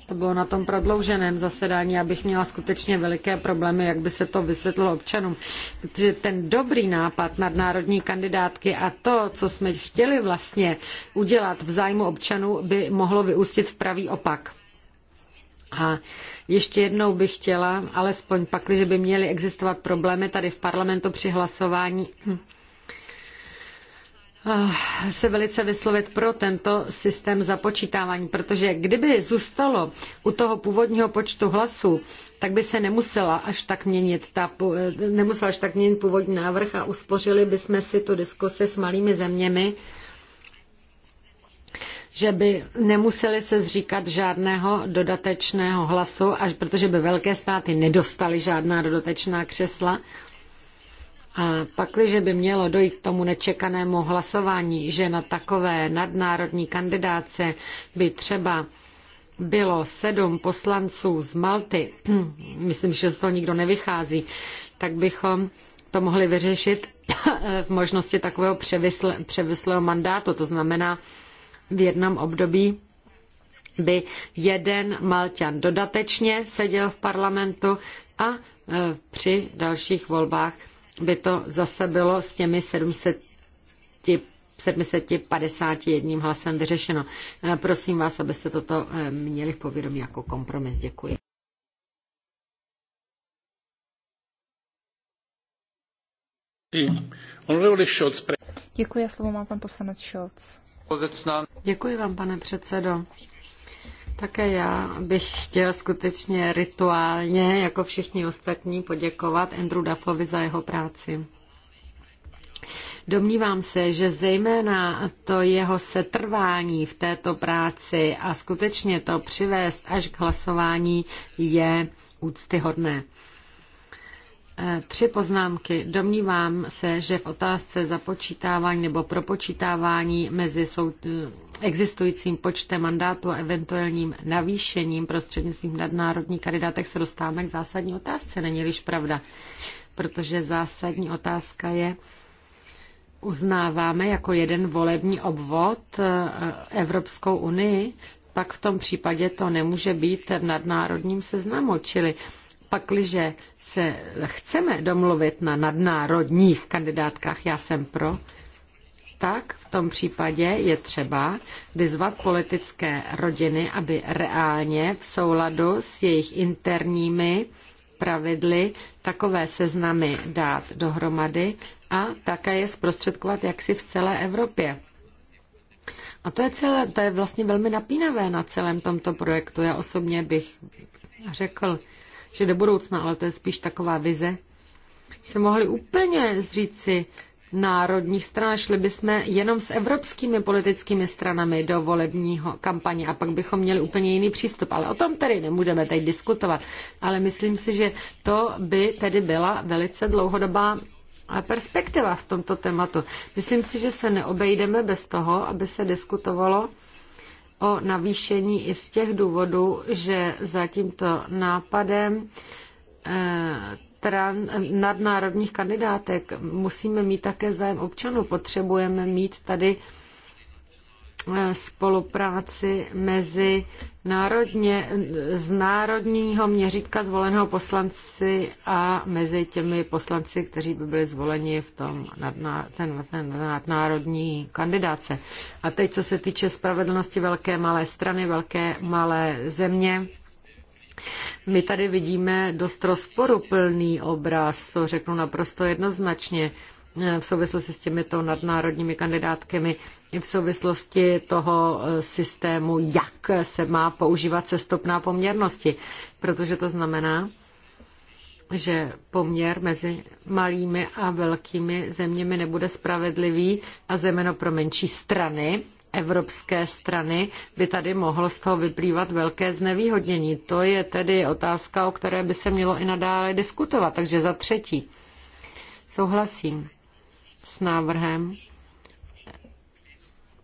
[SPEAKER 3] To bylo na tom prodlouženém zasedání, abych měla skutečně veliké problémy, jak by se to vysvětlilo občanům. Protože ten dobrý nápad nadnárodní kandidátky a to, co jsme chtěli vlastně udělat v zájmu občanů, by mohlo vyústit v pravý opak. A ještě jednou bych chtěla, alespoň pak, že by měly existovat problémy tady v parlamentu při hlasování Ah, se velice vyslovit pro tento systém započítávání, protože kdyby zůstalo u toho původního počtu hlasů, tak by se nemusela až tak měnit, ta, nemusela až tak měnit původní návrh a uspořili bychom si tu diskusi s malými zeměmi, že by nemuseli se zříkat žádného dodatečného hlasu, až protože by velké státy nedostaly žádná dodatečná křesla a pakliže by mělo dojít k tomu nečekanému hlasování, že na takové nadnárodní kandidáce by třeba bylo sedm poslanců z Malty, [CLEARS THROAT] myslím, že z toho nikdo nevychází, tak bychom to mohli vyřešit [CLEARS THROAT] v možnosti takového převysle, převislého mandátu. To znamená, v jednom období by jeden Malťan dodatečně seděl v parlamentu a e, při dalších volbách by to zase bylo s těmi 700 751 hlasem vyřešeno. E, prosím vás, abyste toto e, měli v povědomí jako kompromis. Děkuji. Děkuji a slovo má pan poslanec Scholz. Děkuji vám, pane předsedo. Také já bych chtěl skutečně rituálně, jako všichni ostatní, poděkovat Andrew Duffovi za jeho práci. Domnívám se, že zejména to jeho setrvání v této práci a skutečně to přivést až k hlasování je úctyhodné. Eh, tři poznámky. Domnívám se, že v otázce započítávání nebo propočítávání mezi sou... existujícím počtem mandátů a eventuálním navýšením prostřednictvím nadnárodních kandidátek se dostáváme k zásadní otázce, není-liž pravda. Protože zásadní otázka je, uznáváme jako jeden volební obvod eh, Evropskou unii, pak v tom případě to nemůže být v nadnárodním seznamu. Čili Pakliže se chceme domluvit na nadnárodních kandidátkách, já jsem pro, tak v tom případě je třeba vyzvat politické rodiny, aby reálně v souladu s jejich interními pravidly takové seznamy dát dohromady a také je zprostředkovat jaksi v celé Evropě. A to je, celé, to je vlastně velmi napínavé na celém tomto projektu. Já osobně bych řekl, že do budoucna, ale to je spíš taková vize, se mohli úplně zříci národních stran, šli bychom jenom s evropskými politickými stranami do volebního kampaně a pak bychom měli úplně jiný přístup. Ale o tom tedy nemůžeme teď diskutovat. Ale myslím si, že to by tedy byla velice dlouhodobá perspektiva v tomto tématu. Myslím si, že se neobejdeme bez toho, aby se diskutovalo o navýšení i z těch důvodů, že za tímto nápadem eh, tran, nadnárodních kandidátek musíme mít také zájem občanů. Potřebujeme mít tady Eh, spolupráci mezi národně, z národního měřítka zvoleného poslanci a mezi těmi poslanci, kteří by byli zvoleni v tom nadná, ten, ten nadnárodní kandidáce. A teď, co se týče spravedlnosti velké malé strany, velké malé země, my tady vidíme dost rozporuplný obraz, to řeknu naprosto jednoznačně eh, v souvislosti s těmito nadnárodními kandidátkami v souvislosti toho eh, systému, jak se má používat cestopná poměrnosti, protože to znamená, že poměr mezi malými a velkými zeměmi nebude spravedlivý a zejména pro menší strany, evropské strany, by tady mohlo z toho vyplývat velké znevýhodnění. To je tedy otázka, o které by se mělo i nadále diskutovat. Takže za třetí, souhlasím s návrhem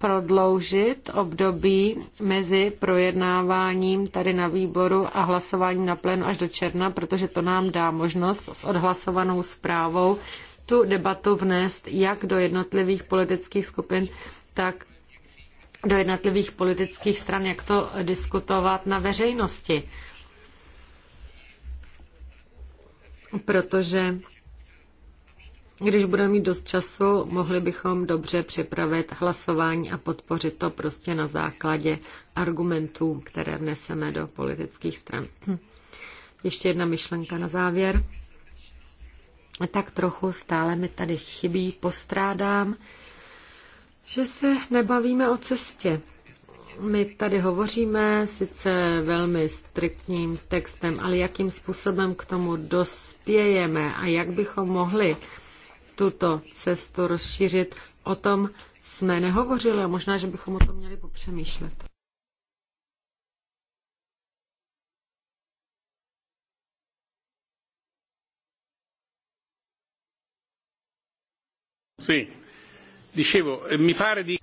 [SPEAKER 3] prodloužit období mezi projednáváním tady na výboru a hlasováním na plénu až do června, protože to nám dá možnost s odhlasovanou zprávou tu debatu vnést jak do jednotlivých politických skupin, tak do jednotlivých politických stran, jak to diskutovat na veřejnosti. Protože když budeme mít dost času, mohli bychom dobře připravit hlasování a podpořit to prostě na základě argumentů, které vneseme do politických stran. Hm. Ještě jedna myšlenka na závěr. Tak trochu stále mi tady chybí, postrádám, že se nebavíme o cestě. My tady hovoříme sice velmi striktním textem, ale jakým způsobem k tomu dospějeme a jak bychom mohli tuto cestu rozšířit. O tom jsme nehovořili a možná, že bychom o tom měli popřemýšlet.
[SPEAKER 1] Sí. Eh, mi di...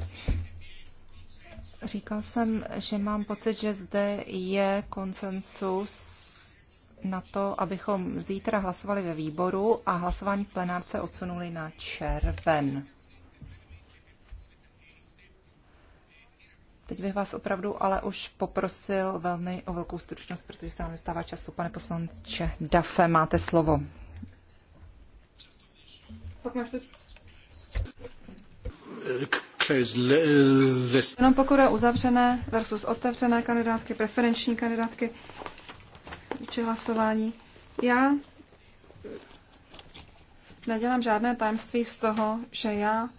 [SPEAKER 2] Říkal jsem, že mám pocit, že zde je konsensus na to, abychom zítra hlasovali ve výboru a hlasování v plenárce odsunuli na červen. Teď bych vás opravdu ale už poprosil velmi o velkou stručnost, protože se nám dostává času. Pane poslanče Dafe, máte slovo.
[SPEAKER 1] Jenom pokud je uzavřené versus otevřené kandidátky, preferenční kandidátky, či hlasování. Já nedělám žádné tajemství z toho, že já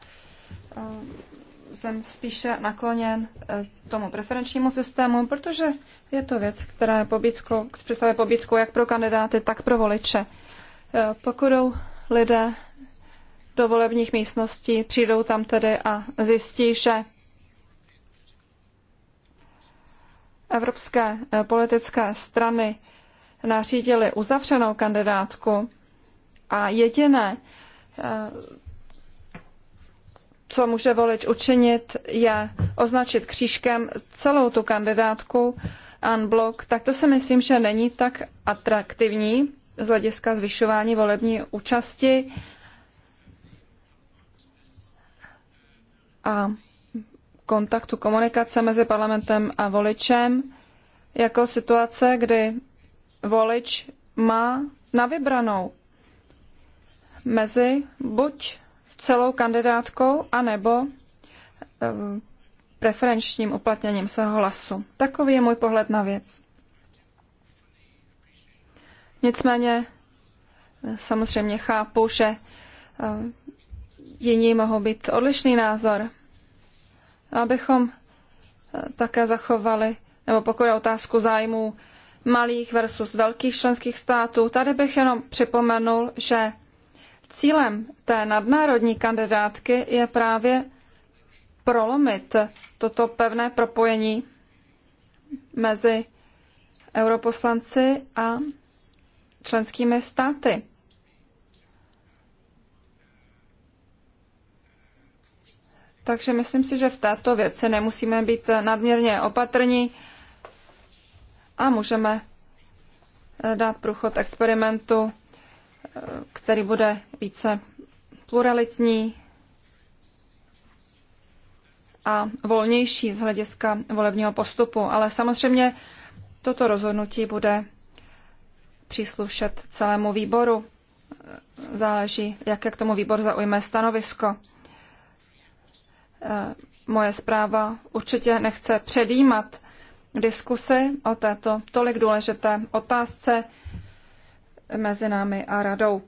[SPEAKER 1] eh, jsem spíše nakloněn eh, tomu preferenčnímu systému, protože je to věc, která je pobytku, představuje pobytku jak pro kandidáty, tak pro voliče. Eh, Pokud jdou lidé do volebních místností, přijdou tam tedy a zjistí, že evropské politické strany nařídili uzavřenou kandidátku a jediné, eh, co může volič učinit, je označit křížkem celou tu kandidátku unblock, tak to si myslím, že není tak atraktivní z hlediska zvyšování volební účasti. A kontaktu komunikace mezi parlamentem a voličem jako situace, kdy volič má na vybranou mezi buď celou kandidátkou, anebo ehm, preferenčním uplatněním svého hlasu. Takový je můj pohled na věc. Nicméně samozřejmě chápu, že ehm, jiní mohou být odlišný názor. Abychom eh, také zachovali, nebo pokud je otázku zájmů malých versus velkých členských států. Tady bych jenom připomenul, že cílem té nadnárodní kandidátky je právě prolomit toto pevné propojení mezi europoslanci a členskými státy. Takže myslím si, že v této věci nemusíme být nadměrně opatrní a můžeme eh, dát průchod experimentu, eh, který bude více pluralitní a volnější z hlediska volebního postupu. Ale samozřejmě toto rozhodnutí bude příslušet celému výboru. Eh, záleží, jaké k tomu výbor zaujme stanovisko. Moje zpráva určitě nechce předjímat diskusi o této tolik důležité otázce mezi námi a radou.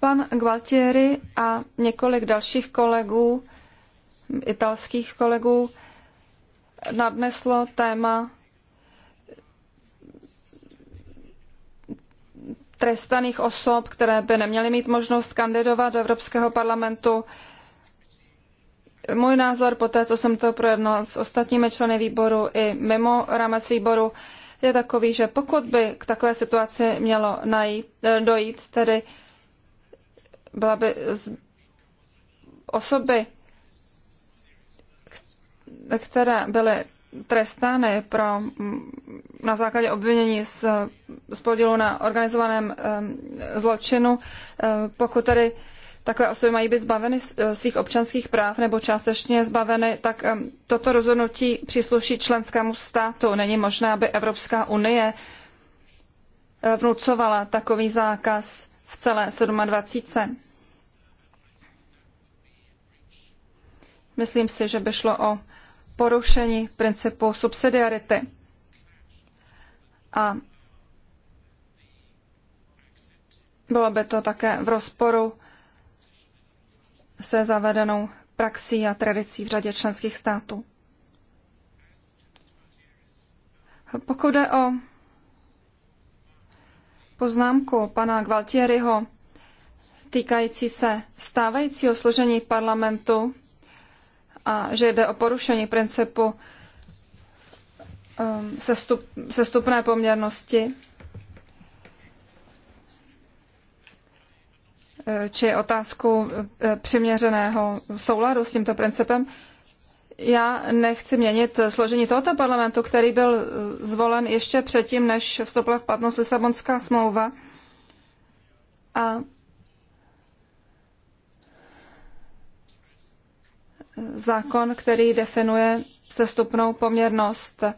[SPEAKER 1] Pan Gualtieri a několik dalších kolegů, italských kolegů, nadneslo téma trestaných osob, které by neměly mít možnost kandidovat do Evropského parlamentu můj názor po té, co jsem to projednal s ostatními členy výboru i mimo rámec výboru, je takový, že pokud by k takové situaci mělo najít, eh, dojít, tedy byla by z osoby, které byly trestány pro, na základě obvinění z, z podílu na organizovaném um, zločinu, um, pokud tedy takové osoby mají být zbaveny eh, svých občanských práv nebo částečně zbaveny, tak toto rozhodnutí přísluší členskému státu. Není možné, aby Evropská unie eh, vnucovala takový zákaz v celé 27. Myslím si, že by šlo o porušení principu subsidiarity. A bylo by to také v rozporu se zavedenou praxí a tradicí v řadě členských států. Pokud jde o poznámku pana Gvaltieriho týkající se stávajícího složení parlamentu a že jde o porušení principu um, sestup, sestupné poměrnosti, či otázku eh, přiměřeného souladu s tímto principem. Já nechci měnit složení tohoto parlamentu, který byl eh, zvolen ještě předtím, než vstoupila v platnost Lisabonská smlouva. A zákon, který definuje sestupnou poměrnost eh,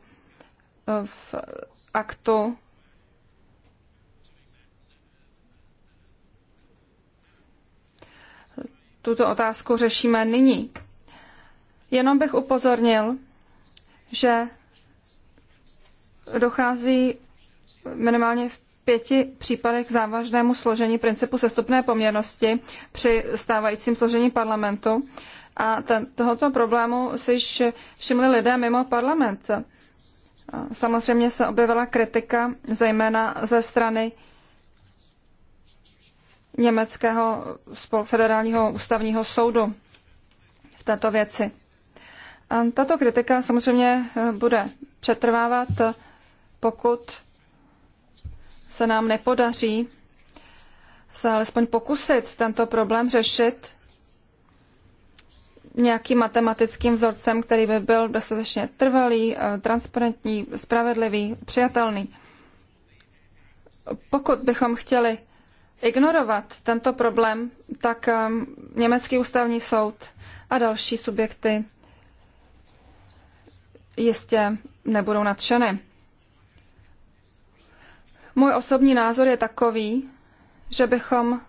[SPEAKER 1] v aktu tuto otázku řešíme nyní. Jenom bych upozornil, že dochází minimálně v pěti případech k závažnému složení principu sestupné poměrnosti při stávajícím složení parlamentu. A ten, tohoto problému si již všimli lidé mimo parlament. Samozřejmě se objevila kritika, zejména ze strany německého federálního ústavního soudu v této věci. A tato kritika samozřejmě eh, bude přetrvávat, pokud se nám nepodaří se alespoň pokusit tento problém řešit nějakým matematickým vzorcem, který by byl dostatečně trvalý, eh, transparentní, spravedlivý, přijatelný. Pokud bychom chtěli ignorovat tento problém, tak um, Německý ústavní soud a další subjekty jistě nebudou nadšeny. Můj osobní názor je takový, že bychom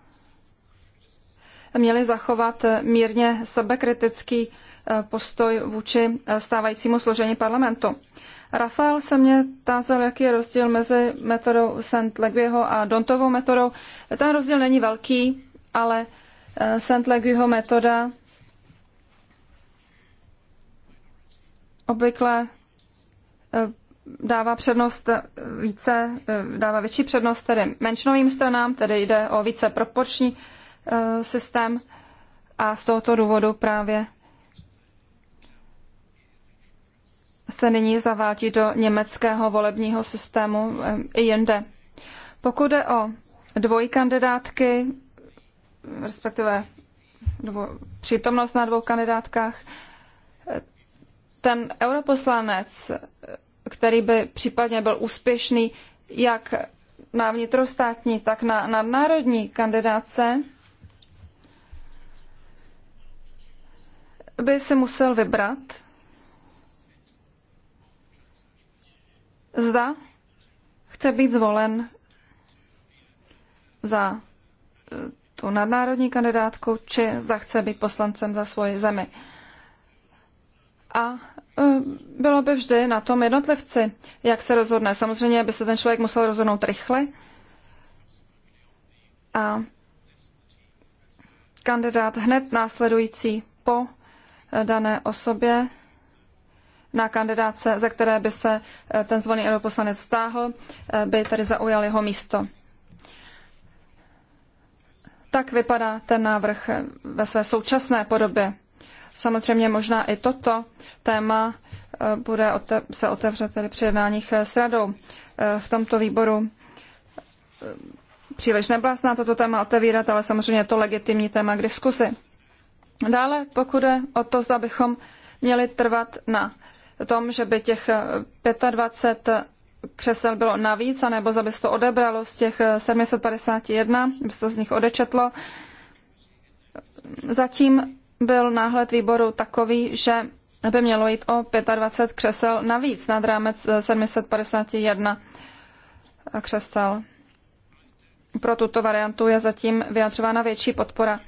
[SPEAKER 1] měli zachovat mírně sebekritický eh, postoj vůči eh, stávajícímu složení parlamentu. Rafael se mě tázal, jaký je rozdíl mezi metodou St. Leguiho a Dontovou metodou. Ten rozdíl není velký, ale eh, St. Leguiho metoda obvykle eh, dává přednost eh, více, dává větší přednost tedy menšinovým stranám, tedy jde o více proporční systém a z tohoto důvodu právě se nyní zavádí do německého volebního systému eh, i jinde. Pokud jde o dvojkandidátky, respektive dvo, přítomnost na dvou kandidátkách, eh, ten europoslanec, eh, který by případně byl úspěšný jak na vnitrostátní, tak na nadnárodní kandidáce, by si musel vybrat zda chce být zvolen za e, tu nadnárodní kandidátku, či zda chce být poslancem za svoji zemi. A e, bylo by vždy na tom jednotlivci, jak se rozhodne. Samozřejmě by se ten člověk musel rozhodnout rychle. A kandidát hned následující po e, dané osobě na kandidáce, ze které by se eh, ten zvolený europoslanec stáhl, eh, by tedy zaujal jeho místo. Tak vypadá ten návrh eh, ve své současné podobě. Samozřejmě možná i toto téma bude se otevře tedy při jednáních s radou v tomto výboru. Příliš neblásná toto téma otevírat, ale samozřejmě je to legitimní téma k diskuzi. Dále, pokud je o to, zda bychom měli trvat na tom, že by těch 25 křesel bylo navíc, anebo aby se to odebralo z těch 751, by se to z nich odečetlo. Zatím byl náhled výboru takový, že by mělo jít o 25 křesel navíc nad rámec 751 křesel. Pro tuto variantu je zatím vyjadřována větší podpora.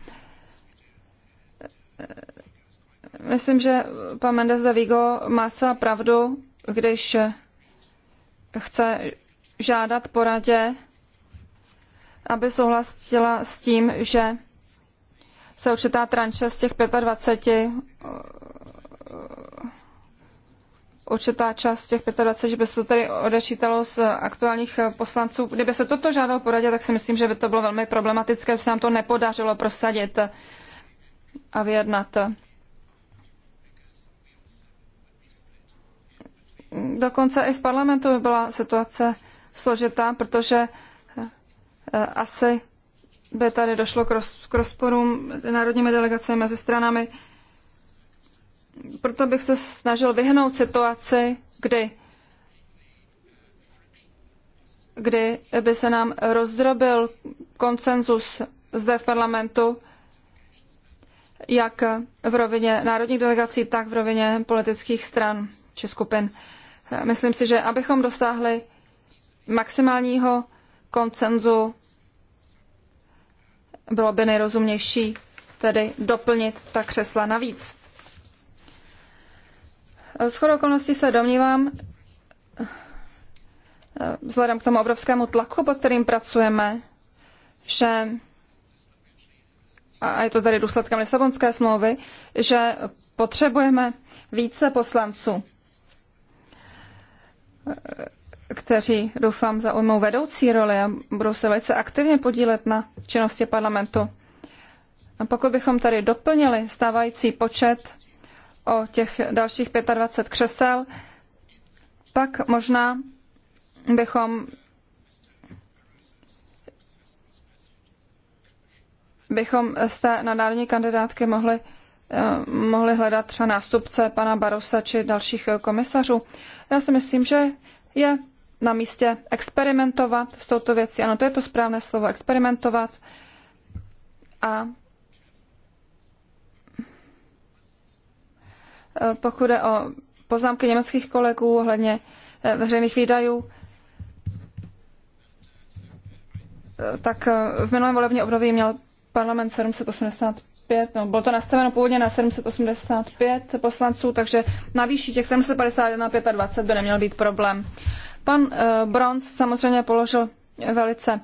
[SPEAKER 1] Myslím, že pan Mendes de Vigo má se pravdu, když chce žádat poradě, aby souhlasila s tím, že se určitá tranče z těch 25 určitá část těch 25, že by se to tedy odečítalo z aktuálních poslanců. Kdyby se toto žádalo poradě, tak si myslím, že by to bylo velmi problematické, že se nám to nepodařilo prosadit a vyjednat. Dokonce i v parlamentu by byla situace složitá, protože eh, asi by tady došlo k, roz, k rozporům národními delegacemi mezi stranami. Proto bych se snažil vyhnout situaci, kdy, kdy by se nám rozdrobil konsenzus zde v parlamentu, jak v rovině národních delegací, tak v rovině politických stran či skupin. Myslím si, že abychom dosáhli maximálního koncenzu, bylo by nejrozumnější tedy doplnit ta křesla navíc. Z okolností se domnívám, vzhledem k tomu obrovskému tlaku, pod kterým pracujeme, že a je to tady důsledkem Lisabonské smlouvy, že potřebujeme více poslanců kteří doufám zaujmou vedoucí roli a budou se velice aktivně podílet na činnosti parlamentu. A pokud bychom tady doplnili stávající počet o těch dalších 25 křesel, pak možná bychom bychom z té nadnárodní kandidátky mohli, eh, mohli hledat třeba nástupce pana Barosa či dalších eh, komisařů. Já si myslím, že je na místě experimentovat s touto věcí. Ano, to je to správné slovo, experimentovat. A e, pokud jde o poznámky německých kolegů ohledně e, veřejných výdajů, e, tak v minulém volebním období měl parlament 785, no, bylo to nastaveno původně na 785 poslanců, takže navýšit, těch 751 na 25 by neměl být problém. Pan uh, eh, Bronz samozřejmě položil velice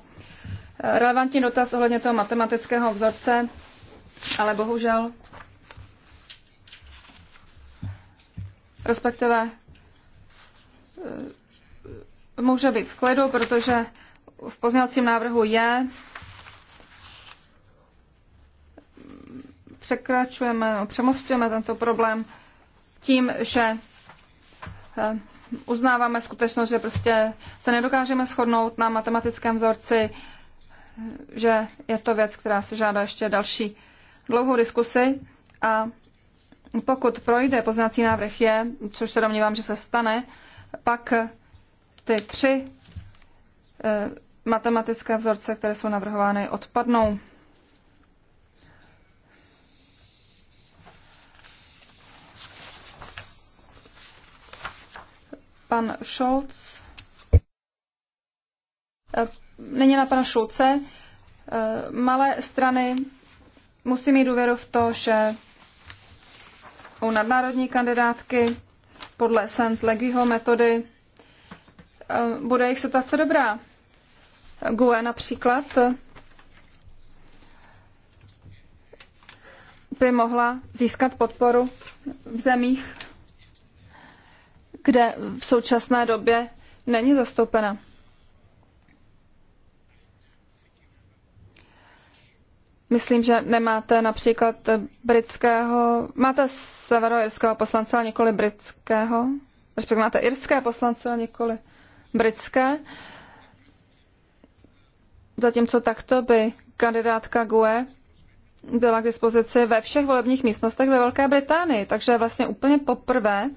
[SPEAKER 1] eh, relevantní dotaz ohledně toho matematického vzorce, ale bohužel respektive eh, může být v klidu, protože v pozměňovacím návrhu je překračujeme, přemostujeme tento problém tím, že eh, uznáváme skutečnost, že prostě se nedokážeme shodnout na matematickém vzorci, eh, že je to věc, která se žádá ještě další dlouhou diskusi a pokud projde poznací návrh je, což se domnívám, že se stane, pak ty tři eh, matematické vzorce, které jsou navrhovány, odpadnou. Pan Scholz. Eh, není na pana Šulce. Eh, malé strany musí mít důvěru v to, že u nadnárodní kandidátky podle St. Legiho metody eh, bude jejich situace dobrá. GUE například by mohla získat podporu v zemích, kde v současné době není zastoupena. Myslím, že nemáte například britského, máte severoirského poslance, ale nikoli britského, respektive máte irské poslance, ale nikoli britské. Zatímco takto by kandidátka GUE byla k dispozici ve všech volebních místnostech ve Velké Británii, takže vlastně úplně poprvé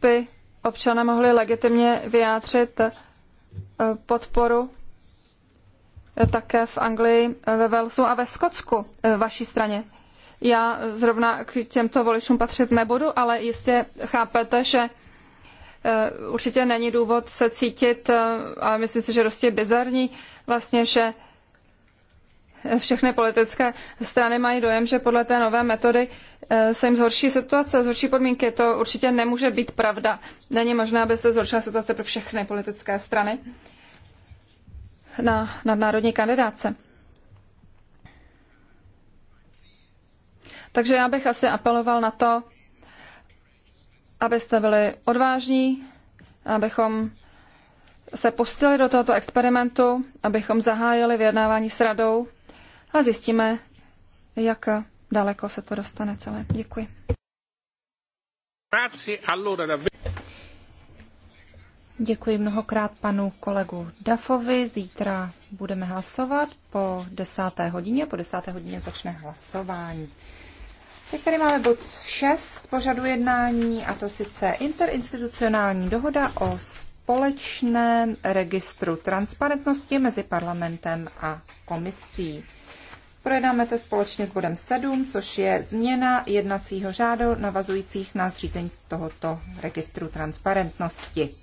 [SPEAKER 1] by občané mohli legitimně vyjádřit eh, podporu eh, také v Anglii, eh, ve Walesu a ve Skotsku vaší straně. Já zrovna k těmto voličům patřit nebudu, ale jistě chápete, že určitě není důvod se cítit, a myslím si, že dosti bizarní, vlastně, že všechny politické strany mají dojem, že podle té nové metody eh, se jim zhorší situace, zhorší podmínky. To určitě nemůže být pravda. Není možné, aby se zhoršila situace pro všechny politické strany na nadnárodní kandidáce. Takže já bych asi apeloval na to, abyste byli odvážní, abychom se pustili do tohoto experimentu, abychom zahájili vyjednávání s radou a zjistíme,
[SPEAKER 2] jak daleko se to dostane celé. Děkuji. Děkuji mnohokrát panu kolegu Dafovi. Zítra budeme hlasovat po desáté hodině. Po desáté hodině začne hlasování. Teď tady máme bod 6 pořadu jednání, a to sice interinstitucionální dohoda o společném registru transparentnosti mezi parlamentem a komisí. Projednáme to společně s bodem 7, což je změna jednacího řádu navazujících na zřízení tohoto registru transparentnosti.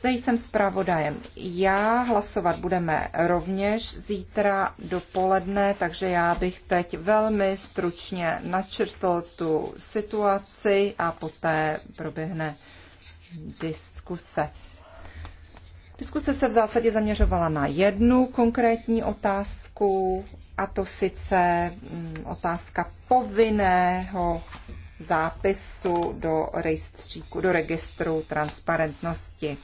[SPEAKER 2] Zde jsem zpravodajem. Já hlasovat budeme rovněž zítra dopoledne, takže já bych teď velmi stručně načrtl tu situaci a poté proběhne diskuse. Diskuse se v zásadě zaměřovala na jednu konkrétní otázku a to sice mm, otázka povinného zápisu do rejstříku, do registru transparentnosti.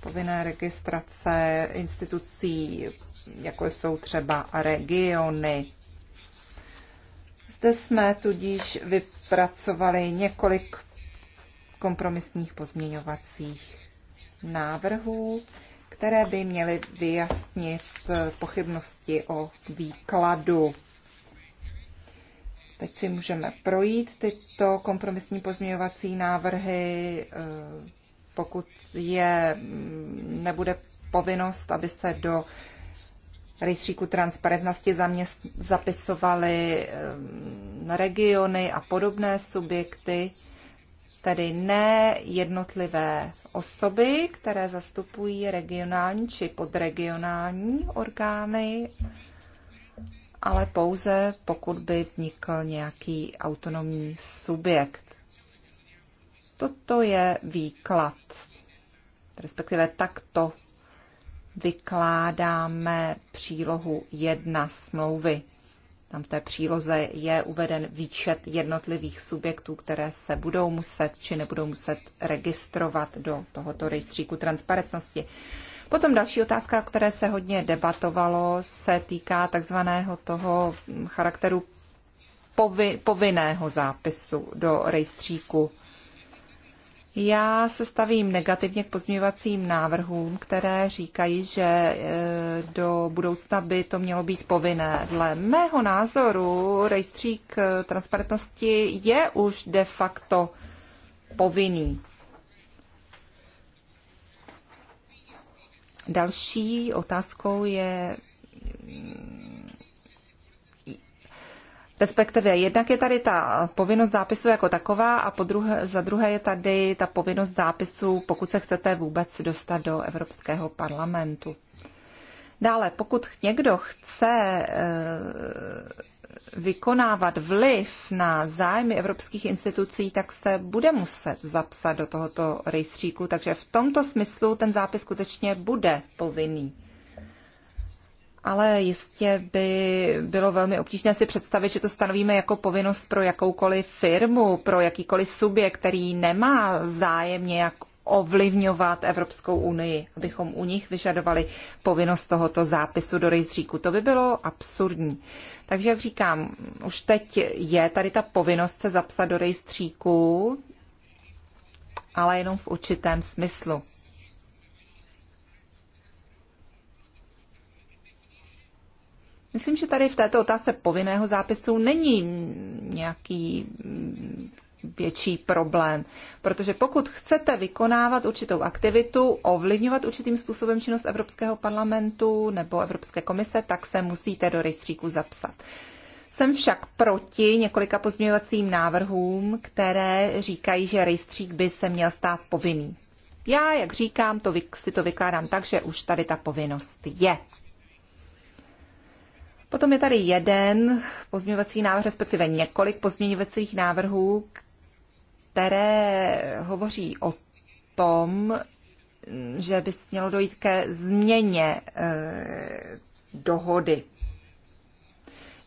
[SPEAKER 2] Povinné registrace institucí, jako jsou třeba regiony. Zde jsme tudíž vypracovali několik kompromisních pozměňovacích návrhů které by měly vyjasnit eh, pochybnosti o výkladu. Teď si můžeme projít tyto kompromisní pozměňovací návrhy. Eh, pokud je, mm, nebude povinnost, aby se do rejstříku transparentnosti zapisovaly eh, regiony a podobné subjekty, tedy ne jednotlivé osoby, které zastupují regionální či podregionální orgány, ale pouze pokud by vznikl nějaký autonomní subjekt. Toto je výklad, respektive takto vykládáme přílohu 1 smlouvy. Tam v té příloze je uveden výčet jednotlivých subjektů, které se budou muset či nebudou muset registrovat do tohoto rejstříku transparentnosti. Potom další otázka, o které se hodně debatovalo, se týká takzvaného toho charakteru povinného zápisu do rejstříku já se stavím negativně k pozměňovacím návrhům, které říkají, že eh, do budoucna by to mělo být povinné. Dle mého názoru rejstřík eh, transparentnosti je už de facto povinný. Další otázkou je Respektive jednak je tady ta povinnost zápisu jako taková a po druhé, za druhé je tady ta povinnost zápisu, pokud se chcete vůbec dostat do Evropského parlamentu. Dále, pokud někdo chce eh, vykonávat vliv na zájmy evropských institucí, tak se bude muset zapsat do tohoto rejstříku. Takže v tomto smyslu ten zápis skutečně bude povinný ale jistě by bylo velmi obtížné si představit, že to stanovíme jako povinnost pro jakoukoliv firmu, pro jakýkoliv subjekt, který nemá zájem nějak ovlivňovat Evropskou unii, abychom u nich vyžadovali povinnost tohoto zápisu do rejstříku. To by bylo absurdní. Takže, jak říkám, už teď je tady ta povinnost se zapsat do rejstříku, ale jenom v určitém smyslu. Myslím, že tady v této otázce povinného zápisu není nějaký větší problém. Protože pokud chcete vykonávat určitou aktivitu, ovlivňovat určitým způsobem činnost Evropského parlamentu nebo Evropské komise, tak se musíte do rejstříku zapsat. Jsem však proti několika pozměňovacím návrhům, které říkají, že rejstřík by se měl stát povinný. Já, jak říkám, to, si to vykládám tak, že už tady ta povinnost je. Potom je tady jeden pozměňovací návrh, respektive několik pozměňovacích návrhů, které hovoří o tom, že by mělo dojít ke změně e, dohody.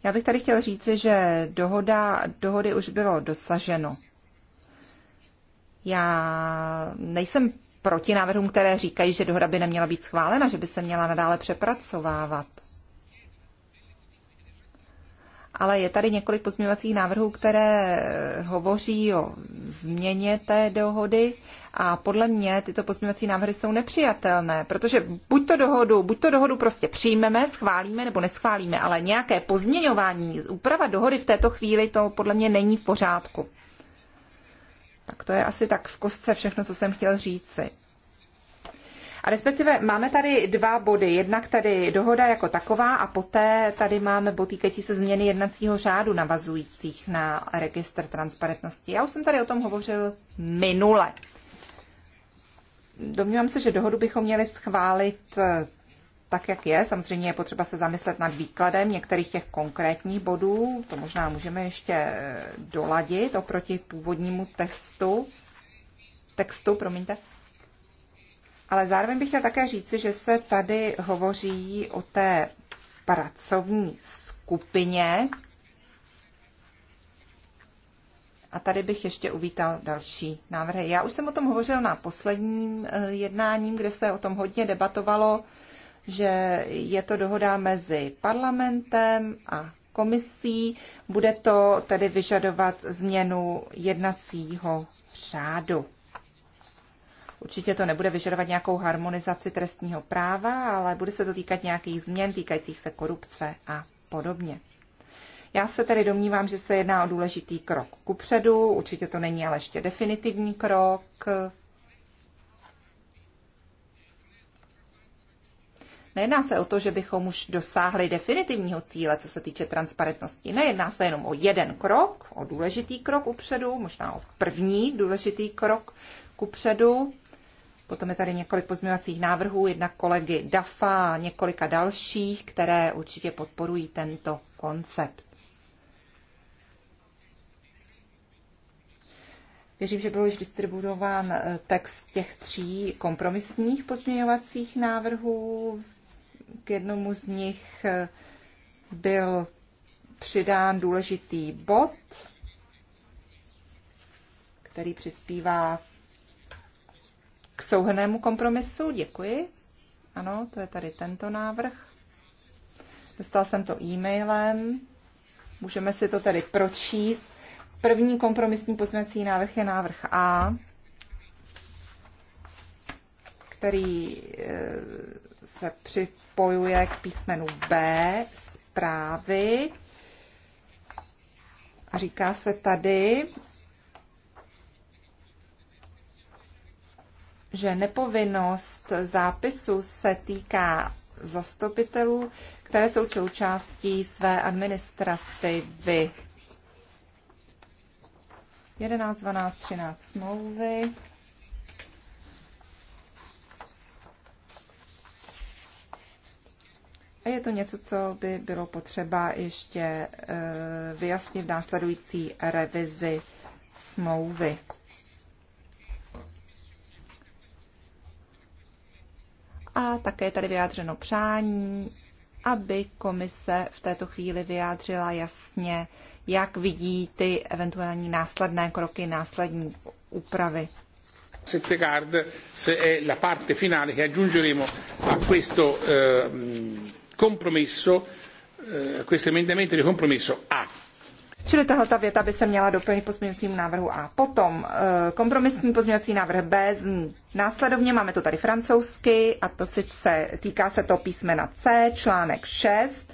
[SPEAKER 2] Já bych tady chtěl říci, že dohoda, dohody už bylo dosaženo. Já nejsem proti návrhům, které říkají, že dohoda by neměla být schválena, že by se měla nadále přepracovávat ale je tady několik pozměňovacích návrhů, které eh, hovoří o změně té dohody a podle mě tyto pozměňovací návrhy jsou nepřijatelné, protože buď to dohodu, buď to dohodu prostě přijmeme, schválíme nebo neschválíme, ale nějaké pozměňování, úprava dohody v této chvíli to podle mě není v pořádku. Tak to je asi tak v kostce všechno, co jsem chtěl říci. A respektive máme tady dva body. Jednak tady dohoda jako taková a poté tady máme bod týkající se změny jednacího řádu navazujících na registr transparentnosti. Já už jsem tady o tom hovořil minule. Domnívám se, že dohodu bychom měli schválit eh, tak, jak je. Samozřejmě je potřeba se zamyslet nad výkladem některých těch konkrétních bodů. To možná můžeme ještě eh, doladit oproti původnímu textu. Textu, promiňte. Ale zároveň bych chtěla také říci, že se tady hovoří o té pracovní skupině. A tady bych ještě uvítal další návrhy. Já už jsem o tom hovořil na posledním eh, jednáním, kde se o tom hodně debatovalo, že je to dohoda mezi parlamentem a komisí. Bude to tedy vyžadovat změnu jednacího řádu. Určitě to nebude vyžadovat nějakou harmonizaci trestního práva, ale bude se to týkat nějakých změn týkajících se korupce a podobně. Já se tedy domnívám, že se jedná o důležitý krok kupředu, určitě to není ale ještě definitivní krok. Nejedná se o to, že bychom už dosáhli definitivního cíle, co se týče transparentnosti. Nejedná se jenom o jeden krok, o důležitý krok upředu, možná o první důležitý krok kupředu, Potom je tady několik pozměňovacích návrhů, jedna kolegy DAFA a několika dalších, které určitě podporují tento koncept. Věřím, že byl již distribuován eh, text těch tří kompromisních pozměňovacích návrhů. K jednomu z nich eh, byl přidán důležitý bod, který přispívá k souhrnému kompromisu. Děkuji. Ano, to je tady tento návrh. Dostal jsem to e-mailem. Můžeme si to tady pročíst. První kompromisní pozměcí návrh je návrh A, který eh, se připojuje k písmenu B zprávy. A říká se tady, že nepovinnost zápisu se týká zastupitelů, které jsou součástí své administrativy. 11, 12, 13 smlouvy. A je to něco, co by bylo potřeba ještě eh, vyjasnit v následující revizi smlouvy. a také tady vyjádřeno přání, aby komise v této chvíli vyjádřila jasně, jak vidí ty eventuální následné kroky, následní úpravy.
[SPEAKER 1] Sette se è la parte finale che aggiungeremo a questo eh, compromesso, eh, questo emendamento di compromesso A
[SPEAKER 2] Čili tahle ta věta by se měla doplnit pozměňovacímu návrhu A. Potom eh, kompromisní pozměňovací návrh B. Následovně máme to tady francouzsky a to sice týká se to písmena C, článek 6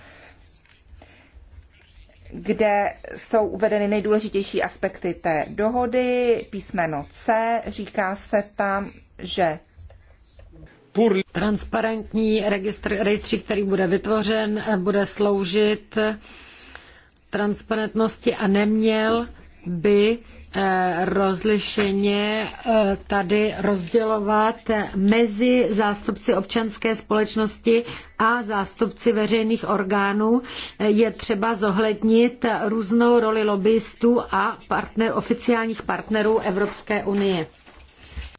[SPEAKER 2] kde jsou uvedeny nejdůležitější aspekty té dohody. Písmeno C říká se tam, že
[SPEAKER 3] transparentní registr, rejstřík, který
[SPEAKER 2] bude vytvořen, eh, bude
[SPEAKER 3] sloužit transparentnosti a neměl by eh, rozlišeně eh, tady rozdělovat mezi zástupci občanské společnosti a zástupci veřejných orgánů. Eh, je třeba zohlednit různou roli lobbyistů a partner, oficiálních partnerů Evropské unie.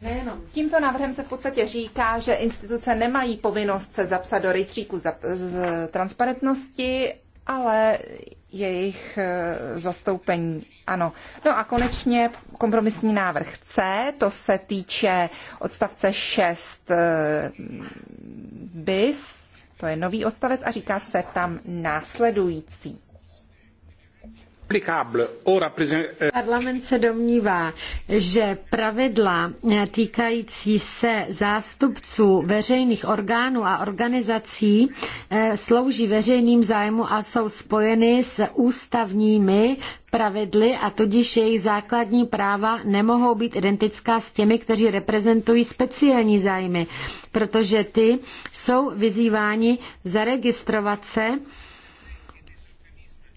[SPEAKER 2] Nejenom. Tímto návrhem se v podstatě říká, že instituce nemají povinnost se zapsat do rejstříku za, z transparentnosti, ale jejich eh, zastoupení. Ano. No a konečně kompromisní návrh C, to se týče odstavce 6 eh, bis, to je nový odstavec a říká se tam následující. Eh, Parlament se
[SPEAKER 3] domnívá, že pravidla týkající se zástupců veřejných orgánů a organizací eh, slouží veřejným zájmu a jsou spojeny s ústavními pravidly a tudíž jejich základní práva nemohou být identická s těmi, kteří reprezentují speciální zájmy, protože ty jsou vyzýváni zaregistrovat se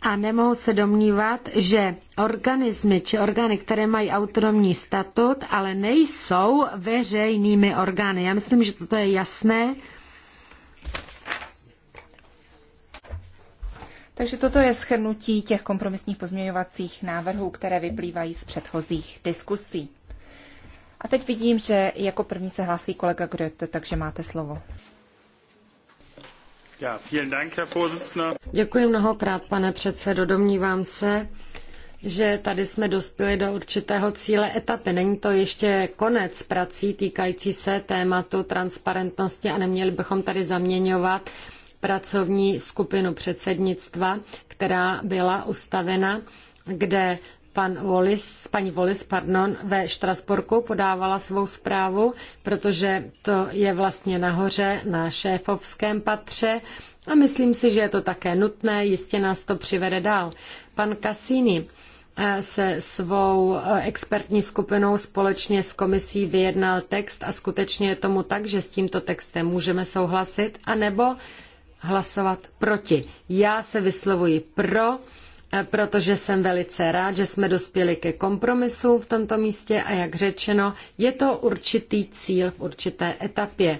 [SPEAKER 3] a nemohu se domnívat, že organismy či orgány, které mají autonomní statut, ale nejsou veřejnými orgány. Já myslím,
[SPEAKER 2] že toto je jasné. Takže toto je schrnutí těch kompromisních pozměňovacích návrhů, které vyplývají z předchozích diskusí. A teď vidím, že jako první se hlásí kolega Grote, takže máte slovo.
[SPEAKER 3] Děkuji mnohokrát, pane předsedo. Domnívám se, že tady jsme dospěli do určitého cíle etapy. Není to ještě konec prací týkající se tématu transparentnosti a neměli bychom tady zaměňovat pracovní skupinu předsednictva, která byla ustavena, kde pan Wallis, paní Wallis pardon, ve Štrasburku podávala svou zprávu, protože to je vlastně nahoře na šéfovském patře a myslím si, že je to také nutné, jistě nás to přivede dál. Pan Cassini eh, se svou eh, expertní skupinou společně s komisí vyjednal text a skutečně je tomu tak, že s tímto textem můžeme souhlasit, anebo hlasovat proti. Já se vyslovuji pro, protože jsem velice rád, že jsme dospěli ke kompromisu v tomto místě a jak řečeno, je to určitý cíl v určité etapě.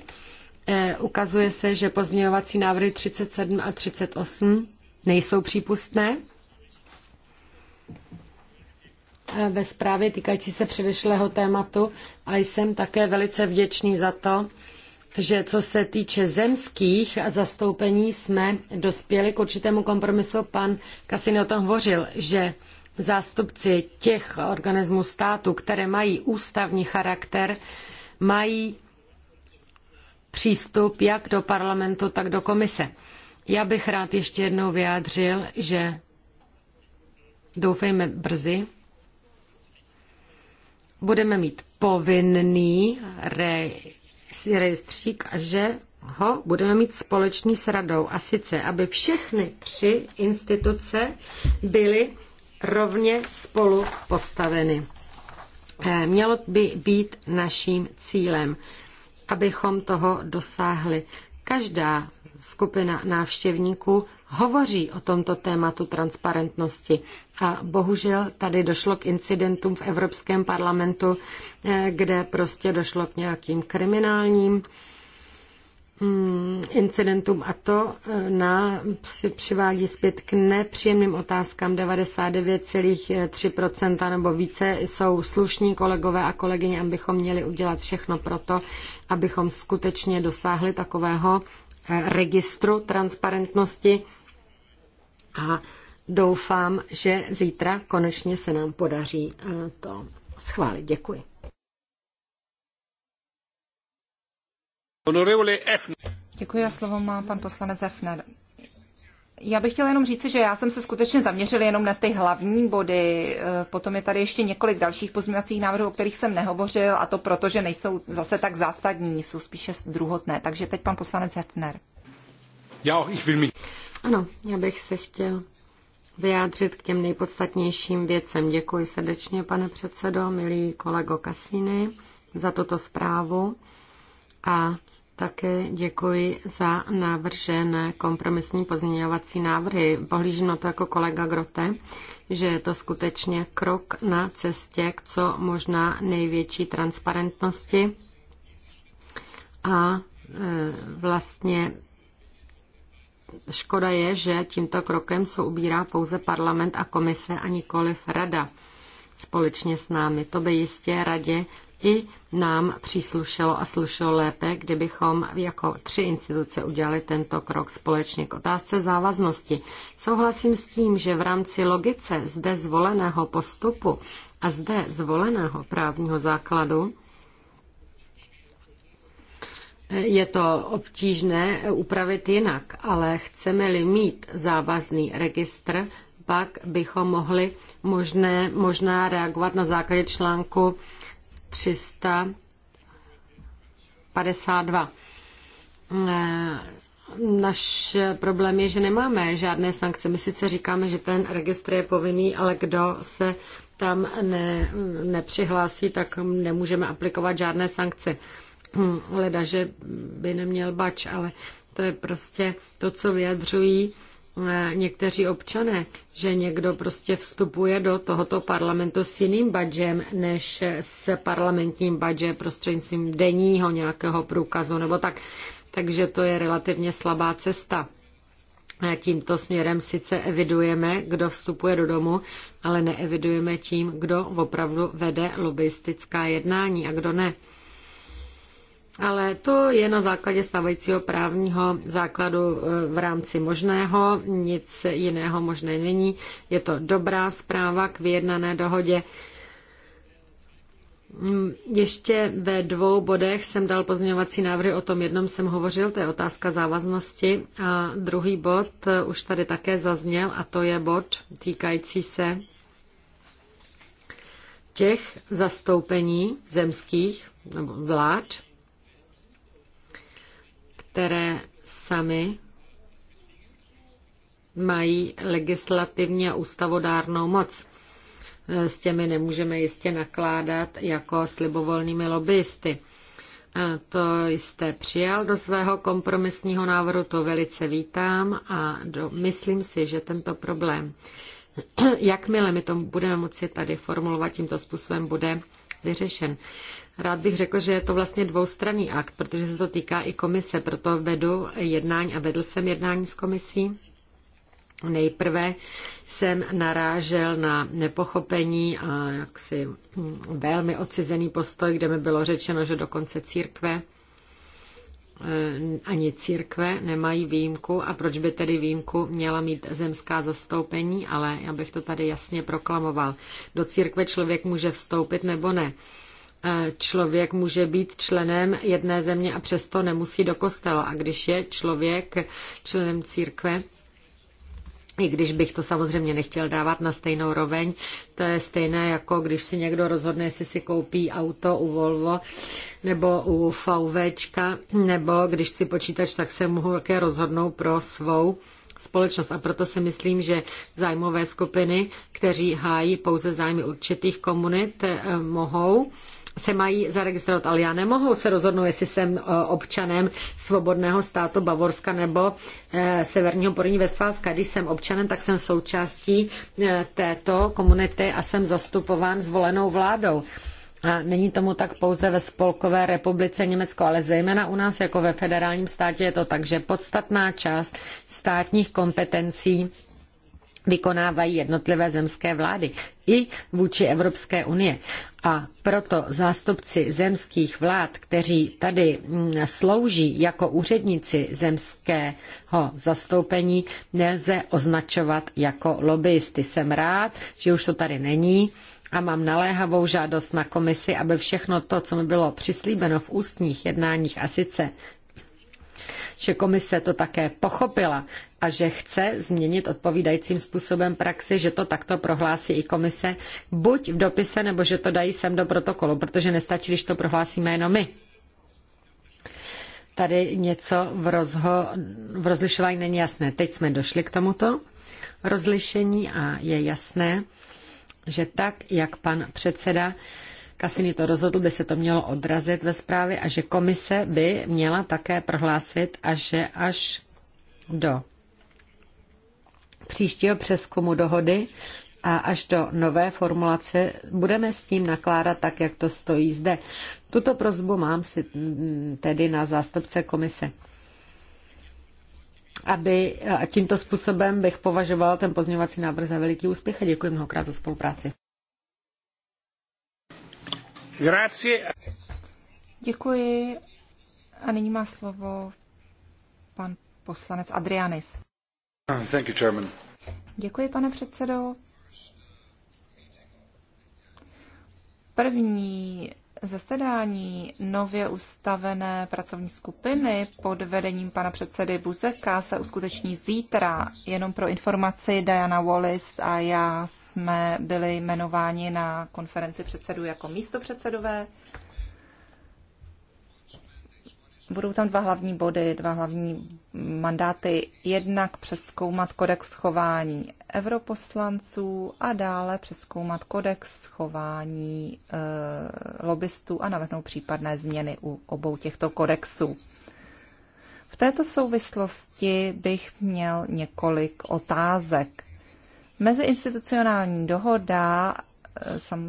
[SPEAKER 3] E, ukazuje se, že pozměňovací návrhy 37 a 38 nejsou přípustné. E, ve zprávě týkající se předešlého tématu a jsem také velice vděčný za to, že co se týče zemských zastoupení, jsme dospěli k určitému kompromisu. Pan Kasiny o tom hovořil, že zástupci těch organismů státu, které mají ústavní charakter, mají přístup jak do parlamentu, tak do komise. Já bych rád ještě jednou vyjádřil, že doufejme brzy, budeme mít povinný re, si rejstřík a že ho budeme mít společný s radou. A sice, aby všechny tři instituce byly rovně spolu postaveny. Eh, mělo by být naším cílem, abychom toho dosáhli. Každá skupina návštěvníků hovoří o tomto tématu transparentnosti. A bohužel tady došlo k incidentům v Evropském parlamentu, eh, kde prostě došlo k nějakým kriminálním mm, incidentům a to eh, na, přivádí zpět k nepříjemným otázkám. 99,3% nebo více jsou slušní kolegové a kolegyně, abychom měli udělat všechno proto, abychom skutečně dosáhli takového eh, registru transparentnosti, a doufám, že zítra konečně se nám podaří eh,
[SPEAKER 2] to schválit. Děkuji. Děkuji a slovo má pan poslanec Efner. Já bych chtěla jenom říci, že já jsem se skutečně zaměřil jenom na ty hlavní body. Eh, potom je tady ještě několik dalších pozměňovacích návrhů, o kterých jsem nehovořil, a to proto, že nejsou zase tak zásadní, jsou spíše druhotné. Takže teď pan poslanec Hefner. Já, ich will mich. Ano, já bych
[SPEAKER 3] se chtěl vyjádřit k těm nejpodstatnějším věcem. Děkuji srdečně, pane předsedo, milý kolego Kasíny, za tuto zprávu a také děkuji za navržené kompromisní pozměňovací návrhy. Pohlížím na to jako kolega Grote, že je to skutečně krok na cestě k co možná největší transparentnosti a e, vlastně Škoda je, že tímto krokem se ubírá pouze parlament a komise a nikoliv rada společně s námi. To by jistě radě i nám příslušelo a slušelo lépe, kdybychom jako tři instituce udělali tento krok společně k otázce závaznosti. Souhlasím s tím, že v rámci logice zde zvoleného postupu a zde zvoleného právního základu je to obtížné upravit jinak, ale chceme-li mít závazný registr, pak bychom mohli možné, možná reagovat na základě článku 352. Naš problém je, že nemáme žádné sankce. My sice říkáme, že ten registr je povinný, ale kdo se tam ne, nepřihlásí, tak nemůžeme aplikovat žádné sankce. Hmm, leda, že by neměl bač, ale to je prostě to, co vyjadřují eh, někteří občané, že někdo prostě vstupuje do tohoto parlamentu s jiným badžem než s parlamentním badžem prostřednictvím denního nějakého průkazu nebo tak. Takže to je relativně slabá cesta. Tímto směrem sice evidujeme, kdo vstupuje do domu, ale neevidujeme tím, kdo opravdu vede lobbyistická jednání a kdo ne ale to je na základě stávajícího právního základu e, v rámci možného, nic jiného možné není. Je to dobrá zpráva k vyjednané dohodě. Mm, ještě ve dvou bodech jsem dal pozměňovací návrhy, o tom jednom jsem hovořil, to je otázka závaznosti. A druhý bod e, už tady také zazněl a to je bod týkající se těch zastoupení zemských nebo vlád, které sami mají legislativní a ústavodárnou moc. E, s těmi nemůžeme jistě nakládat jako s libovolnými lobbyisty. A e, to jste přijal do svého kompromisního návrhu, to velice vítám a do, myslím si, že tento problém, [CLEARS THROAT] jakmile my to budeme moci tady formulovat tímto způsobem, bude vyřešen. Rád bych řekl, že je to vlastně dvoustranný akt, protože se to týká i komise, proto vedu jednání a vedl jsem jednání s komisí. Nejprve jsem narážel na nepochopení a jaksi velmi odcizený postoj, kde mi bylo řečeno, že dokonce církve eh, ani církve nemají výjimku a proč by tedy výjimku měla mít zemská zastoupení, ale já bych to tady jasně proklamoval. Do církve člověk může vstoupit nebo ne člověk může být členem jedné země a přesto nemusí do kostela. A když je člověk členem církve, i když bych to samozřejmě nechtěl dávat na stejnou roveň, to je stejné jako když si někdo rozhodne, jestli si koupí auto u Volvo nebo u VVčka, nebo když si počítač, tak se mohu také rozhodnou pro svou společnost. A proto si myslím, že zájmové skupiny, kteří hájí pouze zájmy určitých komunit, eh, mohou se mají zaregistrovat, ale já nemohu se rozhodnout, jestli jsem e, občanem svobodného státu Bavorska nebo e, Severního Porní Vestfálska. Když jsem občanem, tak jsem součástí e, této komunity a jsem zastupován zvolenou vládou. A není tomu tak pouze ve Spolkové republice Německo, ale zejména u nás jako ve federálním státě je to tak, že podstatná část státních kompetencí vykonávají jednotlivé zemské vlády i vůči Evropské unie. A proto zástupci zemských vlád, kteří tady mm, slouží jako úředníci zemského zastoupení, nelze označovat jako lobbyisty. Jsem rád, že už to tady není a mám naléhavou žádost na komisi, aby všechno to, co mi bylo přislíbeno v ústních jednáních a sice že komise to také pochopila a že chce změnit odpovídajícím způsobem praxi, že to takto prohlásí i komise, buď v dopise, nebo že to dají sem do protokolu, protože nestačí, když to prohlásíme jenom my tady něco v, rozho, v rozlišování není jasné. Teď jsme došli k tomuto rozlišení a je jasné, že tak, jak pan předseda Kasiny to rozhodl, by se to mělo odrazit ve zprávě a že komise by měla také prohlásit a že až do příštího přeskumu dohody a až do nové formulace budeme s tím nakládat tak, jak to stojí zde. Tuto prozbu mám si mm, tedy na zástupce komise. Aby, a tímto způsobem bych považoval ten pozměňovací návrh za veliký úspěch a děkuji mnohokrát za spolupráci.
[SPEAKER 1] Grazie.
[SPEAKER 2] Děkuji. A nyní má slovo pan poslanec Adrianis. Thank you, Chairman. Děkuji, pane předsedo. První zasedání nově ustavené pracovní skupiny pod vedením pana předsedy Buzeka se uskuteční zítra. Jenom pro informaci Diana Wallis a já jsme byli jmenováni na konferenci předsedů jako místopředsedové. Budou tam dva hlavní body, dva hlavní mandáty. Jednak přeskoumat kodex chování europoslanců a dále přeskoumat kodex chování e, lobbystů a navrhnout případné změny u obou těchto kodexů. V této souvislosti bych měl několik otázek. Meziinstitucionální dohoda eh, sam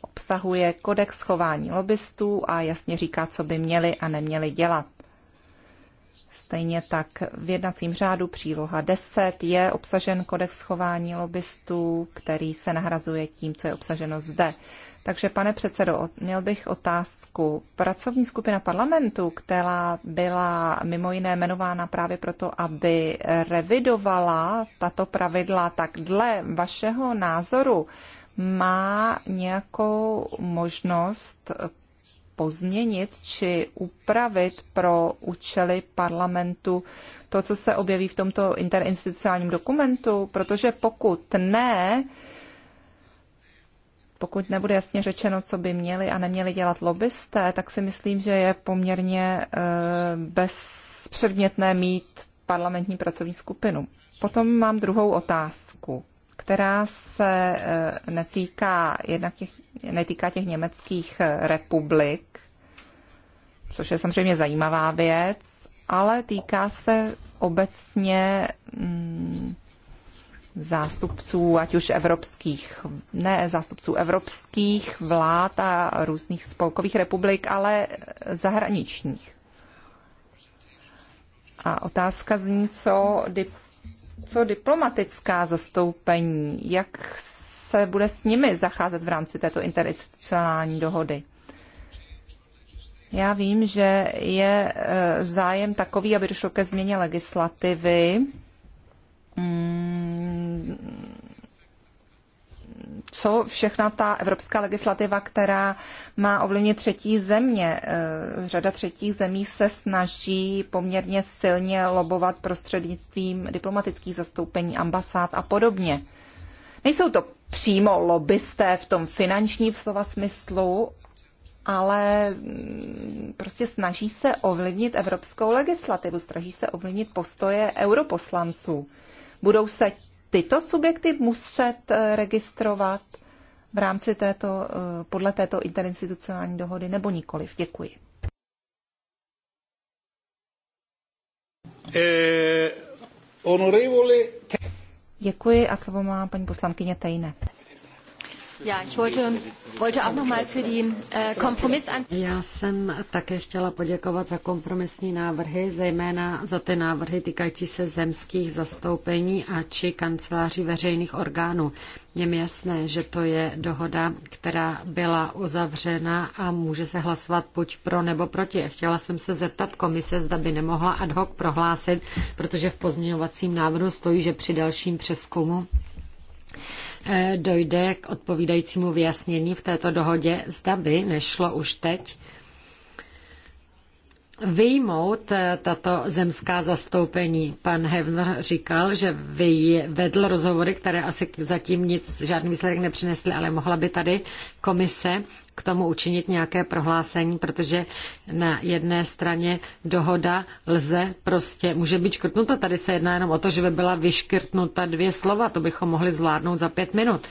[SPEAKER 2] obsahuje kodex chování lobbystů a jasně říká, co by měli a neměli dělat. Stejně tak v jednacím řádu příloha 10 je obsažen kodex chování lobbystů, který se nahrazuje tím, co je obsaženo zde. Takže, pane předsedo, měl bych otázku. Pracovní skupina parlamentu, která byla mimo jiné jmenována právě proto, aby revidovala tato pravidla, tak dle vašeho názoru má nějakou možnost pozměnit či upravit pro účely parlamentu to, co se objeví v tomto interinstitucionálním dokumentu, protože pokud ne, pokud nebude jasně řečeno, co by měli a neměli dělat lobbysté, tak si myslím, že je poměrně eh, bezpředmětné mít parlamentní pracovní skupinu. Potom mám druhou otázku, která se eh, netýká, jednak těch, netýká těch německých eh, republik, což je samozřejmě zajímavá věc, ale týká se obecně mm, zástupců, ať už evropských, ne zástupců evropských vlád a různých spolkových republik, ale zahraničních. A otázka zní, co, di, co diplomatická zastoupení, jak se bude s nimi zacházet v rámci této interinstitucionální dohody. Já vím, že je e, zájem takový, aby došlo ke změně legislativy, Mm, co všechna ta evropská legislativa, která má ovlivnit třetí země. Eh, řada třetích zemí se snaží poměrně silně lobovat prostřednictvím diplomatických zastoupení, ambasád a podobně. Nejsou to přímo lobbysté v tom finančním slova smyslu, ale mm, prostě snaží se ovlivnit evropskou legislativu, snaží se ovlivnit postoje europoslanců. Budou se tyto subjekty muset eh, registrovat v rámci této, eh, podle této interinstitucionální dohody nebo nikoliv? Děkuji.
[SPEAKER 1] Eh,
[SPEAKER 2] Děkuji a slovo má paní poslankyně Tejne.
[SPEAKER 1] Äh,
[SPEAKER 3] Já jsem také chtěla poděkovat za kompromisní návrhy, zejména za ty návrhy týkající se zemských zastoupení a či kanceláří veřejných orgánů. Je mi jasné, že to je dohoda, která byla uzavřena a může se hlasovat buď pro nebo proti. Chtěla jsem se zeptat komise, zda by nemohla ad hoc prohlásit, protože v pozměňovacím návrhu stojí, že při dalším přeskumu Eh, dojde k odpovídajícímu vyjasnění v této dohodě, zda by nešlo už teď vyjmout eh, tato zemská zastoupení. Pan Hevner říkal, že vedl rozhovory, které asi zatím nic, žádný výsledek nepřinesly, ale mohla by tady komise k tomu učinit nějaké prohlásení, protože na jedné straně dohoda lze prostě, může být škrtnuta. Tady se jedná jenom o to, že by byla vyškrtnuta dvě slova, to bychom mohli zvládnout za pět minut.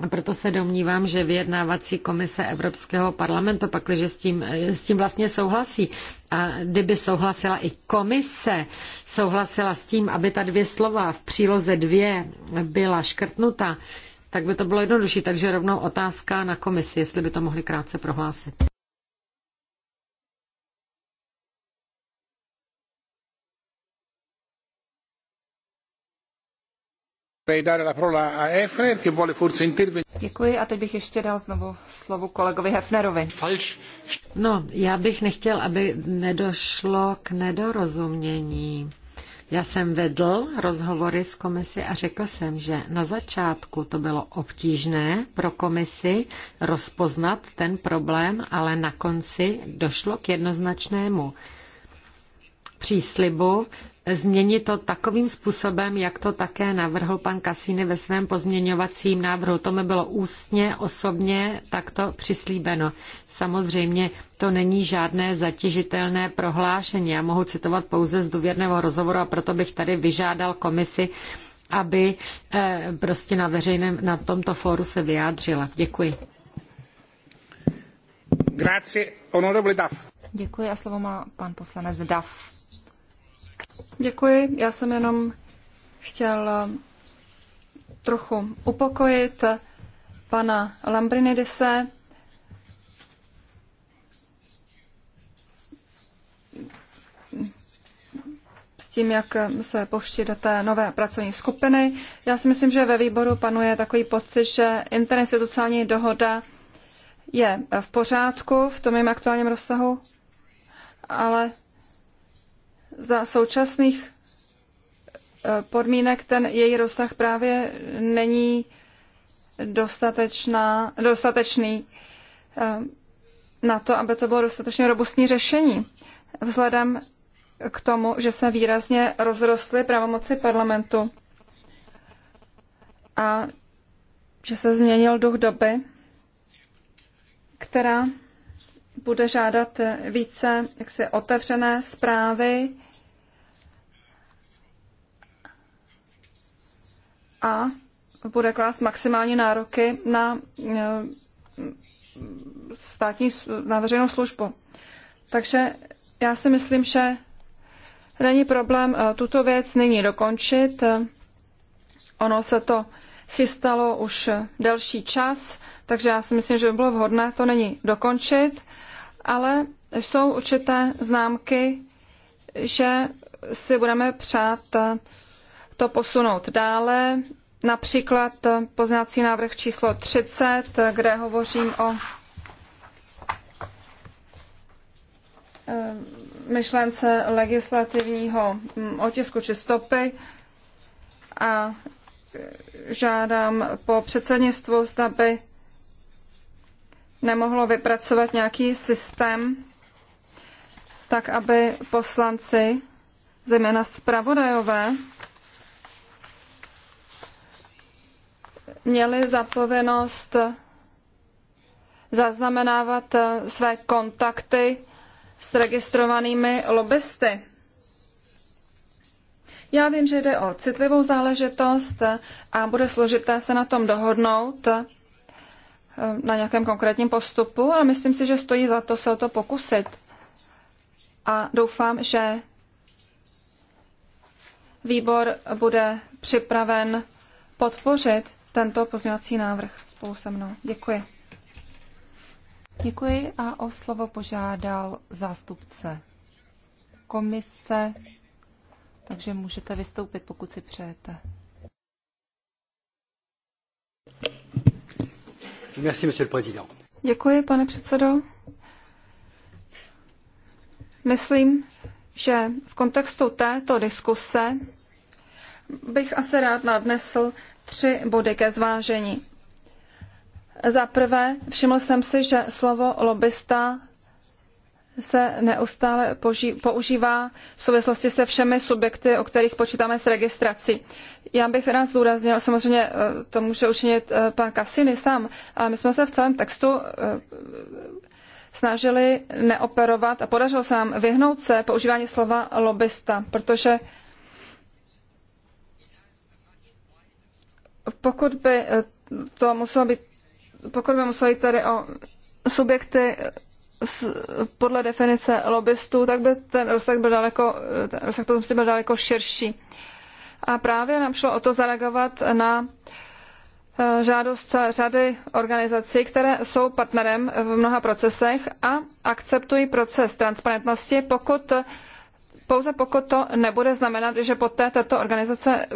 [SPEAKER 3] A proto se domnívám, že vyjednávací komise Evropského parlamentu, že s tím, s tím vlastně souhlasí, a kdyby souhlasila i komise, souhlasila s tím, aby ta dvě slova v příloze dvě byla škrtnuta, tak by to bylo jednodušší. Takže rovnou otázka na komisi, jestli by to mohli krátce prohlásit.
[SPEAKER 2] Děkuji a teď bych ještě dal znovu slovo kolegovi Hefnerovi. No, já bych nechtěl, aby
[SPEAKER 3] nedošlo k nedorozumění. Já jsem vedl rozhovory s komisi a řekl jsem, že na začátku to bylo obtížné pro komisi rozpoznat ten problém, ale na konci došlo k jednoznačnému příslibu, změnit to takovým způsobem, jak to také navrhl pan Kasíny ve svém pozměňovacím návrhu. To mi bylo ústně, osobně takto přislíbeno. Samozřejmě to není žádné zatěžitelné prohlášení. Já mohu citovat pouze z důvěrného rozhovoru a proto bych tady vyžádal komisi, aby eh, prostě na veřejném, na tomto fóru se vyjádřila. Děkuji.
[SPEAKER 1] Grazie, onorevole Duff.
[SPEAKER 2] Děkuji a slovo má pan poslanec Duff. Děkuji. Já jsem jenom chtěl
[SPEAKER 1] trochu upokojit pana Lambrinidise. tím, jak se poští do té nové pracovní skupiny. Já si myslím, že ve výboru panuje takový pocit, že interinstitucionální dohoda je v pořádku v tom jim aktuálním rozsahu, ale za současných eh, podmínek ten její rozsah právě není dostatečná, dostatečný eh, na to, aby to bylo dostatečně robustní řešení. Vzhledem k tomu, že se výrazně rozrostly pravomoci parlamentu a že se změnil duch doby, která bude žádat více jaksi otevřené zprávy, a bude klást maximální nároky na e, státní, na veřejnou službu. Takže já si myslím, že není problém e, tuto věc nyní dokončit. E, ono se to chystalo už delší čas, takže já si myslím, že by bylo vhodné to není dokončit, ale jsou určité známky, že si budeme přát to posunout dále. Například poznávací návrh číslo 30, kde hovořím o eh, myšlence legislativního hm, otisku či stopy a eh, žádám po předsednictvu, zda by nemohlo vypracovat nějaký systém, tak aby poslanci, zejména zpravodajové, měli za povinnost zaznamenávat eh, své kontakty s registrovanými lobbysty. Já vím, že jde o citlivou záležitost eh, a bude složité se na tom dohodnout eh, na nějakém konkrétním postupu, ale myslím si, že stojí za to se o to pokusit. A doufám, že výbor bude připraven podpořit tento pozměňovací návrh spolu se mnou. Děkuji.
[SPEAKER 2] Děkuji a o slovo požádal zástupce komise, takže můžete vystoupit, pokud si přejete.
[SPEAKER 3] Merci, monsieur le président.
[SPEAKER 1] Děkuji, pane předsedo. Myslím, že v kontextu této diskuse bych asi rád nadnesl tři body ke zvážení. Za prvé, všiml jsem si, že slovo lobista se neustále používá v souvislosti se všemi subjekty, o kterých počítáme s registrací. Já bych rád zdůraznil, samozřejmě eh, to může učinit eh, pan Cassini sám, ale my jsme se v celém textu eh, snažili neoperovat a podařilo se nám vyhnout se používání slova lobista, protože pokud by eh, to muselo být, pokud by muselo být tady o subjekty eh, podle definice lobbystů, tak by ten rozsah byl daleko, eh, ten rozsah musí byl daleko širší. A právě nám šlo o to zareagovat na žádost celé řady organizací, které jsou partnerem v mnoha procesech a akceptují proces transparentnosti, pokud pouze pokud to nebude znamenat, že poté tato organizace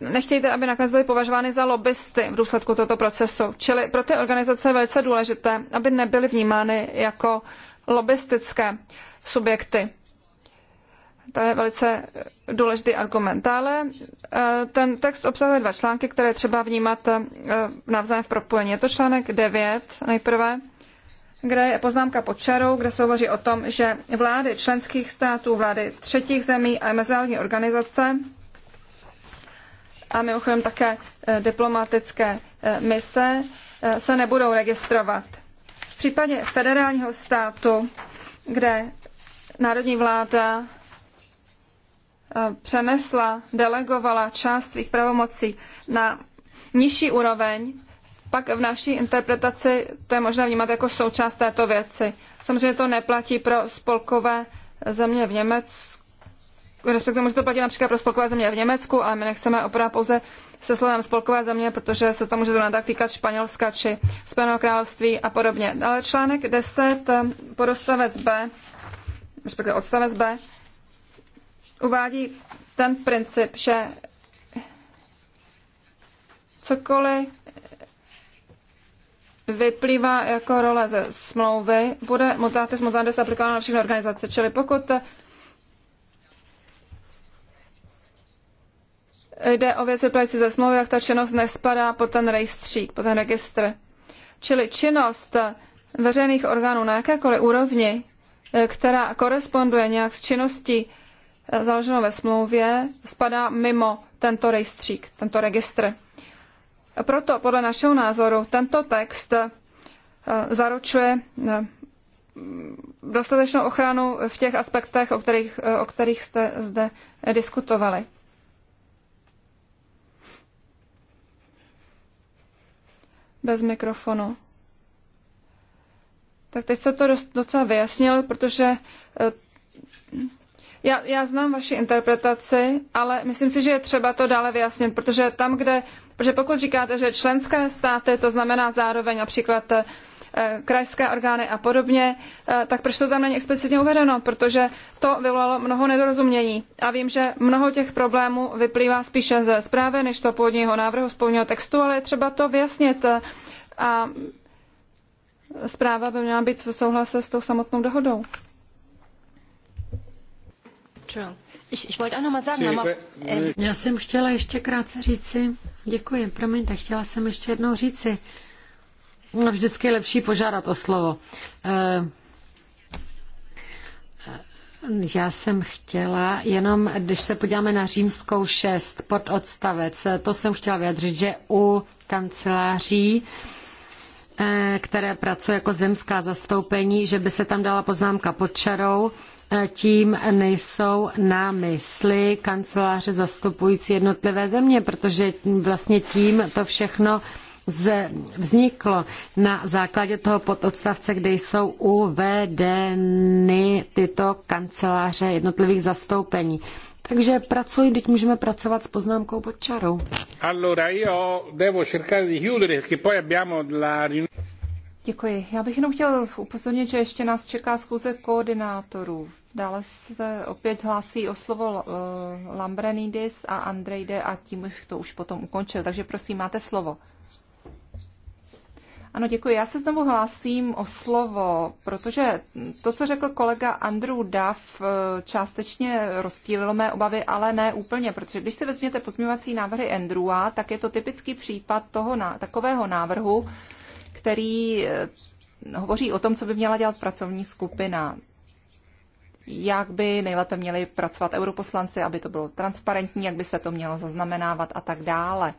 [SPEAKER 1] nechtějte, aby nakonec byly považovány za lobbysty v důsledku tohoto procesu. Čili pro ty organizace je velice důležité, aby nebyly vnímány jako lobbystické subjekty. To je velice důležitý argument. Ale eh, ten text obsahuje dva články, které třeba vnímat eh, navzájem v propojení. Je to článek 9 nejprve, kde je poznámka pod čarou, kde se hovoří o tom, že vlády členských států, vlády třetích zemí a mezinárodní organizace a mimochodem také eh, diplomatické eh, mise eh, se nebudou registrovat. V případě federálního státu, kde národní vláda přenesla, delegovala část svých pravomocí na nižší úroveň, pak v naší interpretaci to je možné vnímat jako součást této věci. Samozřejmě to neplatí pro spolkové země v Německu, respektive může to platit například pro spolkové země v Německu, ale my nechceme opravdu pouze se slovem spolkové země, protože se to může zrovna tak týkat Španělska či Spojeného království a podobně. Ale článek 10 eh, podostavec B, respektive odstavec B, uvádí ten princip, že cokoliv vyplývá jako role ze smlouvy, bude mutatis mutandis aplikována na všechny organizace. Čili pokud jde o věc vyplývající ze smlouvy, jak ta činnost nespadá pod ten rejstřík, pod ten registr. Čili činnost veřejných orgánů na jakékoliv úrovni, eh, která koresponduje nějak s činností eh, založenou ve smlouvě, spadá mimo tento rejstřík, tento registr. Proto podle našeho názoru tento text eh, zaručuje dostatečnou ochranu v těch aspektech, o kterých, o kterých jste zde diskutovali. bez mikrofonu. Tak teď jste to dost, docela vyjasnil, protože eh, já, já znám vaši interpretaci, ale myslím si, že je třeba to dále vyjasnit, protože tam, kde, protože pokud říkáte, že členské státy, to znamená zároveň například eh, Eh, krajské orgány a podobně, eh, tak proč to tam není explicitně uvedeno? Protože to vyvolalo mnoho nedorozumění. A vím, že mnoho těch problémů vyplývá spíše ze zprávy, než to původního návrhu z původního textu, ale je třeba to vyjasnit. A zpráva by měla být v souhlase s tou samotnou dohodou. Ähm,
[SPEAKER 3] Já jsem chtěla ještě krátce říci, děkuji, promiňte, chtěla jsem ještě jednou říci, Vždycky je lepší požádat o slovo. Eh, já jsem chtěla, jenom když se podíváme na římskou 6 pod odstavec, eh, to jsem chtěla vyjadřit, že u kanceláří eh, které pracuje jako zemská zastoupení, že by se tam dala poznámka pod čarou, tím nejsou na mysli kanceláře zastupující jednotlivé země, protože vlastně tím to všechno vzniklo na základě toho pododstavce, kde jsou uvedeny tyto kanceláře jednotlivých zastoupení. Takže pracuji, teď můžeme pracovat s poznámkou pod čarou.
[SPEAKER 1] Allora io devo cercare di chiudere poi abbiamo la
[SPEAKER 2] Děkuji. Já bych jenom chtěl upozornit, že ještě nás čeká schůze koordinátorů. Dále se opět hlásí o slovo eh, Lambrenidis a Andrejde a tím bych to už potom ukončil. Takže prosím, máte slovo. Ano, děkuji. Já se znovu hlásím o slovo, protože to, co řekl kolega Andrew Duff, eh, částečně rozptýlilo mé obavy, ale ne úplně, protože když si vezměte pozměvací návrhy Andrewa, tak je to typický případ toho takového návrhu, který eh, hovoří o tom, co by měla dělat pracovní skupina jak by nejlépe měli pracovat europoslanci, aby to bylo transparentní, jak by se to mělo zaznamenávat a tak dále.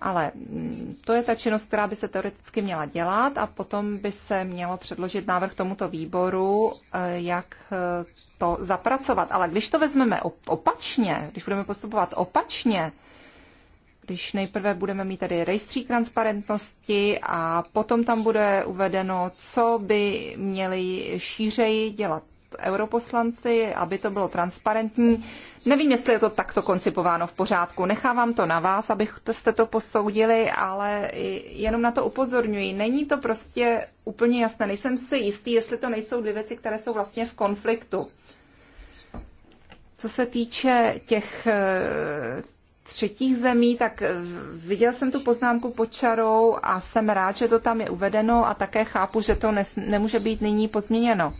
[SPEAKER 2] Ale mm, to je ta činnost, která by se teoreticky měla dělat a potom by se mělo předložit návrh tomuto výboru, eh, jak eh, to zapracovat. Ale když to vezmeme opačně, když budeme postupovat opačně, když nejprve budeme mít tady rejstřík transparentnosti a potom tam bude uvedeno, co by měli šířeji dělat europoslanci, aby to bylo transparentní. Nevím, jestli je to takto koncipováno v pořádku. Nechávám to na vás, abyste to posoudili, ale jenom na to upozorňuji. Není to prostě úplně jasné. Nejsem si jistý, jestli to nejsou dvě věci, které jsou vlastně v konfliktu. Co se týče těch eh, třetích zemí, tak viděl jsem tu poznámku pod čarou a jsem rád, že to tam je uvedeno a také chápu, že to nemůže být nyní pozměněno.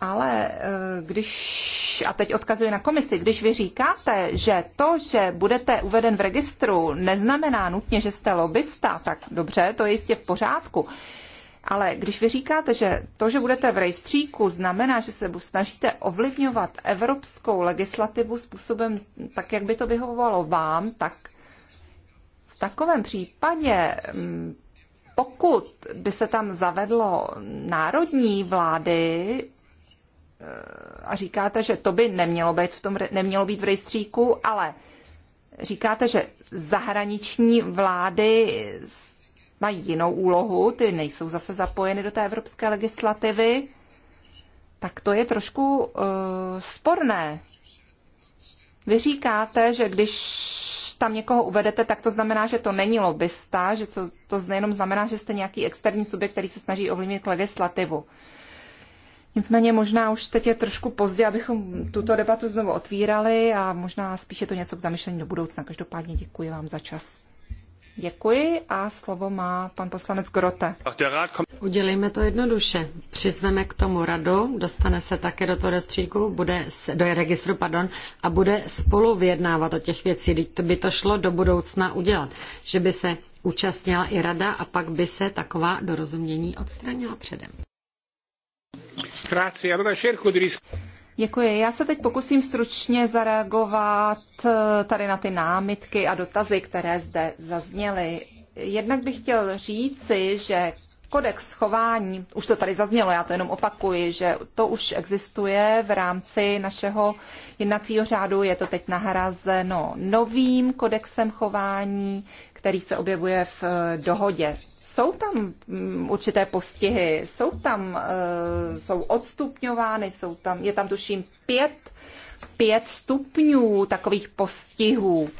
[SPEAKER 2] Ale eh, když, a teď odkazuji na komisi, když vy říkáte, že to, že budete uveden v registru, neznamená nutně, že jste lobista, tak dobře, to je jistě v pořádku. Ale když vy říkáte, že to, že budete v rejstříku, znamená, že se snažíte ovlivňovat evropskou legislativu způsobem tak, jak by to vyhovovalo vám, tak v takovém případě mm, pokud by se tam zavedlo národní vlády, a říkáte, že to by nemělo být v, tom, nemělo být v rejstříku, ale říkáte, že zahraniční vlády mají jinou úlohu, ty nejsou zase zapojeny do té evropské legislativy, tak to je trošku uh, sporné. Vy říkáte, že když tam někoho uvedete, tak to znamená, že to není lobbysta, že to, to jenom znamená, že jste nějaký externí subjekt, který se snaží ovlivnit legislativu. Uh, Nicméně možná už teď je trošku pozdě, abychom tuto debatu znovu otvírali a možná spíše to něco k zamišlení do budoucna. Každopádně děkuji vám za čas. Děkuji a slovo má pan poslanec Grote. Udělejme to jednoduše. Přizveme k tomu radu,
[SPEAKER 3] dostane se také do toho rejstříku, bude, do registru, pardon, a bude spolu vyjednávat o těch věcí. To by to šlo do budoucna udělat, že by se účastnila i rada a
[SPEAKER 2] pak by se taková dorozumění odstranila předem. Děkuji. Já se teď pokusím stručně zareagovat eh, tady na ty námitky a dotazy, které zde zazněly. Jednak bych chtěl říci, že kodex chování, už to tady zaznělo, já to jenom opakuji, že to už existuje v rámci našeho jednacího řádu, je to teď nahrazeno novým kodexem chování, který se objevuje v eh, dohodě jsou tam mm, určité postihy, jsou tam, eh, jsou odstupňovány, jsou tam, je tam tuším pět, pět stupňů takových postihů.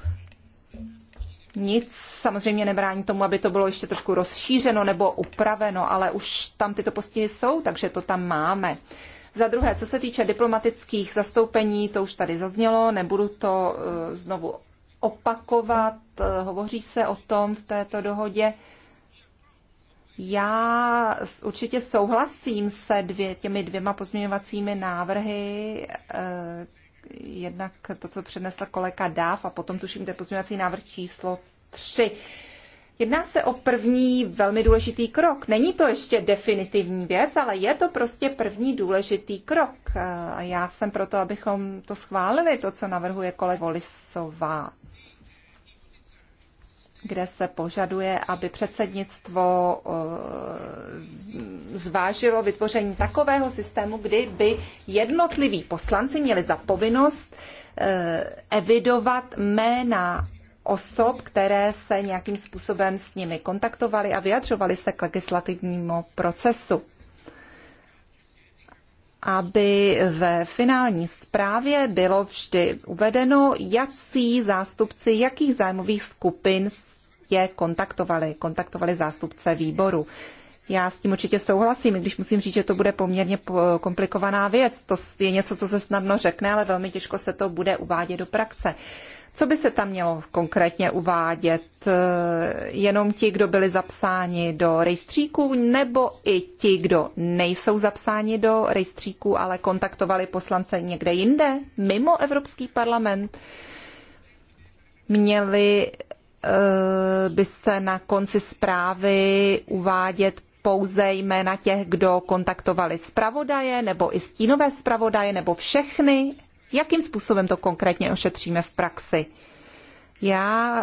[SPEAKER 2] Nic samozřejmě nebrání tomu, aby to bylo ještě trošku rozšířeno nebo upraveno, ale už tam tyto postihy jsou, takže to tam máme. Za druhé, co se týče diplomatických zastoupení, to už tady zaznělo, nebudu to eh, znovu opakovat. Eh, hovoří se o tom v této dohodě. Já určitě souhlasím se dvě, těmi dvěma pozměňovacími návrhy, eh, jednak to, co přednesl kolega Dáv a potom tuším, to je pozměňovací návrh číslo 3. Jedná se o první velmi důležitý krok. Není to ještě definitivní věc, ale je to prostě první důležitý krok. Eh, a já jsem proto, abychom to schválili, to, co navrhuje kolego Lisová kde se požaduje, aby předsednictvo eh, zvážilo vytvoření takového systému, kdy by jednotliví poslanci měli za povinnost eh, evidovat jména osob, které se nějakým způsobem s nimi kontaktovaly a vyjadřovaly se k legislativnímu procesu aby ve finální zprávě bylo vždy uvedeno, jaký zástupci jakých zájmových skupin je kontaktovali, kontaktovali zástupce výboru. Já s tím určitě souhlasím, i když musím říct, že to bude poměrně komplikovaná věc. To je něco, co se snadno řekne, ale velmi těžko se to bude uvádět do praxe. Co by se tam mělo konkrétně uvádět? Eh, jenom ti, kdo byli zapsáni do rejstříků, nebo i ti, kdo nejsou zapsáni do rejstříků, ale kontaktovali poslance někde jinde, mimo Evropský parlament? Měli by se na konci zprávy uvádět pouze jména těch, kdo kontaktovali zpravodaje, nebo i stínové zpravodaje, nebo všechny? Jakým způsobem to konkrétně ošetříme v praxi? Já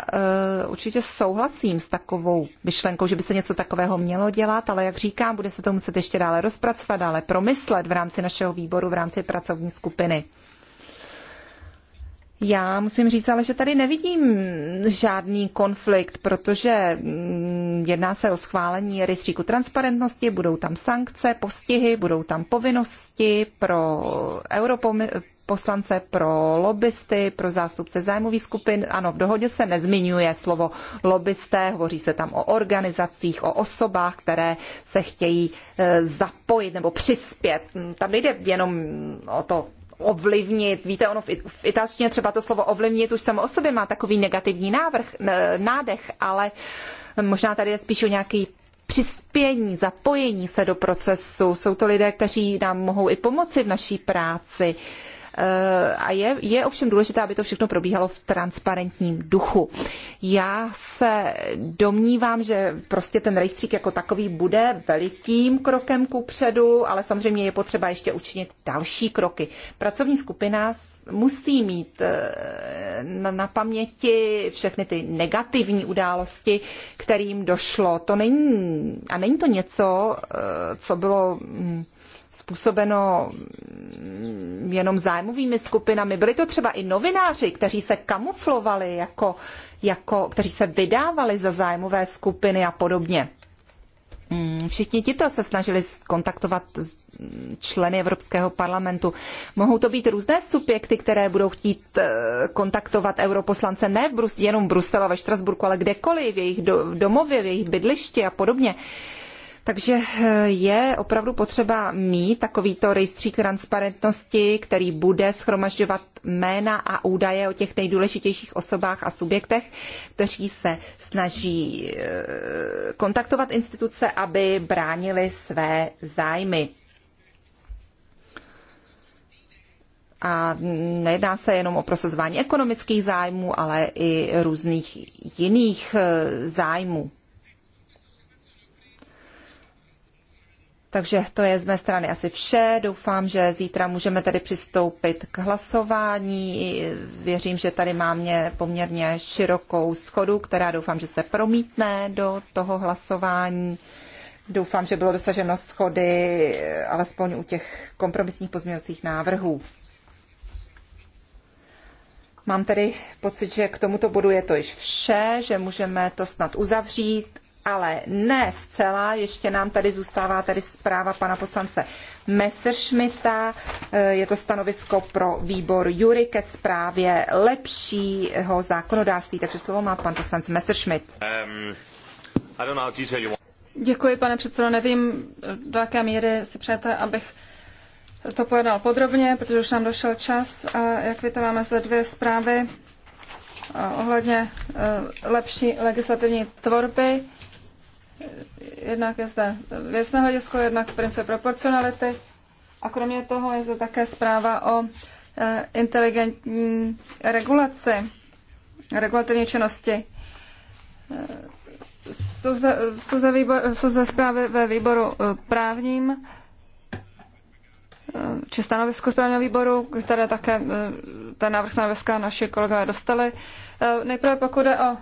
[SPEAKER 2] uh, určitě souhlasím s takovou myšlenkou, že by se něco takového mělo dělat, ale jak říkám, bude se to muset ještě dále rozpracovat, dále promyslet v rámci našeho výboru, v rámci pracovní skupiny. Já musím říct, ale že tady nevidím žádný konflikt, protože mm, jedná se o schválení rejstříku transparentnosti, budou tam sankce, postihy, budou tam povinnosti pro europoslance, pro lobbysty, pro zástupce zájmových skupin. Ano, v dohodě se nezmiňuje slovo lobbysté, hovoří se tam o organizacích, o osobách, které se chtějí e, zapojit nebo přispět. Tam nejde jenom o to ovlivnit. Víte, ono v, v italštině třeba to slovo ovlivnit už samo o sobě má takový negativní návrh, nádech, ale možná tady je spíš o nějaký přispění, zapojení se do procesu. Jsou to lidé, kteří nám mohou i pomoci v naší práci. Uh, Eh, a je, je ovšem důležité, aby to všechno probíhalo v transparentním duchu. Já se domnívám, že prostě ten rejstřík jako takový bude velikým krokem ku předu, ale samozřejmě je potřeba ještě učinit další kroky. Pracovní skupina musí mít eh, na paměti všechny ty negativní události, kterým došlo. To není, a není to něco, eh, co bylo hm, způsobeno jenom zájmovými skupinami. Byli to třeba i novináři, kteří se kamuflovali, jako, jako, kteří se vydávali za zájmové skupiny a podobně. Mm, všichni tito se snažili kontaktovat členy Evropského parlamentu. Mohou to být různé subjekty, které budou chtít eh, kontaktovat europoslance ne v Brus- jenom v Bruselu a ve Štrasburku, ale kdekoliv, v jejich domově, v jejich bydlišti a podobně. Uh, takže eh, je opravdu potřeba mít takovýto rejstřík transparentnosti, který bude schromažďovat jména a údaje o těch nejdůležitějších osobách a subjektech, kteří se snaží eh, kontaktovat instituce, aby bránili své zájmy. A nejedná se jenom o prosazování ekonomických zájmů, ale i různých jiných eh, zájmů. Takže to je z mé strany asi vše. Doufám, že zítra můžeme tedy přistoupit k hlasování. Věřím, že tady máme poměrně širokou schodu, která doufám, že se promítne do toho hlasování. Doufám, že bylo dosaženo schody alespoň u těch kompromisních pozměňovacích návrhů. Mám tedy pocit, že k tomuto bodu je to již vše, že můžeme to snad uzavřít ale ne zcela, ještě nám tady zůstává tady zpráva pana poslance Messerschmitta, eh, je to stanovisko pro výbor Jury ke zprávě lepšího zákonodárství, takže slovo má pan poslanec Messerschmitt.
[SPEAKER 3] Um,
[SPEAKER 2] Děkuji, pane předsedo, nevím, do jaké míry si přejete, abych
[SPEAKER 1] to pojednal podrobně, protože už nám došel čas. A jak víte, máme zde dvě zprávy eh, ohledně eh, lepší legislativní tvorby Jednak je zde věcné hledisko, jednak princip proporcionality a kromě toho je zde také zpráva o e, inteligentní regulaci, regulativní činnosti. E, jsou zde, jsou zde, výbor, jsou zde zprávy ve výboru e, právním, či stanovisko správního výboru, které také ten návrh stanoviska naši kolegové dostali. Nejprve pokud jde o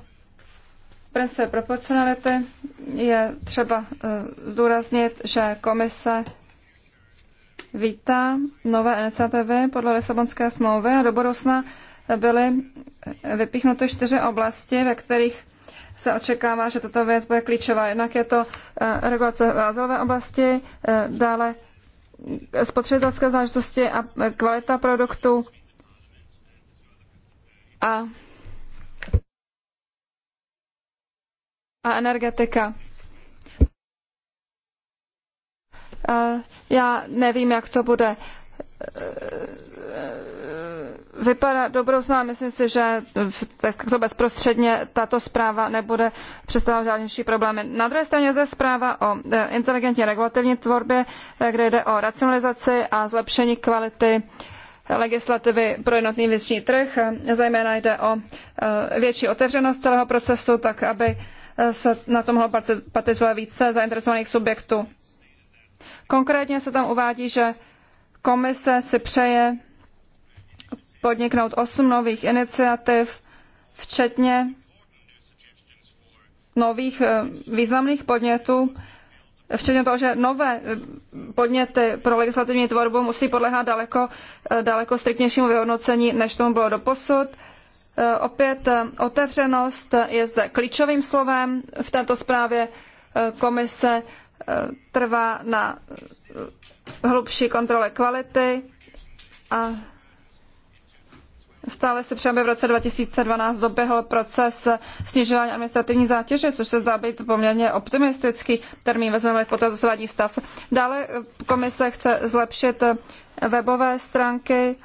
[SPEAKER 1] princip proporcionality je třeba eh, zdůraznit, že komise vítá nové iniciativy podle Lisabonské smlouvy a do budoucna byly vypíchnuty čtyři oblasti, ve kterých se očekává, že tato věc bude klíčová. Jednak je to eh, regulace v azylové oblasti, eh, dále spotřebitelské záležitosti a kvalita produktu a a energetika. Já nevím, jak to bude eh, eh, vypadat. do budoucna. Myslím si, že to takto bezprostředně tato zpráva nebude představovat žádnější problémy. Na druhé straně zde zpráva o eh, inteligentní regulativní tvorbě, kde jde o racionalizaci a zlepšení kvality legislativy pro jednotný vnitřní trh. Zajména jde o větší otevřenost celého procesu, tak aby Eh, se na to mohlo participovat více zainteresovaných subjektů. Konkrétně se tam uvádí, že komise si přeje podniknout osm nových iniciativ, včetně nových eh, významných podnětů, včetně toho, že nové eh, podněty pro legislativní tvorbu musí podléhat daleko, daleko striktnějšímu vyhodnocení, než tomu bylo doposud. posud Eh, opět eh, otevřenost je zde klíčovým slovem v této zprávě. Eh, komise trvá na hlubší kontrole kvality a stále se třeba v roce 2012 doběhl proces snižování administrativní zátěže, což se zdá být poměrně optimistický termín, vezmeme v potaz dosavadní stav. Dále komise chce zlepšit webové stránky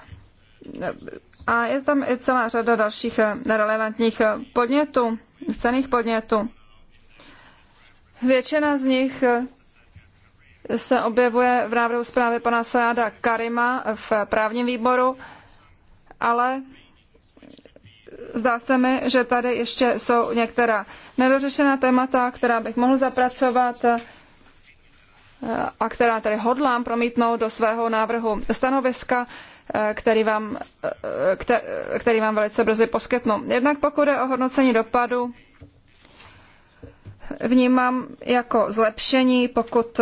[SPEAKER 1] a je tam i celá řada dalších relevantních podnětů, cených podnětů. Většina z nich se objevuje v návrhu zprávy pana Sajada Karima v právním výboru, ale zdá se mi, že tady ještě jsou některá nedořešená témata, která bych mohl zapracovat a která tady hodlám promítnout do svého návrhu stanoviska. Eh, který vám, eh, který vám velice brzy poskytnu. Jednak pokud je o hodnocení dopadu, vnímám jako zlepšení, pokud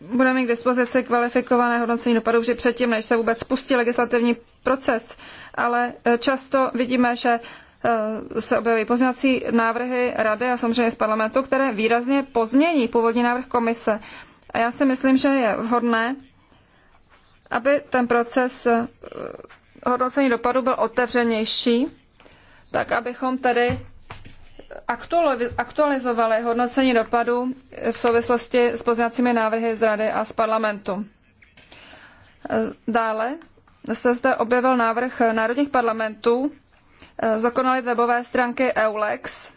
[SPEAKER 1] budeme mít k dispozici kvalifikované hodnocení dopadů, vždy předtím, než se vůbec spustí legislativní proces, ale eh, často vidíme, že Eh, se objevují pozměňovací návrhy Rady a samozřejmě z parlamentu, které výrazně pozmění původní návrh komise. A já si myslím, že je vhodné, aby ten proces eh, hodnocení dopadu byl otevřenější, tak abychom tedy aktualizovali hodnocení dopadu eh, v souvislosti s pozměňovacími návrhy z Rady a z parlamentu. Dále se zde objevil návrh národních parlamentů Eh, zdokonalit webové stránky EULEX,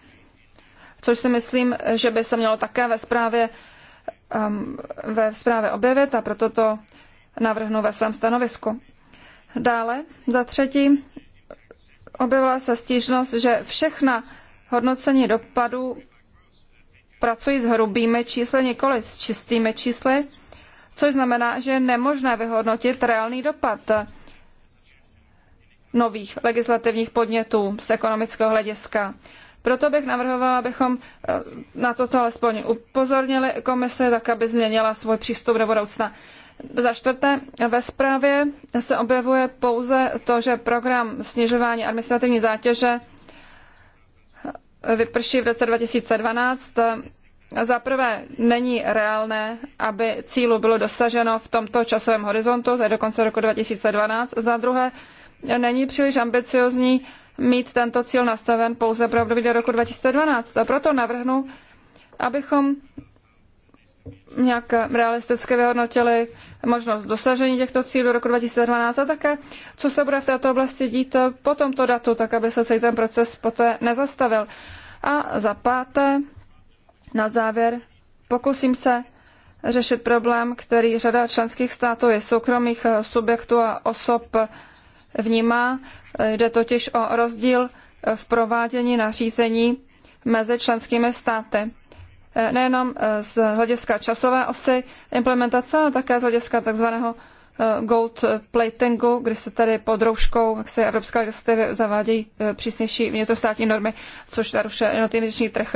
[SPEAKER 1] což si myslím, že by se mělo také ve zprávě, um, ve zprávě objevit a proto to navrhnu ve svém stanovisku. Dále, za třetí, objevila se stížnost, že všechna hodnocení dopadů pracují s hrubými čísly, nikoli s čistými čísly, což znamená, že je nemožné vyhodnotit reálný dopad nových legislativních podnětů z ekonomického hlediska. Proto bych navrhovala, abychom eh, na toto alespoň upozornili komise, tak aby změnila svůj přístup do budoucna. Za čtvrté, ve zprávě se objevuje pouze to, že program snižování administrativní zátěže vyprší v roce 2012. Za prvé, není reálné, aby cílu bylo dosaženo v tomto časovém horizontu, to je do konce roku 2012. Za druhé, není příliš ambiciozní mít tento cíl nastaven pouze pro období do roku 2012. A proto navrhnu, abychom nějak realisticky vyhodnotili možnost dosažení těchto cílů do roku 2012 a také, co se bude v této oblasti dít po tomto datu, tak aby se celý ten proces poté nezastavil. A za páté, na závěr, pokusím se řešit problém, který řada členských států je soukromých subjektů a osob vnímá. Jde totiž o rozdíl v provádění nařízení mezi členskými státy. Nejenom z hlediska časové osy implementace, ale také z hlediska takzvaného eh, gold platingu, kdy se tedy pod rouškou jak se evropské legislativy zavádějí eh, přísnější vnitrostátní normy, což narušuje jednotný vnitřní trh.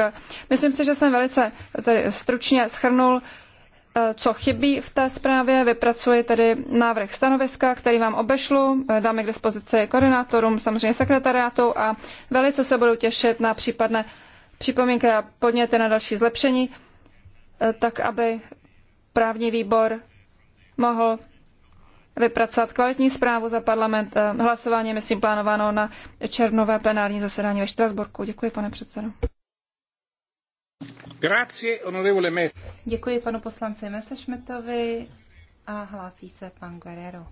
[SPEAKER 1] Myslím si, že jsem velice tedy stručně schrnul Eh, co chybí v té zprávě. Vypracuji tedy návrh stanoviska, který vám obešlu, eh, dáme k dispozici koordinátorům, samozřejmě sekretariátu a velice se budu těšit na případné připomínky a podněty na další zlepšení, eh, tak aby právní výbor mohl vypracovat kvalitní zprávu za parlament. Hlasování, myslím, plánováno na červnové plenární zasedání ve
[SPEAKER 2] Štrasburku. Děkuji, pane předsedo.
[SPEAKER 1] Grazie, onorevole Mes.
[SPEAKER 2] Děkuji panu poslanci Messerschmittovi a hlásí se pan Guerrero.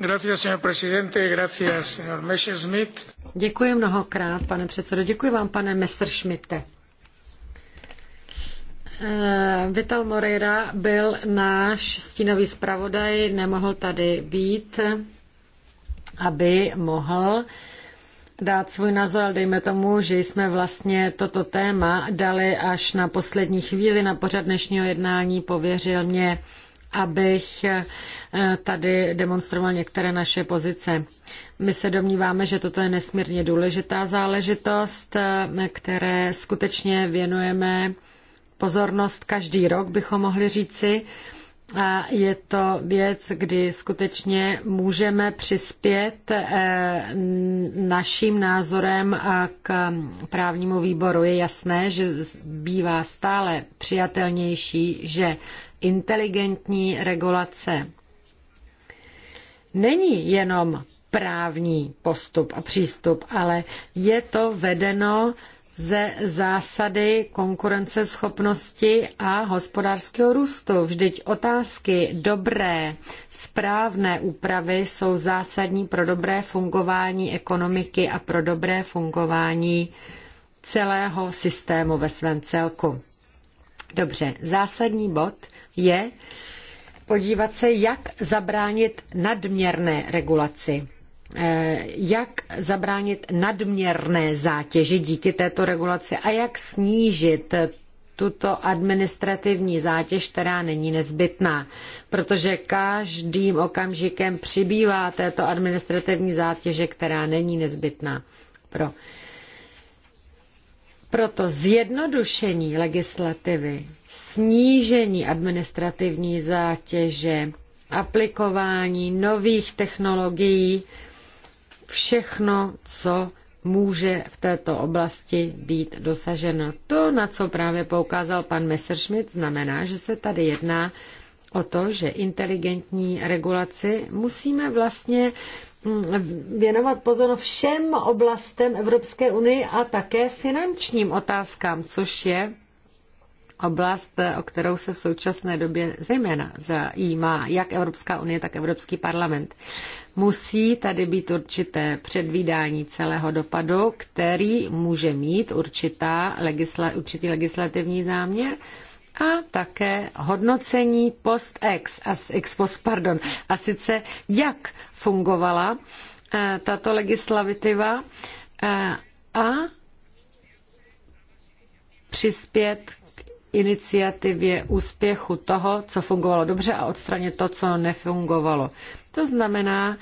[SPEAKER 1] Gracias, señor presidente, gracias, señor Messerschmitt.
[SPEAKER 3] Děkuji mnohokrát, pane předsedo. Děkuji vám, pane Messerschmitte. Eh, Vital Moreira byl náš stínový zpravodaj, nemohl tady být, aby mohl dát svůj názor, ale dejme tomu, že jsme vlastně toto téma dali až na poslední chvíli na pořad dnešního jednání. Pověřil mě, abych eh, tady demonstroval některé naše pozice. My se domníváme, že toto je nesmírně důležitá záležitost, eh, které skutečně věnujeme pozornost každý rok, bychom mohli říci. A je to věc, kdy skutečně můžeme přispět eh, naším názorem k právnímu výboru. Je jasné, že bývá stále přijatelnější, že inteligentní regulace není jenom právní postup a přístup, ale je to vedeno ze zásady konkurenceschopnosti a hospodářského růstu. Vždyť otázky dobré, správné úpravy jsou zásadní pro dobré fungování ekonomiky a pro dobré fungování celého systému ve svém celku. Dobře, zásadní bod je podívat se, jak zabránit nadměrné regulaci Eh, jak zabránit nadměrné zátěži díky této regulaci a jak snížit tuto administrativní zátěž, která není nezbytná, protože každým okamžikem přibývá této administrativní zátěže, která není nezbytná pro. Proto zjednodušení legislativy, snížení administrativní zátěže, aplikování nových technologií všechno, co může v této oblasti být dosaženo. To, na co právě poukázal pan Messerschmidt, znamená, že se tady jedná o to, že inteligentní regulaci musíme vlastně mm, věnovat pozornost všem oblastem Evropské unie a také finančním otázkám, což je oblast, o kterou se v současné době zejména zajímá jak Evropská unie, tak Evropský parlament. Musí tady být určité předvídání celého dopadu, který může mít určitá legisla, určitý legislativní záměr a také hodnocení post ex, as, ex post, pardon, a sice jak fungovala eh, tato legislativa eh, a přispět iniciativě úspěchu toho, co fungovalo dobře a odstranit to, co nefungovalo. To znamená,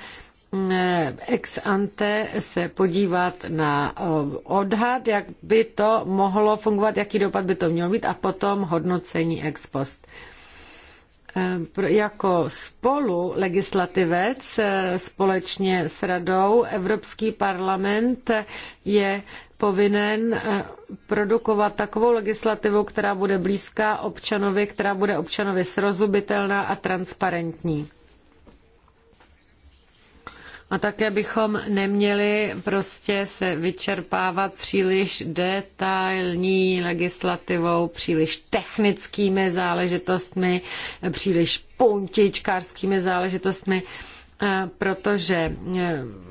[SPEAKER 3] eh, ex ante se podívat na eh, odhad, jak by to mohlo fungovat, jaký dopad by to mělo mít a potom hodnocení ex post. Eh, jako spolu legislativec společně s radou Evropský parlament je povinen eh, produkovat takovou legislativu, která bude blízká občanovi, která bude občanovi srozumitelná a transparentní. A také bychom neměli prostě se vyčerpávat příliš detailní legislativou, příliš technickými záležitostmi, příliš puntičkářskými záležitostmi protože e,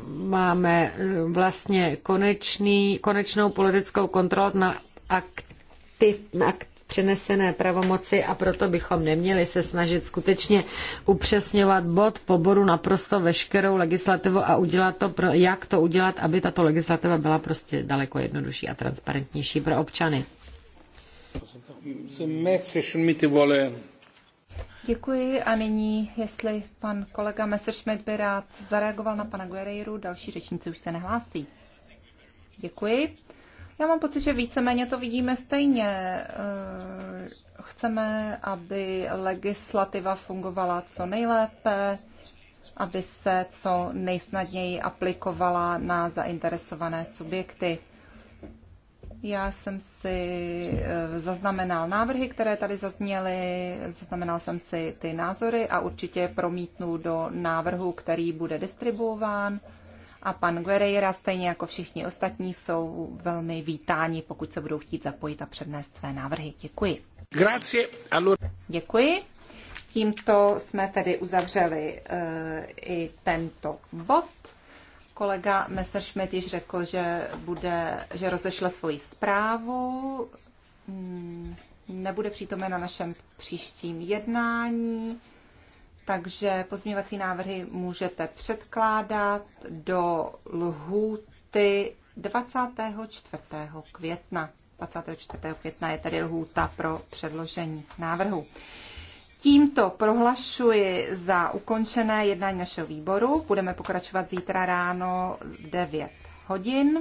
[SPEAKER 3] máme e, vlastně konečný, konečnou politickou kontrolu na aktiv, na aktiv přenesené pravomoci a proto bychom neměli se snažit skutečně upřesňovat bod po bodu naprosto veškerou legislativu a udělat to, pro, jak to udělat, aby tato legislativa byla prostě daleko jednodušší a transparentnější pro občany.
[SPEAKER 1] Se
[SPEAKER 2] Děkuji a nyní, jestli pan kolega Messerschmidt by rád zareagoval na pana Guerreiru, další řečníci už se nehlásí. Děkuji. Já mám pocit, že víceméně to vidíme stejně. Eh, chceme, aby legislativa fungovala co nejlépe, aby se co nejsnadněji aplikovala na zainteresované subjekty. Já jsem si eh, zaznamenal návrhy, které tady zazněly, zaznamenal jsem si ty názory a určitě promítnu do návrhu, který bude distribuován. A pan Guerreira, stejně jako všichni ostatní, jsou velmi vítáni, pokud se budou chtít zapojit a přednést své návrhy. Děkuji. Grazie. Děkuji. Tímto jsme tedy uzavřeli uh, i tento bod. Kolega Messerschmidt již řekl, že, bude, že rozešle svoji zprávu. Hmm, nebude přítomen na našem příštím jednání, takže pozměňovací návrhy můžete předkládat do lhůty 24. května. 24. května je tedy lhůta pro předložení návrhu. Tímto prohlašuji za ukončené jednání našeho výboru. Budeme pokračovat zítra ráno 9 hodin,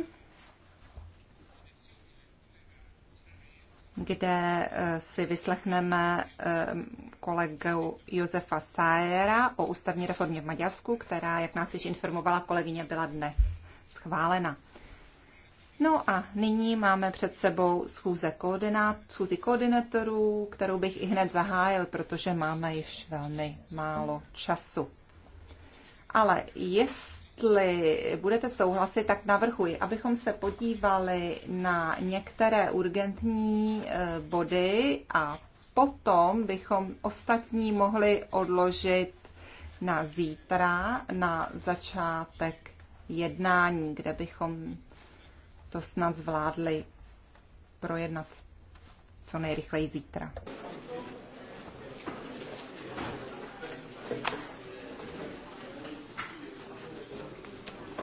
[SPEAKER 2] kde eh, si vyslechneme eh, kolegu Josefa Sajera o ústavní reformě v Maďarsku, která, jak nás již informovala kolegyně, byla dnes schválena. No a nyní máme před sebou schůze koordinát, schůzi koordinátorů, kterou bych i hned zahájil, protože máme již velmi málo času. Ale jestli budete souhlasit, tak navrhuji, abychom se podívali na některé urgentní eh, body a potom bychom ostatní mohli odložit na zítra, na začátek jednání, kde bychom to snad zvládli projednat co nejrychleji zítra.